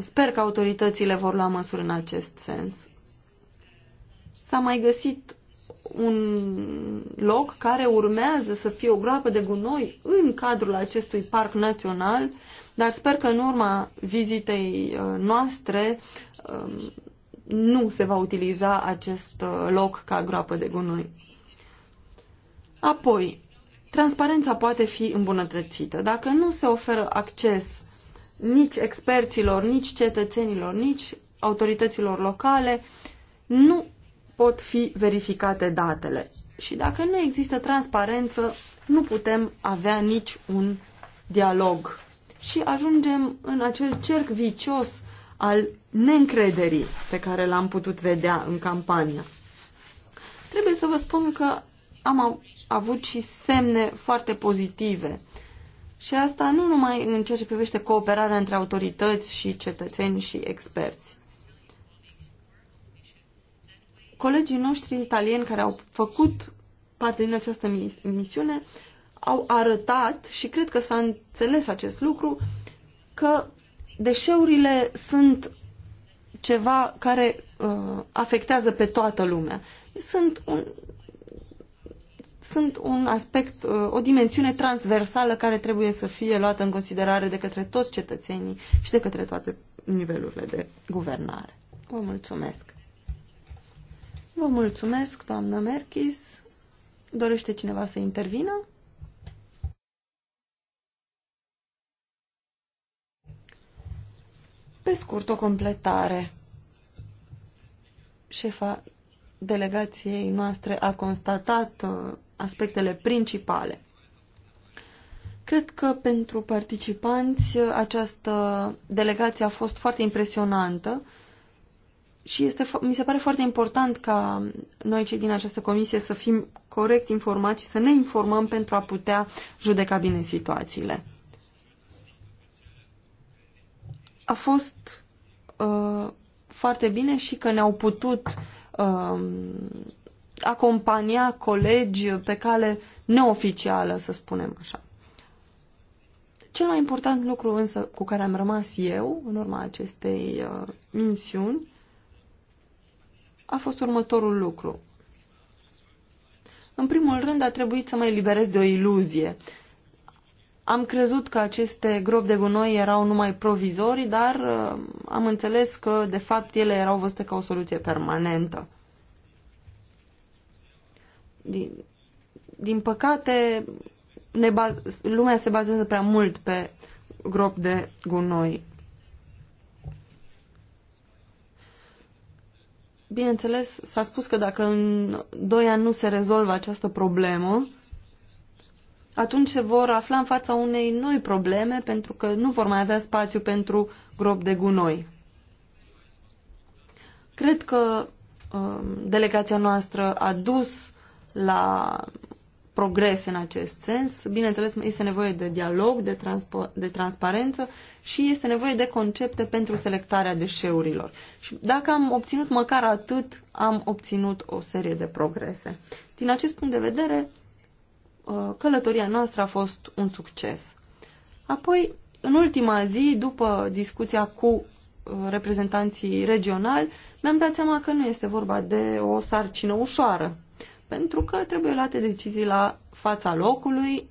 Sper că autoritățile vor lua măsuri în acest sens. S-a mai găsit un loc care urmează să fie o groapă de gunoi în cadrul acestui parc național, dar sper că în urma vizitei uh, noastre um, nu se va utiliza acest uh, loc ca groapă de gunoi. Apoi, transparența poate fi îmbunătățită. Dacă nu se oferă acces nici experților, nici cetățenilor, nici autorităților locale, nu pot fi verificate datele. Și dacă nu există transparență, nu putem avea nici un dialog. Și ajungem în acel cerc vicios al neîncrederii pe care l-am putut vedea în campania. Trebuie să vă spun că am avut și semne foarte pozitive și asta nu numai în ceea ce privește cooperarea între autorități și cetățeni și experți. Colegii noștri italieni care au făcut parte din această misiune au arătat și cred că s-a înțeles acest lucru că deșeurile sunt ceva care uh, afectează pe toată lumea. Sunt un, sunt un aspect, uh, o dimensiune transversală care trebuie să fie luată în considerare de către toți cetățenii și de către toate nivelurile de guvernare. Vă mulțumesc! Vă mulțumesc, doamnă Merchis. Dorește cineva să intervină? Pe scurt, o completare. Șefa delegației noastre a constatat uh, aspectele principale. Cred că pentru participanți această delegație a fost foarte impresionantă și este, mi se pare foarte important ca noi cei din această comisie să fim corect informați, să ne informăm pentru a putea judeca bine situațiile. A fost uh, foarte bine și că ne-au putut uh, acompania colegi pe cale neoficială, să spunem așa. Cel mai important lucru însă cu care am rămas eu în urma acestei uh, misiuni a fost următorul lucru. În primul rând a trebuit să mă eliberez de o iluzie. Am crezut că aceste gropi de gunoi erau numai provizorii, dar uh, am înțeles că de fapt ele erau văzute ca o soluție permanentă din, din păcate, ne baz- lumea se bazează prea mult pe gropi de gunoi. Bineînțeles, s-a spus că dacă în doi ani nu se rezolvă această problemă, atunci se vor afla în fața unei noi probleme pentru că nu vor mai avea spațiu pentru grop de gunoi. Cred că um, delegația noastră a dus la progrese în acest sens. Bineînțeles, este nevoie de dialog, de, de transparență și este nevoie de concepte pentru selectarea deșeurilor. Și dacă am obținut măcar atât, am obținut o serie de progrese. Din acest punct de vedere, uh, călătoria noastră a fost un succes. Apoi, în ultima zi, după discuția cu uh, reprezentanții regionali, mi-am dat seama că nu este vorba de o sarcină ușoară pentru că trebuie luate decizii la fața locului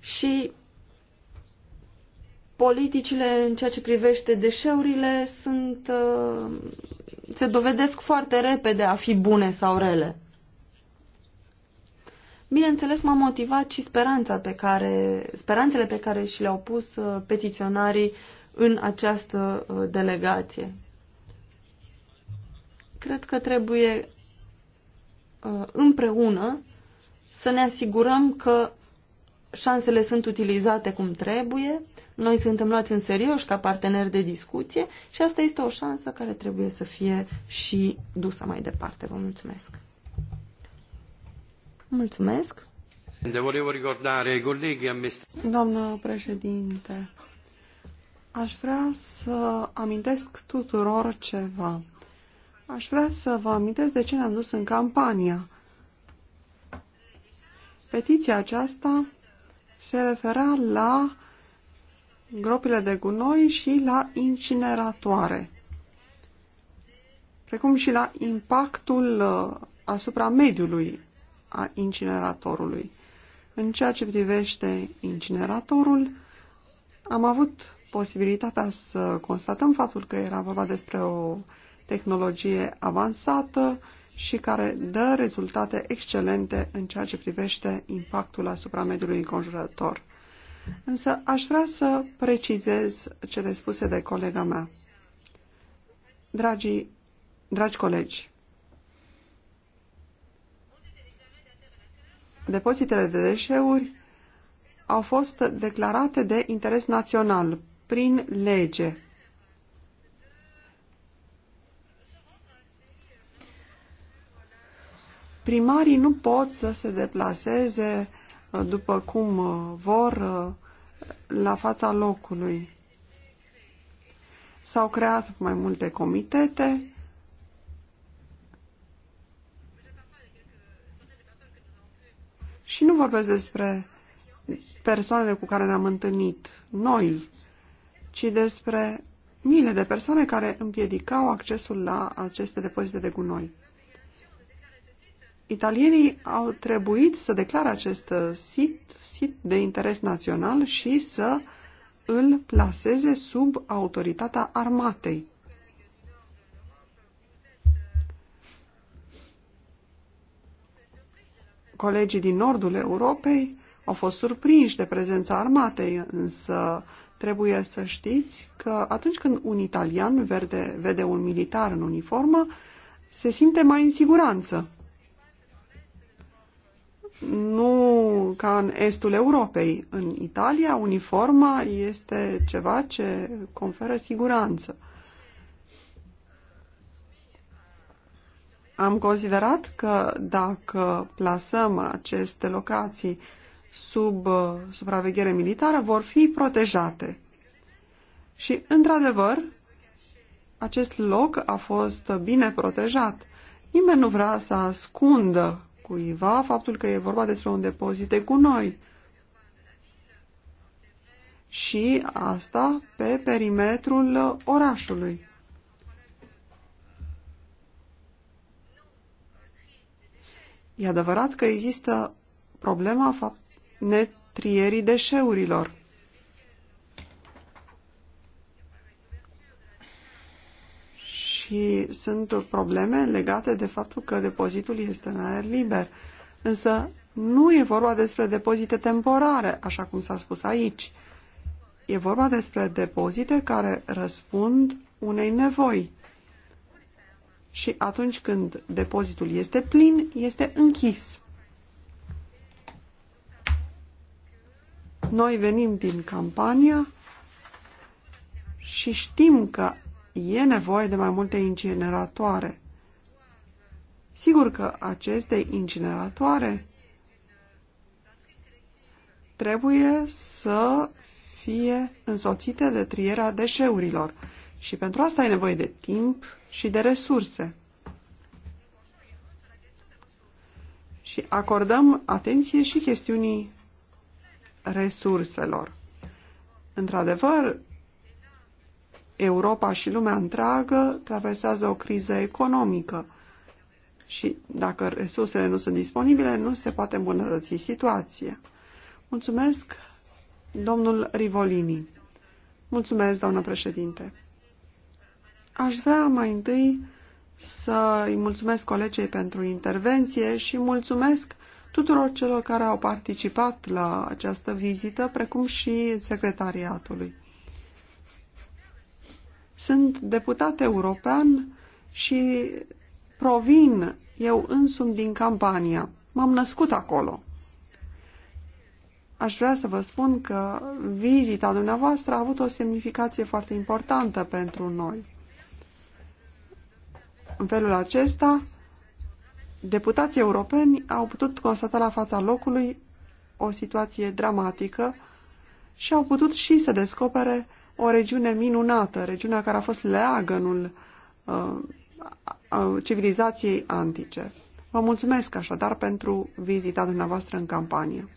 și politicile în ceea ce privește deșeurile sunt, uh, se dovedesc foarte repede a fi bune sau rele. Bineînțeles, m-a motivat și speranța pe care, speranțele pe care și le-au pus uh, petiționarii în această uh, delegație. Cred că trebuie Uh, împreună să ne asigurăm că șansele sunt utilizate cum trebuie, noi suntem luați în serios ca parteneri de discuție și asta este o șansă care trebuie să fie și dusă mai departe. Vă mulțumesc! Mulțumesc! Volevo Doamnă președinte, aș vrea să amintesc tuturor ceva. Aș vrea să vă amintesc de ce ne-am dus în campania. Petiția aceasta se refera la gropile de gunoi și la incineratoare, precum și la impactul uh, asupra mediului a incineratorului. În ceea ce privește incineratorul, am avut posibilitatea să constatăm faptul că era vorba despre o tehnologie avansată și care dă rezultate excelente în ceea ce privește impactul asupra mediului înconjurător. Însă aș vrea să precizez cele spuse de colega mea. Dragii, dragi colegi, depozitele de deșeuri au fost declarate de interes național prin lege primarii nu pot să se deplaseze uh, după cum uh, vor uh, la fața locului. S-au creat mai multe comitete. Și nu vorbesc despre persoanele cu care ne-am întâlnit, noi, ci despre miile de persoane care împiedicau accesul la aceste depozite de gunoi italienii au trebuit să declare acest uh, sit, sit de interes național și să îl plaseze sub autoritatea armatei. Colegii din nordul Europei au fost surprinși de prezența armatei, însă trebuie să știți că atunci când un italian verde, vede un militar în uniformă, se simte mai în siguranță nu ca în estul Europei. În Italia, uniforma este ceva ce conferă siguranță. Am considerat că dacă plasăm aceste locații sub uh, supraveghere militară, vor fi protejate. Și, într-adevăr, acest loc a fost bine protejat. Nimeni nu vrea să ascundă cuiva faptul că e vorba despre un depozit de gunoi. Și asta pe perimetrul orașului. E adevărat că există problema netrierii deșeurilor. și sunt probleme legate de faptul că depozitul este în aer liber. Însă nu e vorba despre depozite temporare, așa cum s-a spus aici. E vorba despre depozite care răspund unei nevoi. Și atunci când depozitul este plin, este închis. Noi venim din campania și știm că e nevoie de mai multe incineratoare. Sigur că aceste incineratoare trebuie să fie însoțite de trierea deșeurilor și pentru asta e nevoie de timp și de resurse. Și acordăm atenție și chestiunii resurselor. Într-adevăr, Europa și lumea întreagă traversează o criză economică și dacă resursele nu sunt disponibile, nu se poate îmbunătăți situația. Mulțumesc, domnul Rivolini. Mulțumesc, doamnă președinte. Aș vrea mai întâi să îi mulțumesc colegei pentru intervenție și mulțumesc tuturor celor care au participat la această vizită, precum și secretariatului. Sunt deputat european și provin eu însumi din Campania. M-am născut acolo. Aș vrea să vă spun că vizita dumneavoastră a avut o semnificație foarte importantă pentru noi. În felul acesta, deputații europeni au putut constata la fața locului o situație dramatică și au putut și să descopere o regiune minunată, regiunea care a fost leagănul uh, uh, civilizației antice. Vă mulțumesc așadar pentru vizita dumneavoastră în campanie.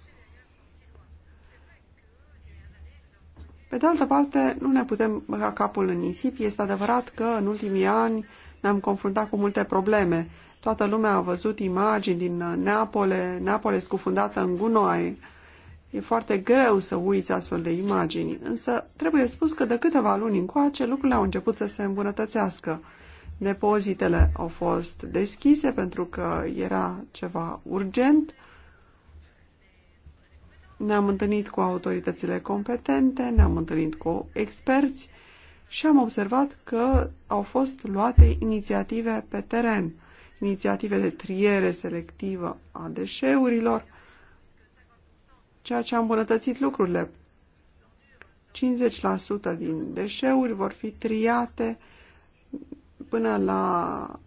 Pe de altă parte, nu ne putem băga capul în nisip. Este adevărat că în ultimii ani ne-am confruntat cu multe probleme. Toată lumea a văzut imagini din Neapole, Neapole scufundată în gunoaie. E foarte greu să uiți astfel de imagini, însă trebuie spus că de câteva luni încoace lucrurile au început să se îmbunătățească. Depozitele au fost deschise pentru că era ceva urgent. Ne-am întâlnit cu autoritățile competente, ne-am întâlnit cu experți și am observat că au fost luate inițiative pe teren, inițiative de triere selectivă a deșeurilor, ceea ce a îmbunătățit lucrurile. 50% din deșeuri vor fi triate până la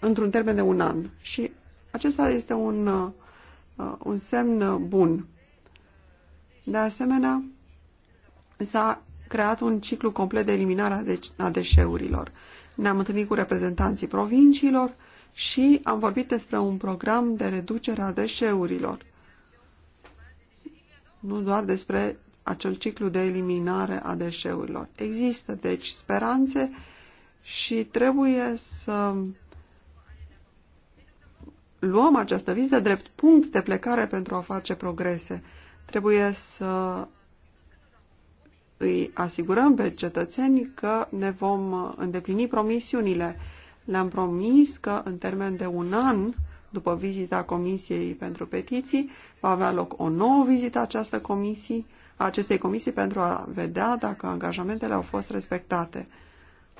într-un termen de un an și acesta este un, uh, un semn bun. De asemenea, s-a creat un ciclu complet de eliminare a, de deci-, a deșeurilor. Ne-am întâlnit cu reprezentanții provinciilor și am vorbit despre un program de reducere a deșeurilor nu doar despre acel ciclu de eliminare a deșeurilor. Există, deci, speranțe și trebuie să luăm această vizită drept punct de plecare pentru a face progrese. Trebuie să îi asigurăm pe cetățeni că ne vom îndeplini promisiunile. Le-am promis că în termen de un an după vizita Comisiei pentru Petiții, va avea loc o nouă vizită această comisii, acestei comisii pentru a vedea dacă angajamentele au fost respectate.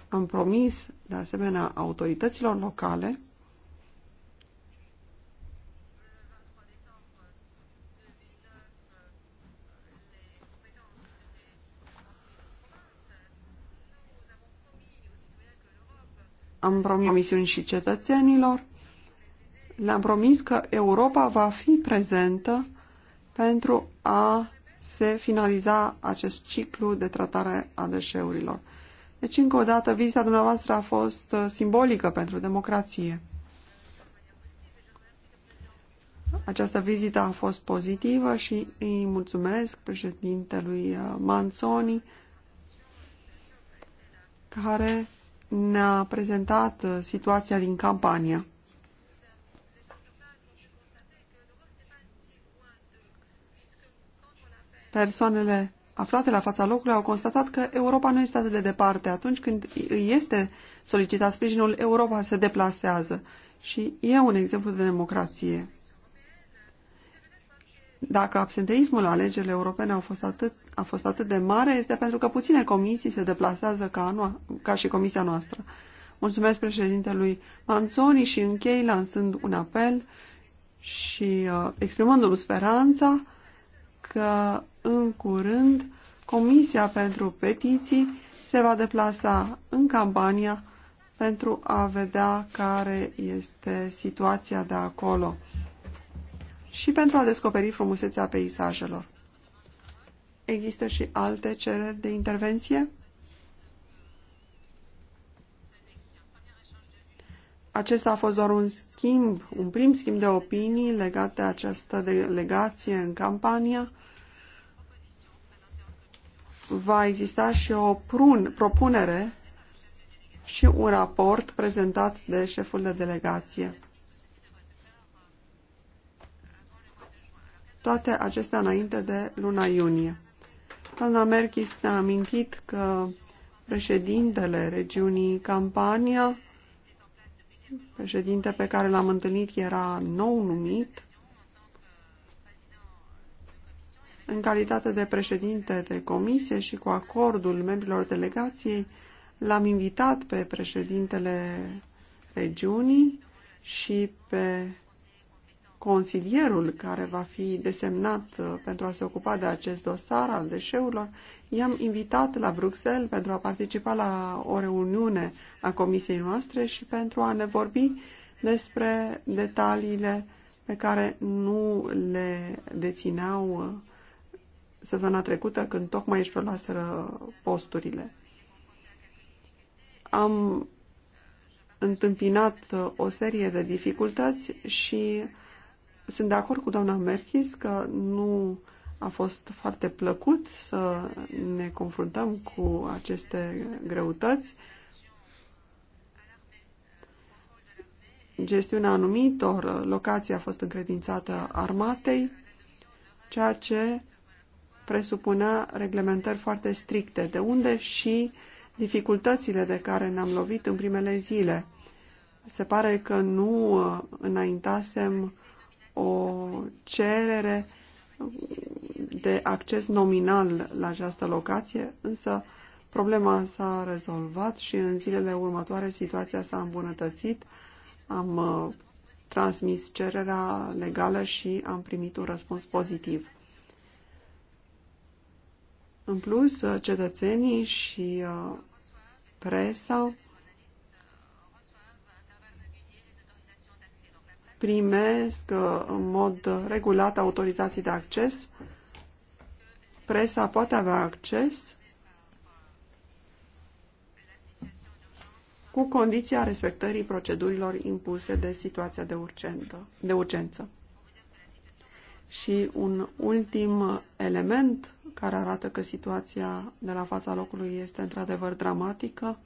Am promis, de asemenea, autorităților locale am promis și cetățenilor le-am promis că Europa va fi prezentă pentru a se finaliza acest ciclu de tratare a deșeurilor. Deci, încă o dată, vizita dumneavoastră a fost uh, simbolică pentru democrație. Această vizită a fost pozitivă și îi mulțumesc președintelui uh, Manzoni care ne-a prezentat uh, situația din campania. Persoanele aflate la fața locului au constatat că Europa nu este atât de departe. Atunci când îi este solicitat sprijinul, Europa se deplasează. Și e un exemplu de democrație. Dacă absenteismul la alegerile europene a fost, atât, a fost atât de mare, este pentru că puține comisii se deplasează ca, anua, ca și comisia noastră. Mulțumesc președintelui Manzoni și închei lansând un apel și uh, exprimându-mi speranța că în curând, Comisia pentru Petiții se va deplasa în campania pentru a vedea care este situația de acolo și pentru a descoperi frumusețea peisajelor. Există și alte cereri de intervenție? Acesta a fost doar un schimb, un prim schimb de opinii legat de această delegație în campania va exista și o prun, propunere și un raport prezentat de șeful de delegație. Toate acestea înainte de luna iunie. Doamna Merkis ne-a amintit că președintele regiunii Campania, președinte pe care l-am întâlnit era nou numit, În calitate de președinte de comisie și cu acordul membrilor delegației, l-am invitat pe președintele regiunii și pe consilierul care va fi desemnat uh, pentru a se ocupa de acest dosar al deșeurilor, i-am invitat la Bruxelles pentru a participa la o reuniune a comisiei noastre și pentru a ne vorbi despre detaliile pe care nu le dețineau uh, sezona trecută, când tocmai își preluaseră posturile. Am întâmpinat uh, o serie de dificultăți și sunt de acord cu doamna Merchis că nu a fost foarte plăcut să ne confruntăm cu aceste greutăți. Gestiunea anumitor locații a fost încredințată armatei, ceea ce presupunea reglementări foarte stricte, de unde și dificultățile de care ne-am lovit în primele zile. Se pare că nu uh, înaintasem o cerere de acces nominal la această locație, însă problema s-a rezolvat și în zilele următoare situația s-a îmbunătățit. Am uh, transmis cererea legală și am primit un răspuns pozitiv. În plus, uh, cetățenii și uh, presa primesc uh, în mod regulat autorizații de acces. Presa poate avea acces cu condiția respectării procedurilor impuse de situația de, de urgență. Și un ultim element care arată că situația de la fața locului este într-adevăr dramatică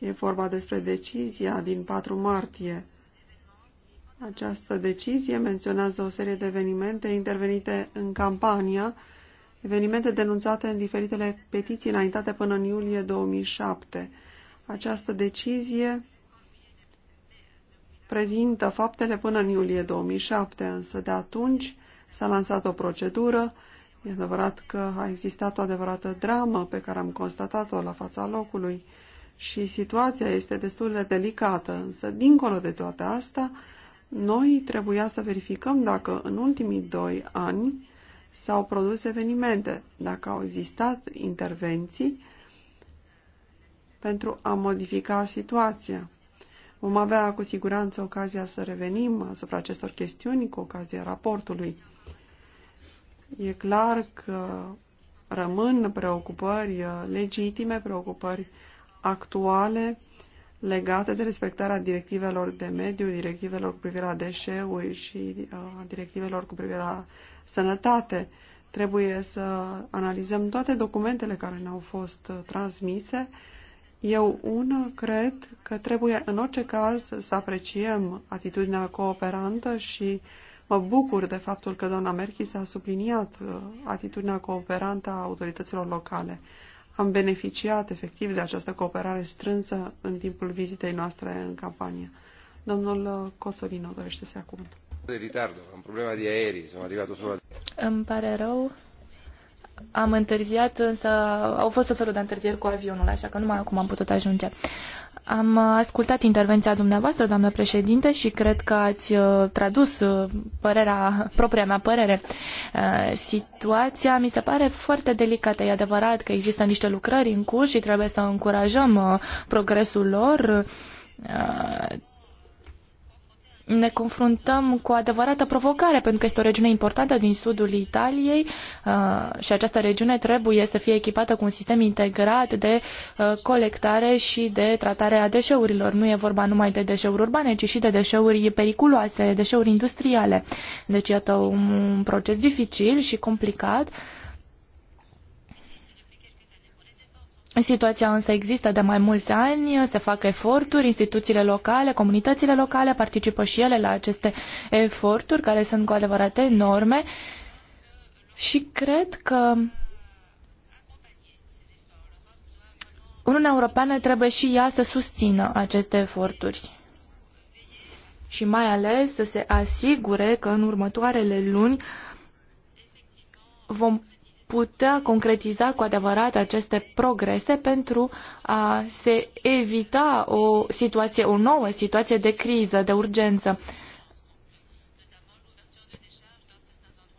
E vorba despre decizia din 4 martie. Această decizie menționează o serie de evenimente intervenite în campania, evenimente denunțate în diferitele petiții înaintate până în iulie 2007. Această decizie prezintă faptele până în iulie 2007, însă de atunci s-a lansat o procedură. E adevărat că a existat o adevărată dramă pe care am constatat-o la fața locului și situația este destul de delicată, însă dincolo de toate astea, noi trebuia să verificăm dacă în ultimii doi ani s-au produs evenimente, dacă au existat intervenții pentru a modifica situația. Vom avea cu siguranță ocazia să revenim asupra acestor chestiuni cu ocazia raportului. E clar că rămân preocupări legitime, preocupări actuale legate de respectarea directivelor de mediu, directivelor cu privire la deșeuri și uh, directivelor cu privire la sănătate. Trebuie să analizăm toate documentele care ne-au fost uh, transmise eu, una, cred că trebuie în orice caz să apreciem atitudinea cooperantă și mă bucur de faptul că doamna Merchis a subliniat uh, atitudinea cooperantă a autorităților locale. Am beneficiat efectiv de această cooperare strânsă în timpul vizitei noastre în campanie. Domnul uh, Coțolino dorește să se acum. De ritardo, am problema de aerii, sunt arrivato solo. Îmi pare rău, am întârziat, însă au fost o felul de întârzieri cu avionul, așa că numai acum am putut ajunge. Am ascultat intervenția dumneavoastră, doamnă președinte, și cred că ați uh, tradus uh, părerea, propria mea părere. Uh, situația mi se pare foarte delicată. E adevărat că există niște lucrări în curs și trebuie să încurajăm progresul lor ne confruntăm cu o adevărată provocare, pentru că este o regiune importantă din sudul Italiei uh, și această regiune trebuie să fie echipată cu un sistem integrat de uh, colectare și de tratare a deșeurilor. Nu e vorba numai de deșeuri urbane, ci și de deșeuri periculoase, deșeuri industriale. Deci, iată, un, un proces dificil și complicat Situația însă există de mai mulți ani, se fac eforturi, instituțiile locale, comunitățile locale participă și ele la aceste eforturi care sunt cu adevărat enorme și cred că Uniunea Europeană trebuie și ea să susțină aceste eforturi și mai ales să se asigure că în următoarele luni vom putea concretiza cu adevărat aceste progrese pentru a se evita o situație, o nouă situație de criză, de urgență.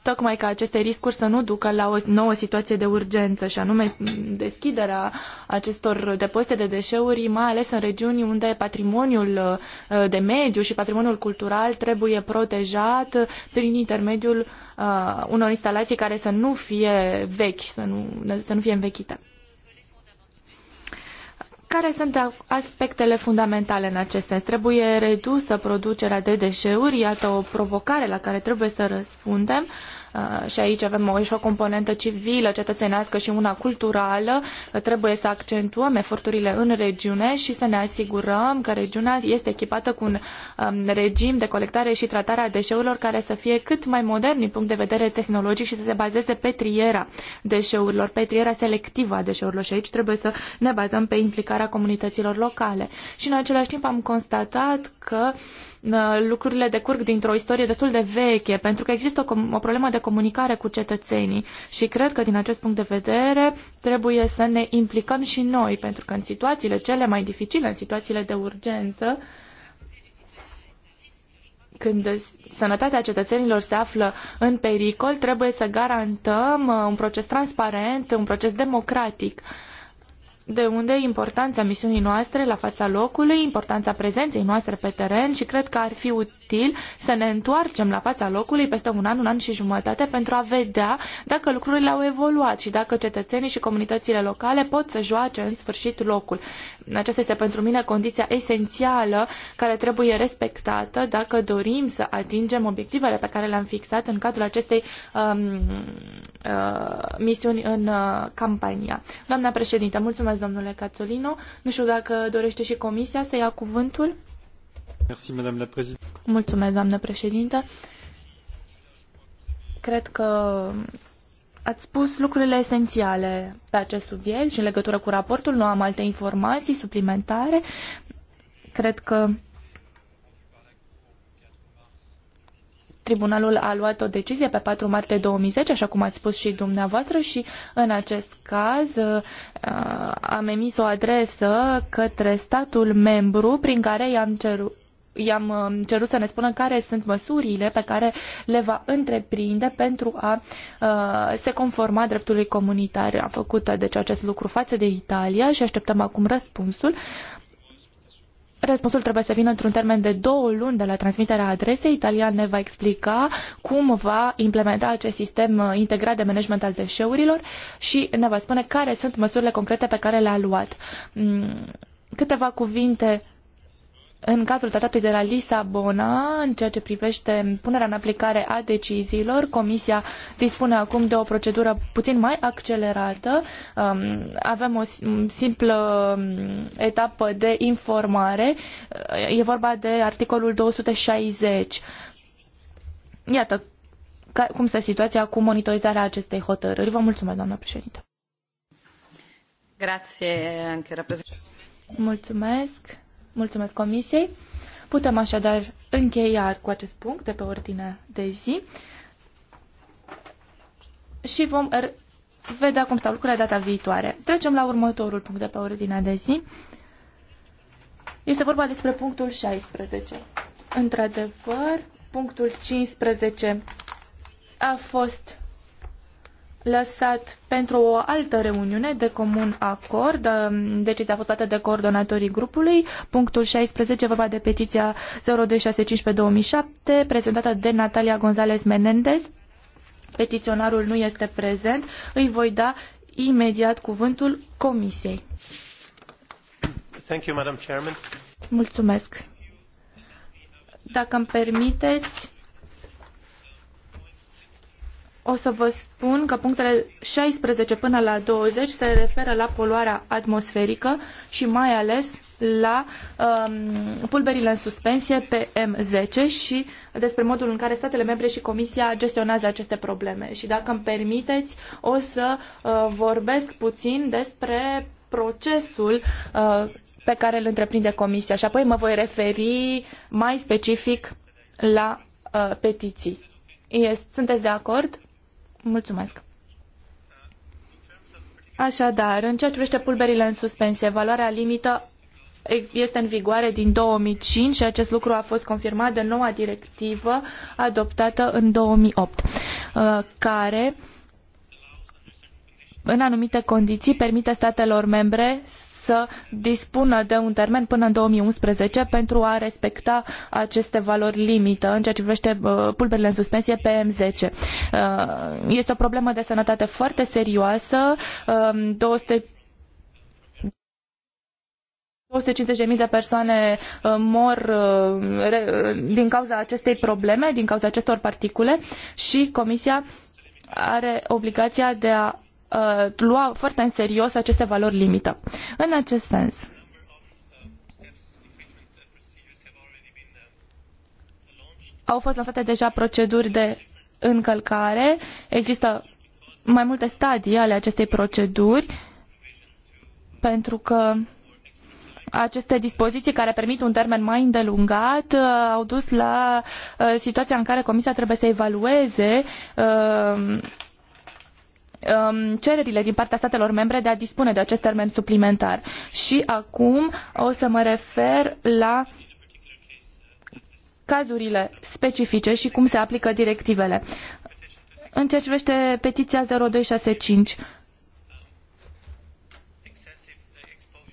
tocmai ca aceste riscuri să nu ducă la o nouă situație de urgență, și anume deschiderea acestor depozite de deșeuri, mai ales în regiuni unde patrimoniul uh, de mediu și patrimoniul cultural trebuie protejat prin intermediul uh, unor instalații care să nu fie vechi, să nu, să nu fie învechite. Care sunt aspectele fundamentale în acest sens? Trebuie redusă producerea de deșeuri, iată o provocare la care trebuie să răspundem. Uh, Uh, și aici avem o, și o componentă civilă, cetățenească și una culturală. Uh, trebuie să accentuăm eforturile în regiune și să ne asigurăm că regiunea este echipată cu un um, regim de colectare și tratare a deșeurilor care să fie cât mai modern din punct de vedere tehnologic și să se bazeze pe triera deșeurilor, pe triera selectivă a deșeurilor și aici trebuie să ne bazăm pe implicarea comunităților locale. Și în același timp am constatat că Uh, lucrurile decurg dintr-o istorie destul de veche, pentru că există o, o problemă de comunicare cu cetățenii și cred că din acest punct de vedere trebuie să ne implicăm și noi, pentru că în situațiile cele mai dificile, în situațiile de urgență, când sănătatea cetățenilor se află în pericol, trebuie să garantăm uh, un proces transparent, un proces democratic. Uh, de unde importanța misiunii noastre la fața locului, importanța prezenței noastre pe teren și cred că ar fi util să ne întoarcem la fața locului peste un an, un an și jumătate pentru a vedea dacă lucrurile au evoluat și dacă cetățenii și comunitățile locale pot să joace în sfârșit locul. Aceasta este pentru mine condiția esențială care trebuie respectată dacă dorim să atingem obiectivele pe care le-am fixat în cadrul acestei um, uh, misiuni în uh, campania. Doamna președintă, mulțumesc Mulțumesc, domnule Cazzolino. Nu știu dacă dorește și comisia să ia cuvântul. Merci, Mulțumesc, doamnă președinte. Cred că ați spus lucrurile esențiale pe acest subiect și în legătură cu raportul. Nu am alte informații suplimentare. Cred că Tribunalul a luat o decizie pe 4 martie 2010, așa cum ați spus și dumneavoastră, și în acest caz uh, am emis o adresă către statul membru prin care i-am cerut i-am uh, cerut să ne spună care sunt măsurile pe care le va întreprinde pentru a uh, se conforma dreptului comunitar. Am făcut deci acest lucru față de Italia și așteptăm acum răspunsul. Uh, Răspunsul trebuie să vină într-un termen de două luni de la transmiterea adresei. Italia ne va explica cum va implementa acest sistem uh, integrat de management al deșeurilor și ne va spune care sunt măsurile concrete pe care le-a luat. Mm, câteva cuvinte în cadrul tratatului de la Lisabona, în ceea ce privește punerea în aplicare a deciziilor, Comisia dispune acum de o procedură puțin mai accelerată. Um, avem o simplă um, etapă de informare. E vorba de articolul 260. Iată cum stă situația cu monitorizarea acestei hotărâri. Vă mulțumesc, doamna președintă. Grazie, Mulțumesc Mulțumesc Comisiei. Putem așadar încheia cu acest punct de pe ordine de zi și vom vedea cum stau lucrurile data viitoare. Trecem la următorul punct de pe ordinea de zi. Este vorba despre punctul 16. Într-adevăr, punctul 15 a fost lăsat pentru o altă reuniune de comun acord. Um, Decizia a fost dată de coordonatorii grupului. Punctul 16, vorba de petiția 02615-2007, prezentată de Natalia González Menendez. Petiționarul nu este prezent. Îi voi da imediat cuvântul comisiei. Thank you, Madam Chairman. Mulțumesc. Dacă îmi permiteți, o să vă spun că punctele 16 până la 20 se referă la poluarea atmosferică și mai ales la um, pulberile în suspensie PM10 și despre modul în care statele membre și Comisia gestionează aceste probleme. Și dacă îmi permiteți, o să uh, vorbesc puțin despre procesul uh, pe care îl întreprinde Comisia și apoi mă voi referi mai specific la uh, petiții. Este, Sunteți de acord? Mulțumesc. Așadar, în ceea ce privește pulberile în suspensie, valoarea limită este în vigoare din 2005 și acest lucru a fost confirmat de noua directivă adoptată în 2008, uh, care în anumite condiții permite statelor membre să dispună de un termen până în 2011 pentru a respecta aceste valori limită în ceea ce privește uh, pulberile în suspensie PM10. Uh, este o problemă de sănătate foarte serioasă. 200 um, 250.000 de persoane uh, mor din cauza acestei probleme, din cauza acestor particule și Comisia are obligația de a Uh, lua foarte în serios aceste valori limită. În acest sens, au fost lansate deja proceduri de încălcare. Există mai multe stadii ale acestei proceduri, pentru că aceste dispoziții care permit un termen mai îndelungat uh, au dus la uh, situația în care Comisia trebuie să evalueze Um, cererile din partea statelor membre de a dispune de acest termen suplimentar. Și acum o să mă refer la cazurile specifice și cum se aplică directivele. În ceea ce privește petiția 0265,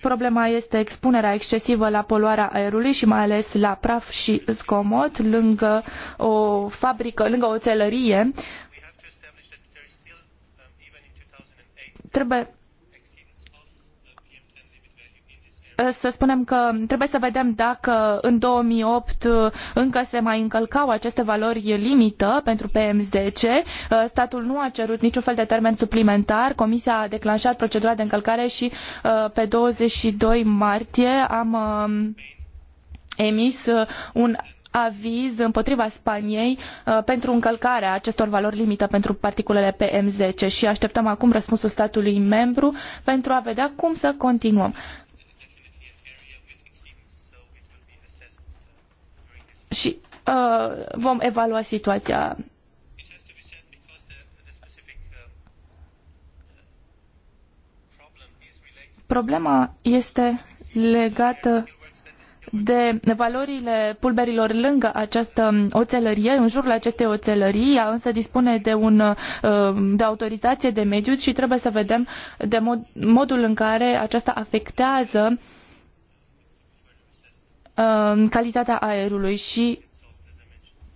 problema este expunerea excesivă la poluarea aerului și mai ales la praf și zgomot lângă o fabrică, lângă o țelărie trebuie uh, să spunem că trebuie să vedem dacă în 2008 uh, încă se mai încălcau aceste valori limită pentru PM10. Uh, statul nu a cerut niciun fel de termen suplimentar. Comisia a declanșat procedura de încălcare și pe 22 martie am um, emis un aviz împotriva Spaniei uh, pentru încălcarea acestor valori limită pentru particulele PM10 și așteptăm acum răspunsul statului membru pentru a vedea cum să continuăm. Și uh, vom evalua situația problema este legată de valorile pulberilor lângă această oțelărie, în jurul acestei oțelării, ea însă dispune de, un, uh, de autorizație de mediu și trebuie să vedem de mod, modul în care aceasta afectează uh, calitatea aerului și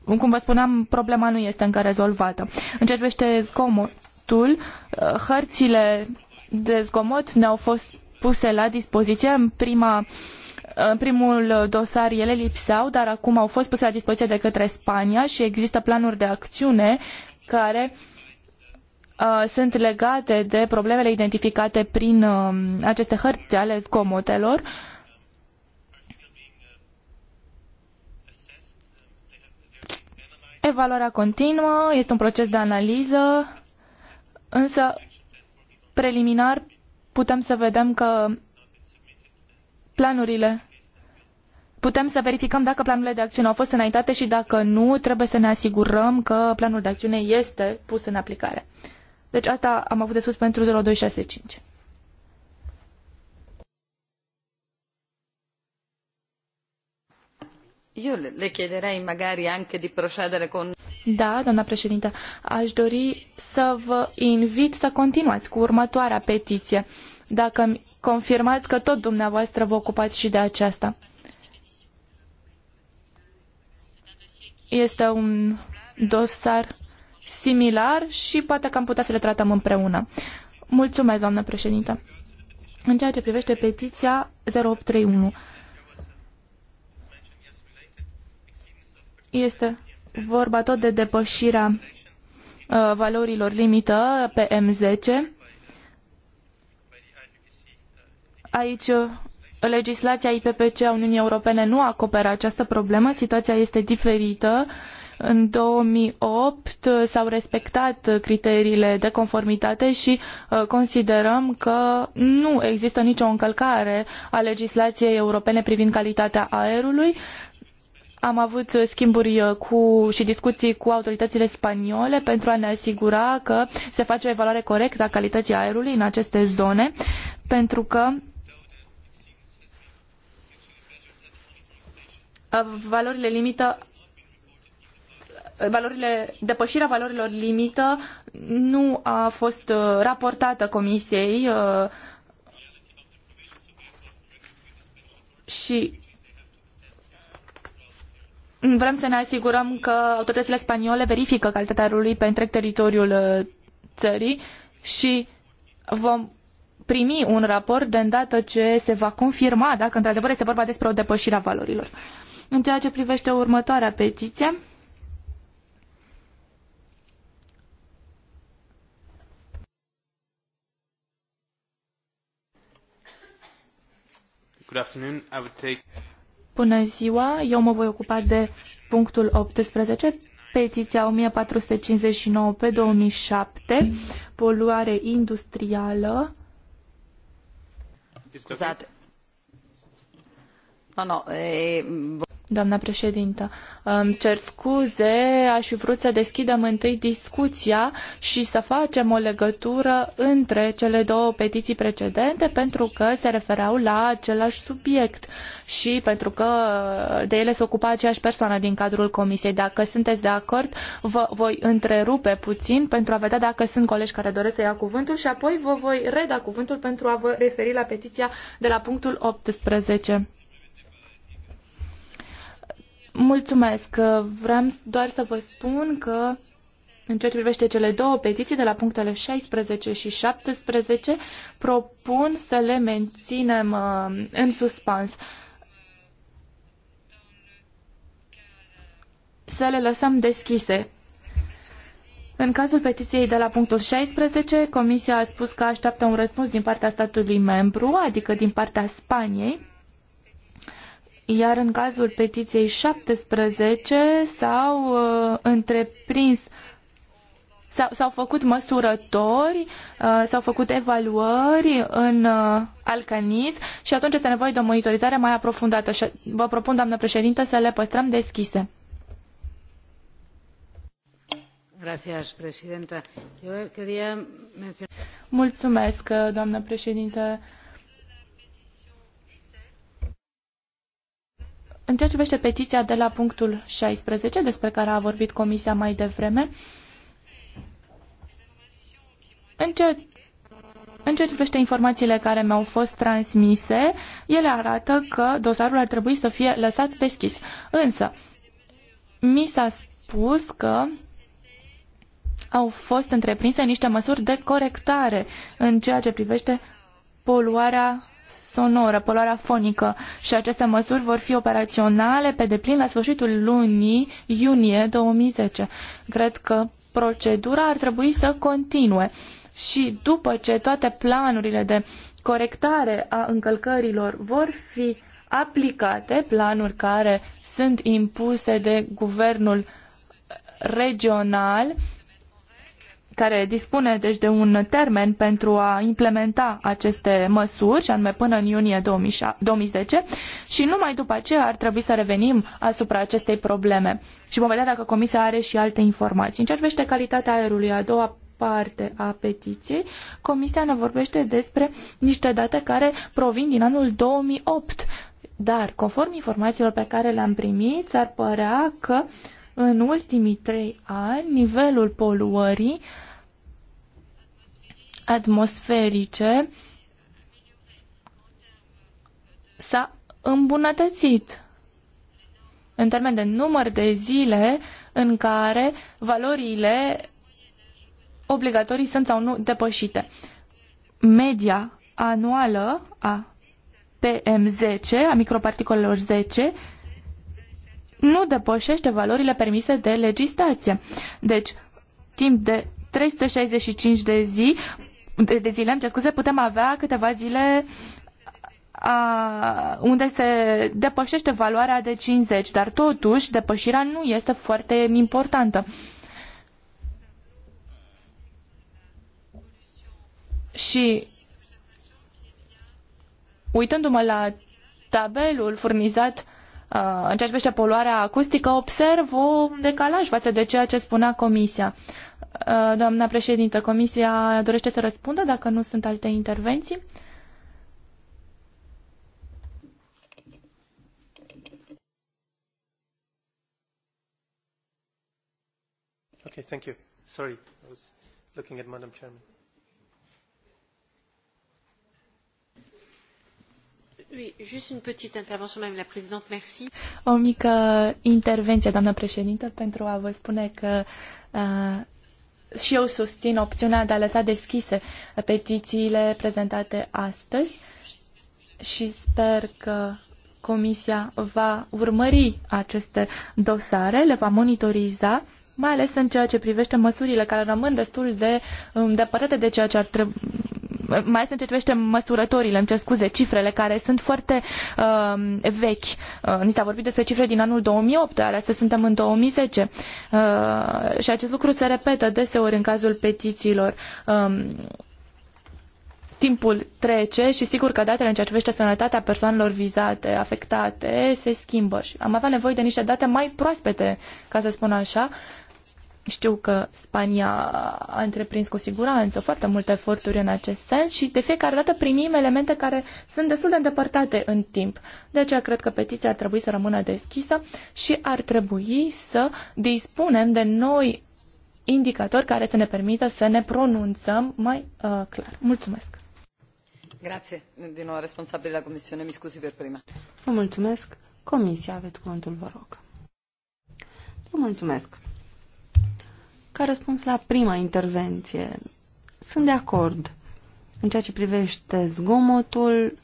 cum vă spuneam, problema nu este încă rezolvată. Încercește zgomotul, uh, hărțile de zgomot ne-au fost puse la dispoziție în prima uh, în primul dosar ele lipseau, dar acum au fost puse la dispoziție de către Spania și există planuri de acțiune care uh, sunt legate de problemele identificate prin uh, aceste hărți ale zgomotelor. Evaluarea continuă este un proces de analiză, însă preliminar putem să vedem că planurile putem să verificăm dacă planurile de acțiune au fost înaintate și dacă nu, trebuie să ne asigurăm că planul de acțiune este pus în aplicare. Deci asta am avut de spus pentru 0265. Eu le chiederei magari anche di procedere con... Da, doamna președinte, aș dori să vă invit să continuați cu următoarea petiție. Dacă confirmați că tot dumneavoastră vă ocupați și de aceasta. Este un dosar similar și poate că am putea să le tratăm împreună. Mulțumesc, doamnă președintă. În ceea ce privește petiția 0831, este vorba tot de depășirea uh, valorilor limită pe M10 Aici uh, legislația IPPC a Uniunii Europene nu acoperă această problemă, situația este diferită. În 2008 uh, s-au respectat criteriile de conformitate și uh, considerăm că nu există nicio încălcare a legislației europene privind calitatea aerului. Am avut schimburi cu, și discuții cu autoritățile spaniole pentru a ne asigura că se face o evaluare corectă a calității aerului în aceste zone, pentru că valorile limită valorile, depășirea valorilor limită nu a fost uh, raportată comisiei uh, și vrem să ne asigurăm că autoritățile spaniole verifică calitatea rului pe întreg teritoriul uh, țării și vom primi un raport de îndată ce se va confirma dacă într-adevăr este vorba despre o depășire a valorilor. În ceea ce privește următoarea petiție, Bună ziua, eu mă voi ocupa de punctul 18, petiția 1459 pe 2007, poluare industrială. Scuzate. No, no, e... Eh, Doamna președintă, îmi cer scuze, aș fi vrut să deschidem întâi discuția și să facem o legătură între cele două petiții precedente pentru că se refereau la același subiect și pentru că de ele se ocupa aceeași persoană din cadrul comisiei. Dacă sunteți de acord, vă voi întrerupe puțin pentru a vedea dacă sunt colegi care doresc să ia cuvântul și apoi vă voi reda cuvântul pentru a vă referi la petiția de la punctul 18. Mulțumesc. Vreau doar să vă spun că în ceea ce privește cele două petiții de la punctele 16 și 17, propun să le menținem uh, în suspans. Să le lăsăm deschise. În cazul petiției de la punctul 16, Comisia a spus că așteaptă un răspuns din partea statului membru, adică din partea Spaniei, iar în cazul petiției 17 s-au uh, întreprins S-au făcut măsurători, uh, s-au făcut evaluări în uh, alcaniz și atunci este nevoie de o monitorizare mai aprofundată. Și vă propun, doamnă președintă, să le păstrăm deschise. Mulțumesc, uh, doamnă președintă. În ceea ce privește petiția de la punctul 16, despre care a vorbit Comisia mai devreme, în ceea, în ceea ce privește informațiile care mi-au fost transmise, ele arată că dosarul ar trebui să fie lăsat deschis. Însă, mi s-a spus că au fost întreprinse niște măsuri de corectare în ceea ce privește poluarea sonoră, poluarea fonică și aceste măsuri vor fi operaționale pe deplin la sfârșitul lunii iunie 2010. Cred că procedura ar trebui să continue și după ce toate planurile de corectare a încălcărilor vor fi aplicate, planuri care sunt impuse de guvernul regional, care dispune deci de un termen pentru a implementa aceste măsuri, și anume până în iunie 2010, și numai după aceea ar trebui să revenim asupra acestei probleme. Și vom vedea dacă Comisia are și alte informații. În ce privește calitatea aerului, a doua parte a petiției, Comisia ne vorbește despre niște date care provin din anul 2008. Dar, conform informațiilor pe care le-am primit, ar părea că în ultimii trei ani nivelul poluării atmosferice s-a îmbunătățit în termen de număr de zile în care valorile obligatorii sunt sau nu depășite. Media anuală a PM10, a microparticolelor 10, nu depășește valorile permise de legislație. Deci, timp de 365 de zi, de, de zile, îmi cer scuze, putem avea câteva zile a, unde se depășește valoarea de 50, dar totuși depășirea nu este foarte importantă. Și uitându-mă la tabelul furnizat în ceea ce privește poluarea acustică, observ un decalaj față de ceea ce spunea Comisia. Uh, doamna președintă, Comisia dorește să răspundă dacă nu sunt alte intervenții? Okay, thank you. Sorry, I was looking at Madam Chairman. Oui, juste une petite intervention, Madame la Présidente, merci. O mică intervenție, doamnă președintă, pentru a vă spune că uh, și eu susțin opțiunea de a lăsa deschise petițiile prezentate astăzi și sper că Comisia va urmări aceste dosare, le va monitoriza, mai ales în ceea ce privește măsurile care rămân destul de îndepărtate de ceea ce ar trebui mai ales în ce privește măsurătorile, îmi cer scuze, cifrele care sunt foarte uh, vechi. Uh, ni s-a vorbit despre cifre din anul 2008, dar astăzi suntem în 2010. Uh, și acest lucru se repetă deseori în cazul petițiilor. Uh, timpul trece și sigur că datele în ceea ce privește sănătatea persoanelor vizate, afectate, se schimbă și am avea nevoie de niște date mai proaspete, ca să spun așa, știu că Spania a întreprins cu siguranță foarte multe eforturi în acest sens și de fiecare dată primim elemente care sunt destul de îndepărtate în timp. De aceea cred că petiția ar trebui să rămână deschisă și ar trebui să dispunem de noi indicatori care să ne permită să ne pronunțăm mai uh, clar. Mulțumesc! Grazie. Din nou, responsabil la Comisiune, mi scuzi pe prima. Vă mulțumesc. Comisia, aveți cuvântul, vă rog. Vă mulțumesc. Ca răspuns la prima intervenție, sunt de acord. În ceea ce privește zgomotul,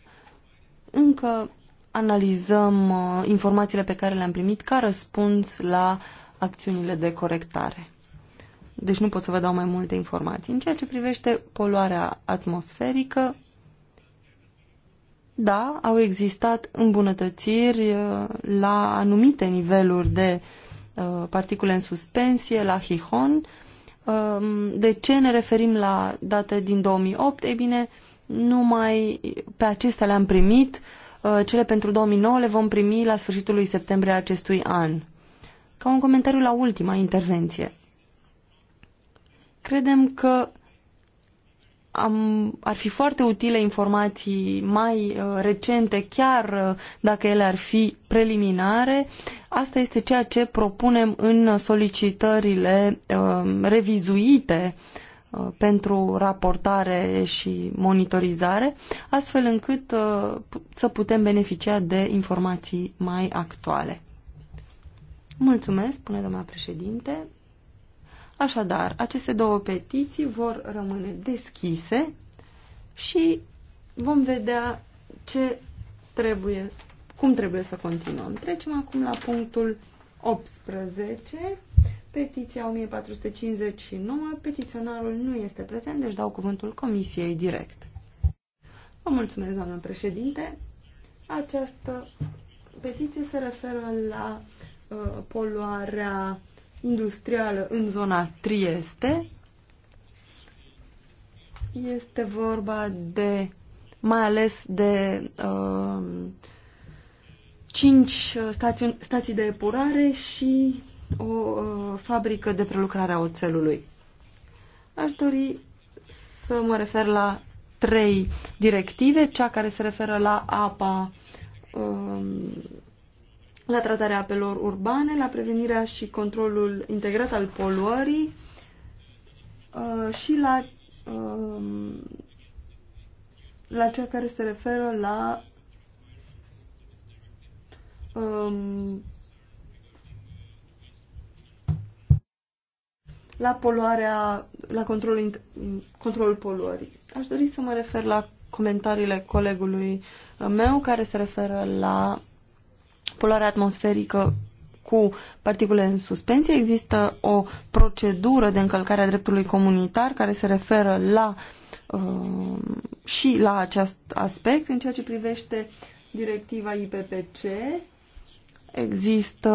încă analizăm uh, informațiile pe care le-am primit ca răspuns la acțiunile de corectare. Deci nu pot să vă dau mai multe informații. În ceea ce privește poluarea atmosferică, da, au existat îmbunătățiri uh, la anumite niveluri de uh, Uh, particule în suspensie la Hihon. Um, de ce ne referim la date din 2008? Ei bine, numai pe acestea le-am primit. Uh, cele pentru 2009 le vom primi la sfârșitul lui septembrie acestui an. Ca un comentariu la ultima intervenție. Credem că am, ar fi foarte utile informații mai uh, recente, chiar uh, dacă ele ar fi preliminare. Asta este ceea ce propunem în solicitările uh, revizuite uh, pentru raportare și monitorizare, astfel încât uh, să putem beneficia de informații mai actuale. Mulțumesc, spune doamna președinte. Așadar, aceste două petiții vor rămâne deschise și vom vedea ce trebuie, cum trebuie să continuăm. Trecem acum la punctul 18, petiția 1459. Petiționarul nu este prezent, deci dau cuvântul comisiei direct. Vă mulțumesc, doamnă președinte. Această petiție se referă la uh, poluarea industrială în zona Trieste. Este vorba de mai ales de uh, cinci stați, stații de epurare și o uh, fabrică de prelucrare a oțelului. Aș dori să mă refer la trei directive, cea care se referă la apa uh, la tratarea apelor urbane, la prevenirea și controlul integrat al poluării uh, și la, um, la cea care se referă la um, la poluarea, la controlul, controlul poluării. Aș dori să mă refer la comentariile colegului meu care se referă la poluare atmosferică cu particule în suspensie. Există o procedură de încălcare a dreptului comunitar care se referă la uh, și la acest aspect. În ceea ce privește directiva IPPC, există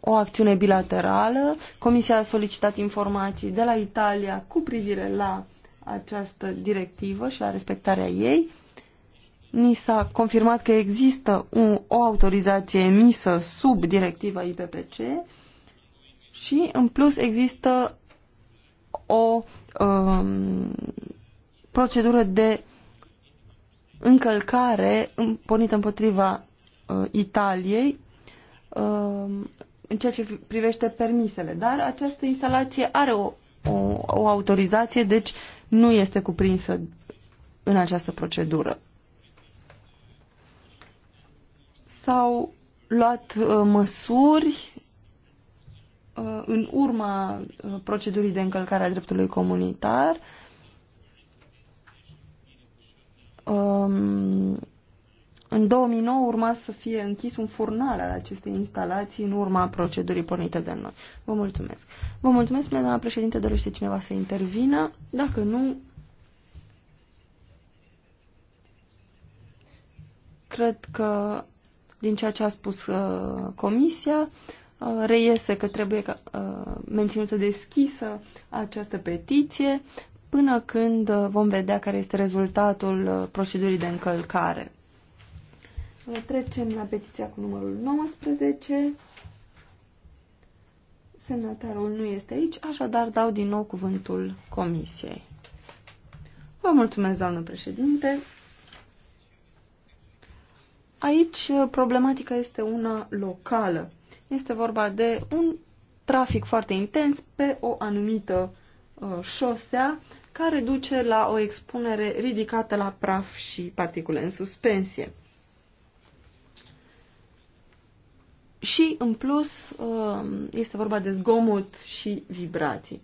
o acțiune bilaterală. Comisia a solicitat informații de la Italia cu privire la această directivă și la respectarea ei ni s-a confirmat că există un, o autorizație emisă sub directiva IPPC și, în plus, există o um, procedură de încălcare pornită împotriva uh, Italiei um, în ceea ce privește permisele. Dar această instalație are o, o, o autorizație, deci nu este cuprinsă în această procedură. s-au luat uh, măsuri uh, în urma uh, procedurii de încălcare a dreptului comunitar. Um, în 2009 urma să fie închis un furnal al acestei instalații în urma procedurii pornite de noi. Vă mulțumesc. Vă mulțumesc, mea doamna președinte, dorește cineva să intervină. Dacă nu, cred că din ceea ce a spus uh, Comisia, uh, reiese că trebuie uh, menținută deschisă această petiție până când uh, vom vedea care este rezultatul uh, procedurii de încălcare. Uh, trecem la petiția cu numărul 19. Semnatarul nu este aici, așadar dau din nou cuvântul comisiei. Vă mulțumesc, doamnă președinte. Aici uh, problematica este una locală. Este vorba de un trafic foarte intens pe o anumită uh, șosea care duce la o expunere ridicată la praf și particule în suspensie. Și, în plus, uh, este vorba de zgomot și vibrații.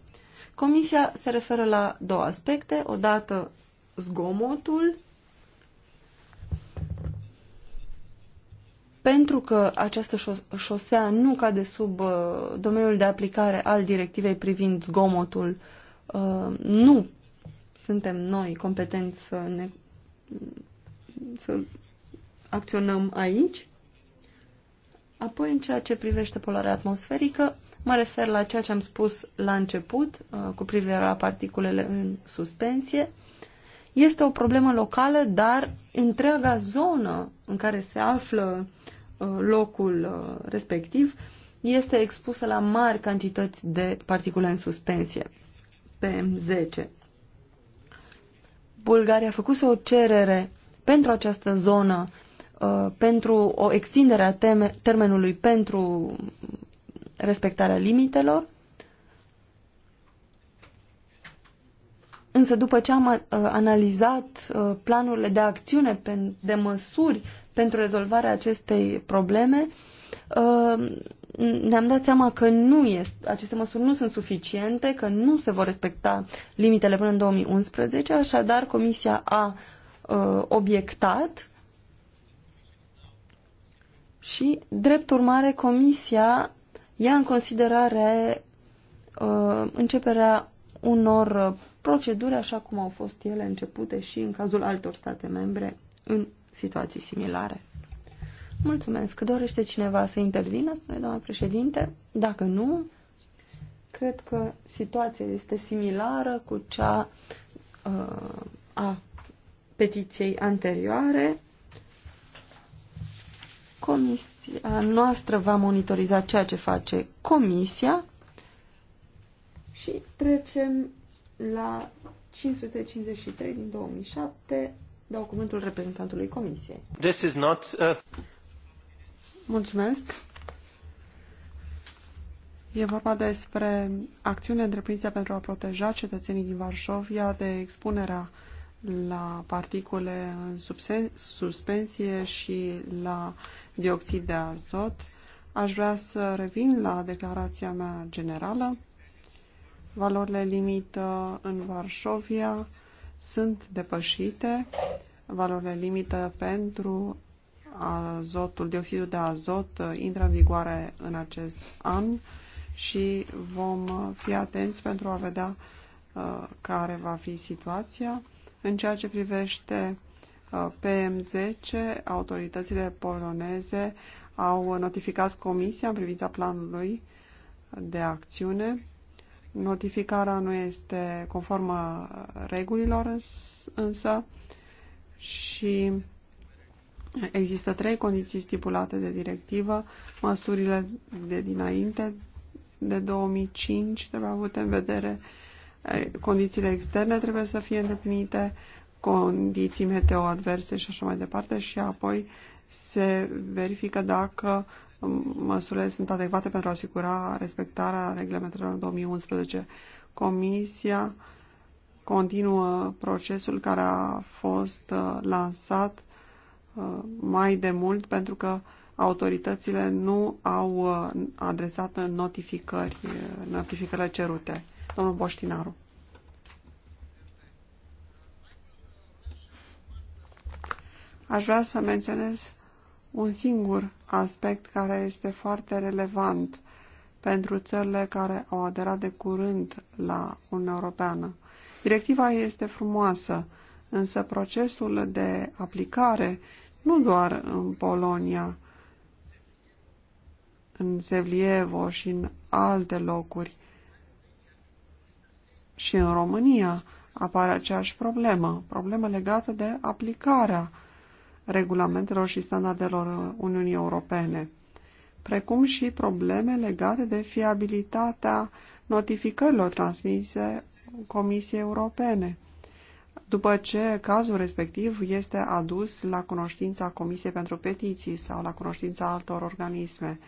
Comisia se referă la două aspecte. Odată zgomotul pentru că această șosea nu cade sub uh, domeniul de aplicare al directivei privind zgomotul, uh, nu suntem noi competenți să ne să acționăm aici. Apoi, în ceea ce privește polarea atmosferică, mă refer la ceea ce am spus la început uh, cu privire la particulele în suspensie. Este o problemă locală, dar întreaga zonă în care se află uh, Uh, locul uh, respectiv este expusă la mari cantități de particule în suspensie, PM10. Bulgaria a făcut o cerere pentru această zonă, uh, pentru o extindere a termenului pentru respectarea limitelor, Însă după ce am analizat planurile de acțiune, de măsuri pentru rezolvarea acestei probleme, uh, ne-am dat seama că nu este, aceste măsuri nu sunt suficiente, că nu se vor respecta limitele până în 2011, așadar Comisia a uh, obiectat și, drept urmare, Comisia ia în considerare uh, începerea unor proceduri așa cum au fost ele începute și în cazul altor state membre în situații similare. Mulțumesc. Dorește cineva să intervină, spune doamna președinte? Dacă nu, cred că situația este similară cu cea uh, a petiției anterioare. Comisia noastră va monitoriza ceea ce face comisia și trecem la 553 din 2007 Dau cuvântul reprezentantului Comisiei. This is not, uh... Mulțumesc. E vorba despre acțiune întreprinse pentru a proteja cetățenii din Varșovia de expunerea la particule în suspensie și la dioxid de azot. Aș vrea să revin la declarația mea generală. Valorile limită în Varșovia sunt depășite valorile limită pentru azotul, dioxidul de azot uh, intră în vigoare în acest an și vom uh, fi atenți pentru a vedea uh, care va fi situația. În ceea ce privește PM10, autoritățile poloneze au notificat Comisia în privința planului de acțiune Notificarea nu este conformă regulilor, însă, și există trei condiții stipulate de directivă. Măsurile de dinainte de 2005 trebuie avute în vedere, condițiile externe trebuie să fie îndeplinite, condiții meteo adverse și așa mai departe și apoi se verifică dacă măsurile sunt adecvate pentru a asigura respectarea reglementelor 2011. Comisia continuă procesul care a fost uh, lansat uh, mai de mult pentru că autoritățile nu au uh, adresat notificări, notificările cerute. Domnul Boștinaru. Aș vrea să menționez un singur aspect care este foarte relevant pentru țările care au aderat de curând la Uniunea Europeană. Directiva este frumoasă, însă procesul de aplicare, nu doar în Polonia, în Sevlievo și în alte locuri, și în România apare aceeași problemă, problemă legată de aplicarea regulamentelor și standardelor Uniunii Europene, precum și probleme legate de fiabilitatea notificărilor transmise Comisiei Europene, după ce cazul respectiv este adus la cunoștința Comisiei pentru Petiții sau la cunoștința altor organisme.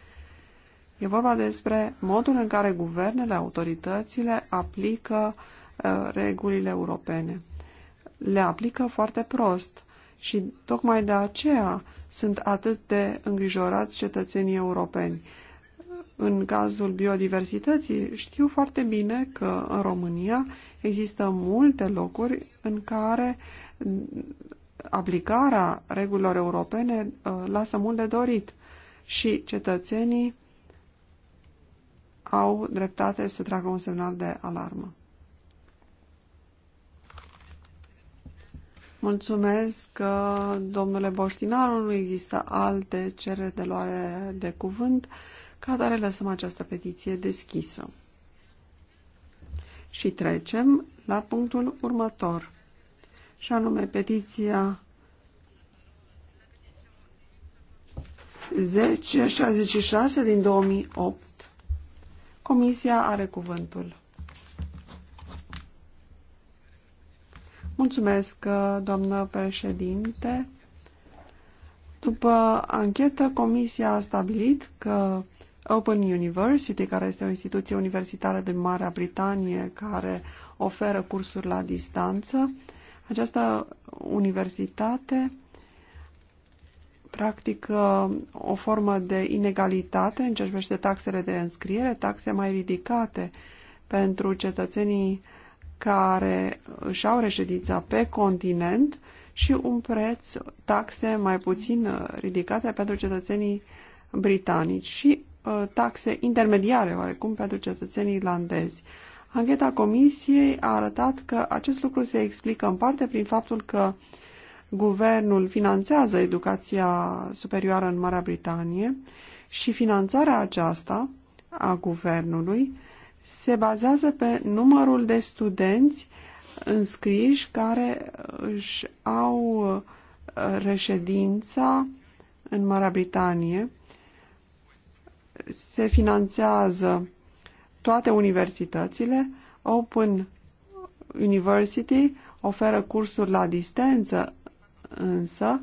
E vorba despre modul în care guvernele, autoritățile aplică uh, regulile europene. Le aplică foarte prost. Și tocmai de aceea sunt atât de îngrijorați cetățenii europeni. În cazul biodiversității, știu foarte bine că în România există multe locuri în care aplicarea regulilor europene uh, lasă mult de dorit și cetățenii au dreptate să tragă un semnal de alarmă. Mulțumesc, uh, domnule Boștinaru. Nu există alte cereri de luare de cuvânt. Ca atare lăsăm această petiție deschisă. Și trecem la punctul următor, și anume petiția 1066 din 2008. Comisia are cuvântul. Mulțumesc, uh, doamnă președinte. După anchetă, Comisia a stabilit că Open University, care este o instituție universitară din Marea Britanie care oferă cursuri la distanță, această universitate practică uh, o formă de inegalitate în ceea ce privește taxele de înscriere, taxe mai ridicate pentru cetățenii care își au reședința pe continent și un preț, taxe mai puțin uh, ridicate pentru cetățenii britanici și uh, taxe intermediare, oarecum, pentru cetățenii irlandezi. Ancheta comisiei a arătat că acest lucru se explică în parte prin faptul că guvernul finanțează educația superioară în Marea Britanie și finanțarea aceasta a guvernului se bazează pe numărul de studenți înscriși care își au uh, reședința în Marea Britanie. Se finanțează toate universitățile. Open University oferă cursuri la distanță, însă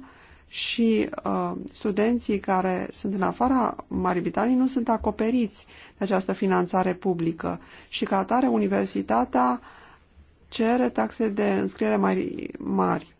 și uh, studenții care sunt în afara Marii Britanii nu sunt acoperiți de această finanțare publică și ca atare universitatea cere taxe de înscriere mai mari.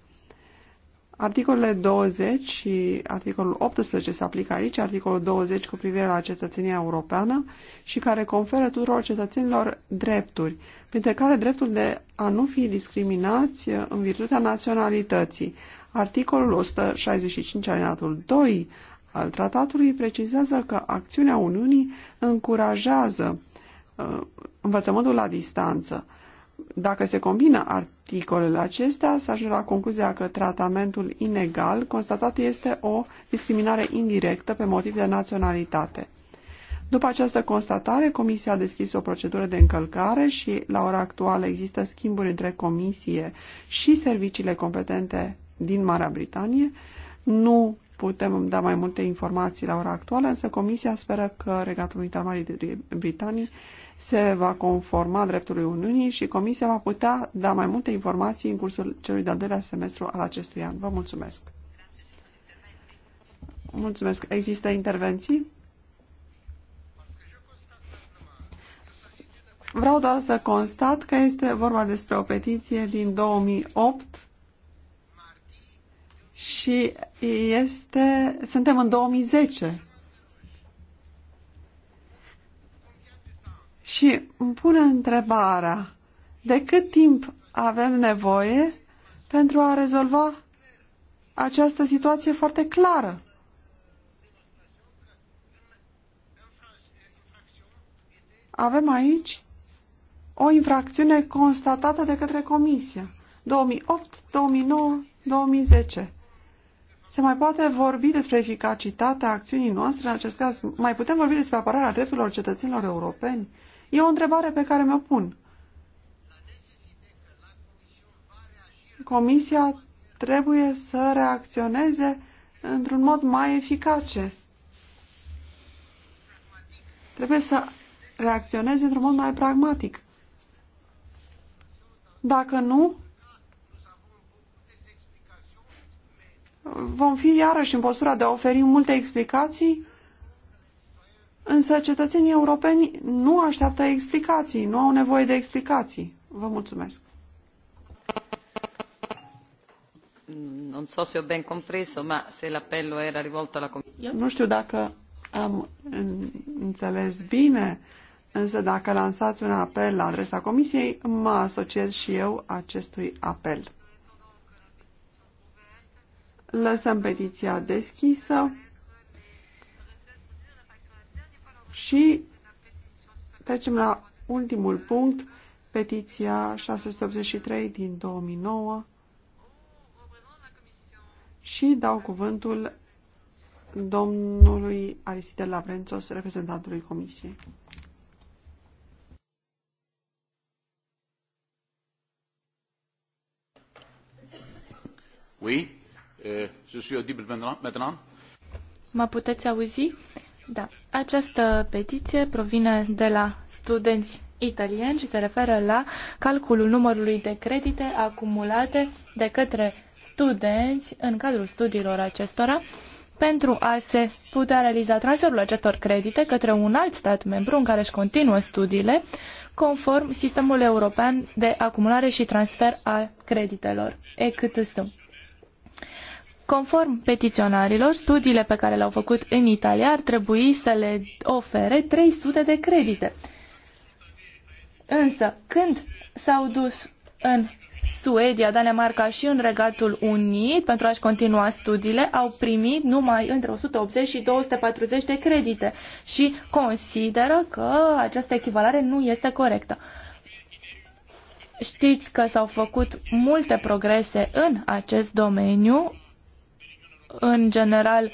Articolele 20 și articolul 18 se aplică aici, articolul 20 cu privire la cetățenia europeană și care conferă tuturor cetățenilor drepturi, printre care dreptul de a nu fi discriminați în virtutea naționalității. Articolul 165 alineatul 2 al tratatului precizează că acțiunea Uniunii încurajează uh, învățământul la distanță. Dacă se combină articolele acestea, se ajunge la concluzia că tratamentul inegal constatat este o discriminare indirectă pe motiv de naționalitate. După această constatare, Comisia a deschis o procedură de încălcare și, la ora actuală, există schimburi între Comisie și serviciile competente din Marea Britanie. Nu putem da mai multe informații la ora actuală, însă Comisia speră că Regatul Unit al Marii Britanii se va conforma dreptului Uniunii și Comisia va putea da mai multe informații în cursul celui de-al doilea semestru al acestui an. Vă mulțumesc! Mulțumesc! Există intervenții? Vreau doar să constat că este vorba despre o petiție din 2008 și este, suntem în 2010. Și îmi pune întrebarea, de cât timp avem nevoie pentru a rezolva această situație foarte clară? Avem aici o infracțiune constatată de către Comisie 2008, 2009, 2010. Se mai poate vorbi despre eficacitatea acțiunii noastre, în acest caz mai putem vorbi despre apărarea drepturilor cetățenilor europeni? E o întrebare pe care mi-o pun. Comisia trebuie să reacționeze într-un mod mai eficace. Trebuie să reacționeze într-un mod mai pragmatic. Dacă nu, vom fi iarăși în postura de a oferi multe explicații, însă cetățenii europeni nu așteaptă explicații, nu au nevoie de explicații. Vă mulțumesc. Non so se ho ben compreso, ma se l'appello era rivolto alla Commissione. Non știu dacă am înțeles bine, însă dacă lansați un apel la adresa Comisiei, mă asociez și eu acestui apel lăsăm petiția deschisă și trecem la ultimul punct, petiția 683 din 2009 și dau cuvântul domnului Aristide Lavrențos, reprezentantului Comisiei. Oui. Eh, je suis maintenant? Mă puteți auzi? Da. Această petiție provine de la studenți italieni și se referă la calculul numărului de credite acumulate de către studenți în cadrul studiilor acestora pentru a se putea realiza transferul acestor credite către un alt stat membru în care își continuă studiile conform sistemului european de acumulare și transfer a creditelor, ECTS. Conform petiționarilor, studiile pe care le-au făcut în Italia ar trebui să le ofere 300 de credite. Însă, când s-au dus în Suedia, Danemarca și în Regatul Unit pentru a-și continua studiile, au primit numai între 180 și 240 de credite și consideră că această echivalare nu este corectă. Știți că s-au făcut multe progrese în acest domeniu în general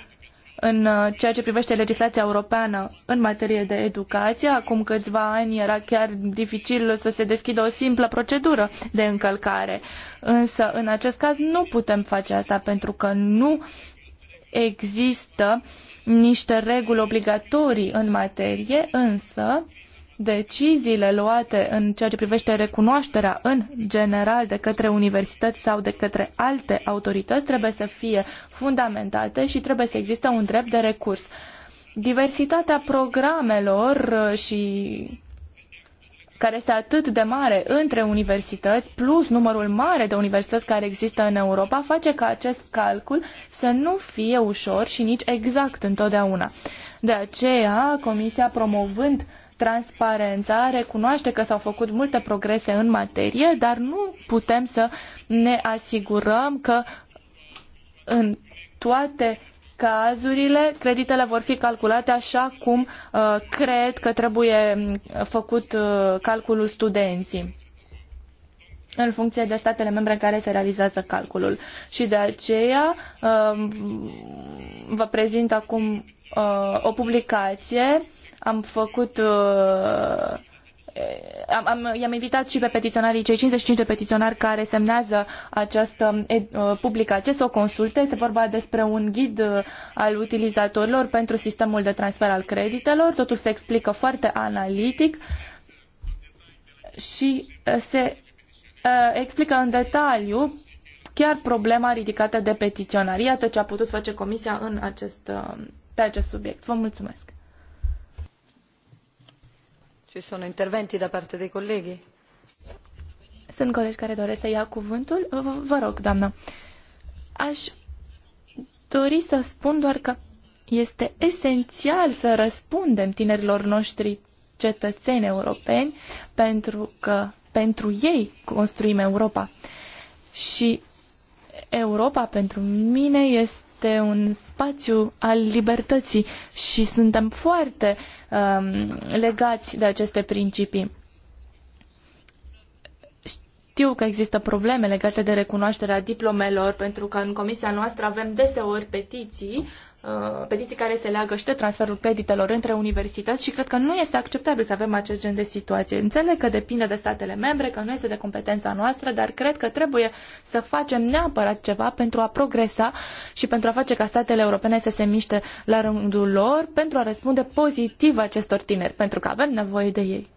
în uh, ceea ce privește legislația europeană în materie de educație. Acum câțiva ani era chiar dificil să se deschidă o simplă procedură de încălcare. Însă, în acest caz, nu putem face asta pentru că nu există niște reguli obligatorii în materie, însă deciziile luate în ceea ce privește recunoașterea în general de către universități sau de către alte autorități trebuie să fie fundamentate și trebuie să existe un drept de recurs. Diversitatea programelor uh, și care este atât de mare între universități, plus numărul mare de universități care există în Europa, face ca acest calcul să nu fie ușor și nici exact întotdeauna. De aceea, Comisia, promovând transparența, recunoaște că s-au făcut multe progrese în materie, dar nu putem să ne asigurăm că în toate cazurile creditele vor fi calculate așa cum uh, cred că trebuie mm, făcut uh, calculul studenții în funcție de statele membre în care se realizează calculul. Și de aceea uh, vă prezint acum uh, o publicație am făcut... Uh, am, am, i-am invitat și pe petiționarii, cei 55 de petiționari care semnează această ed, uh, publicație, să o consulte. Este vorba despre un ghid uh, al utilizatorilor pentru sistemul de transfer al creditelor. Totul se explică foarte analitic și uh, se uh, explică în detaliu chiar problema ridicată de petiționari. Iată ce a putut face Comisia în acest, pe acest subiect. Vă mulțumesc! Da Sunt colegi care doresc să ia cuvântul. vă rog, doamnă. Aș dori să spun doar că este esențial să răspundem tinerilor noștri cetățeni europeni pentru că pentru ei construim Europa. Și Europa pentru mine este un spațiu al libertății și suntem foarte uh, um, legați de aceste principii. Știu că există probleme legate de recunoașterea diplomelor, pentru că în comisia noastră avem deseori petiții Uh, petiții care se leagă și de transferul creditelor între universități și cred că nu este acceptabil să avem acest gen de situație. Înțeleg că depinde de statele membre, că nu este de competența noastră, dar cred că trebuie să facem neapărat ceva pentru a progresa și pentru a face ca statele europene să se miște la rândul lor pentru a răspunde pozitiv acestor tineri, pentru că avem nevoie de ei.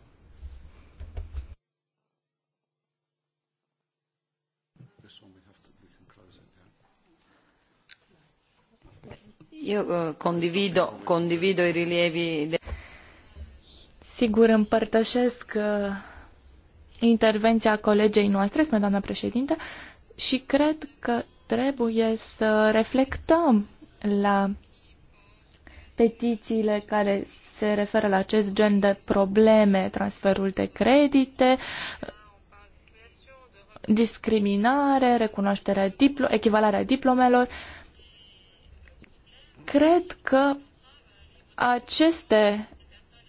Eh, condivido i rilievi. De... Sigur, împărtășesc eh, intervenția colegei noastre, spune doamna președinte, și cred că trebuie să reflectăm la petițiile care se referă la acest gen de probleme, transferul de credite, discriminare, recunoașterea diplo- echivalarea diplomelor. Uh, Cred că aceste,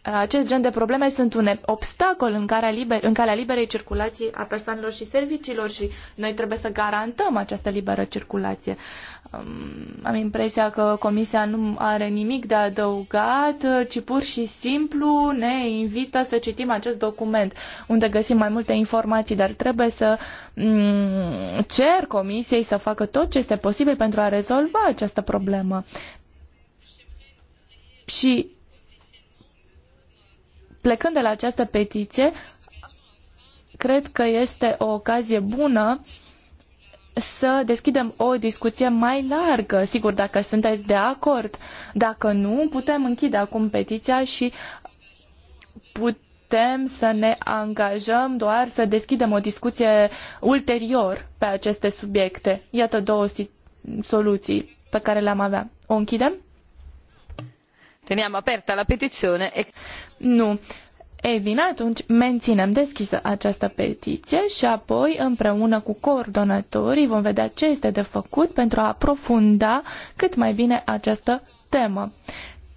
acest gen de probleme sunt un obstacol în calea, liber, în calea liberei circulații a persoanelor și serviciilor și noi trebuie să garantăm această liberă circulație. Um, am impresia că Comisia nu are nimic de adăugat, ci pur și simplu ne invită să citim acest document unde găsim mai multe informații, dar trebuie să mm, cer Comisiei să facă tot ce este posibil pentru a rezolva această problemă. Și plecând de la această petiție, cred că este o ocazie bună să deschidem o discuție mai largă, sigur, dacă sunteți de acord. Dacă nu, putem închide acum petiția și putem să ne angajăm doar să deschidem o discuție ulterior pe aceste subiecte. Iată două soluții pe care le-am avea. O închidem? Teniamo aperta la petizione e... Nu. Ei bine, atunci menținem deschisă această petiție și apoi împreună cu coordonatorii vom vedea ce este de făcut pentru a aprofunda cât mai bine această temă.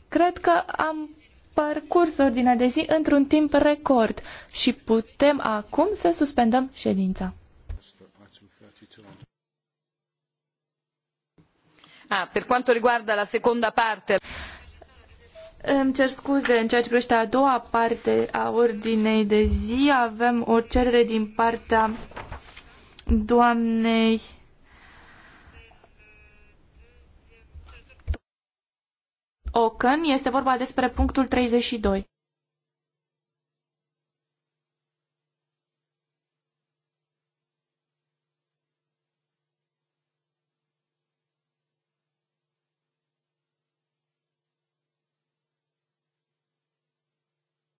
Cred că am parcurs ordinea de zi într-un timp record și putem acum să suspendăm ședința. Ah, per quanto riguarda la seconda parte îmi cer scuze în ceea ce privește a doua parte a ordinei de zi. Avem o cerere din partea doamnei Ocan. Este vorba despre punctul 32.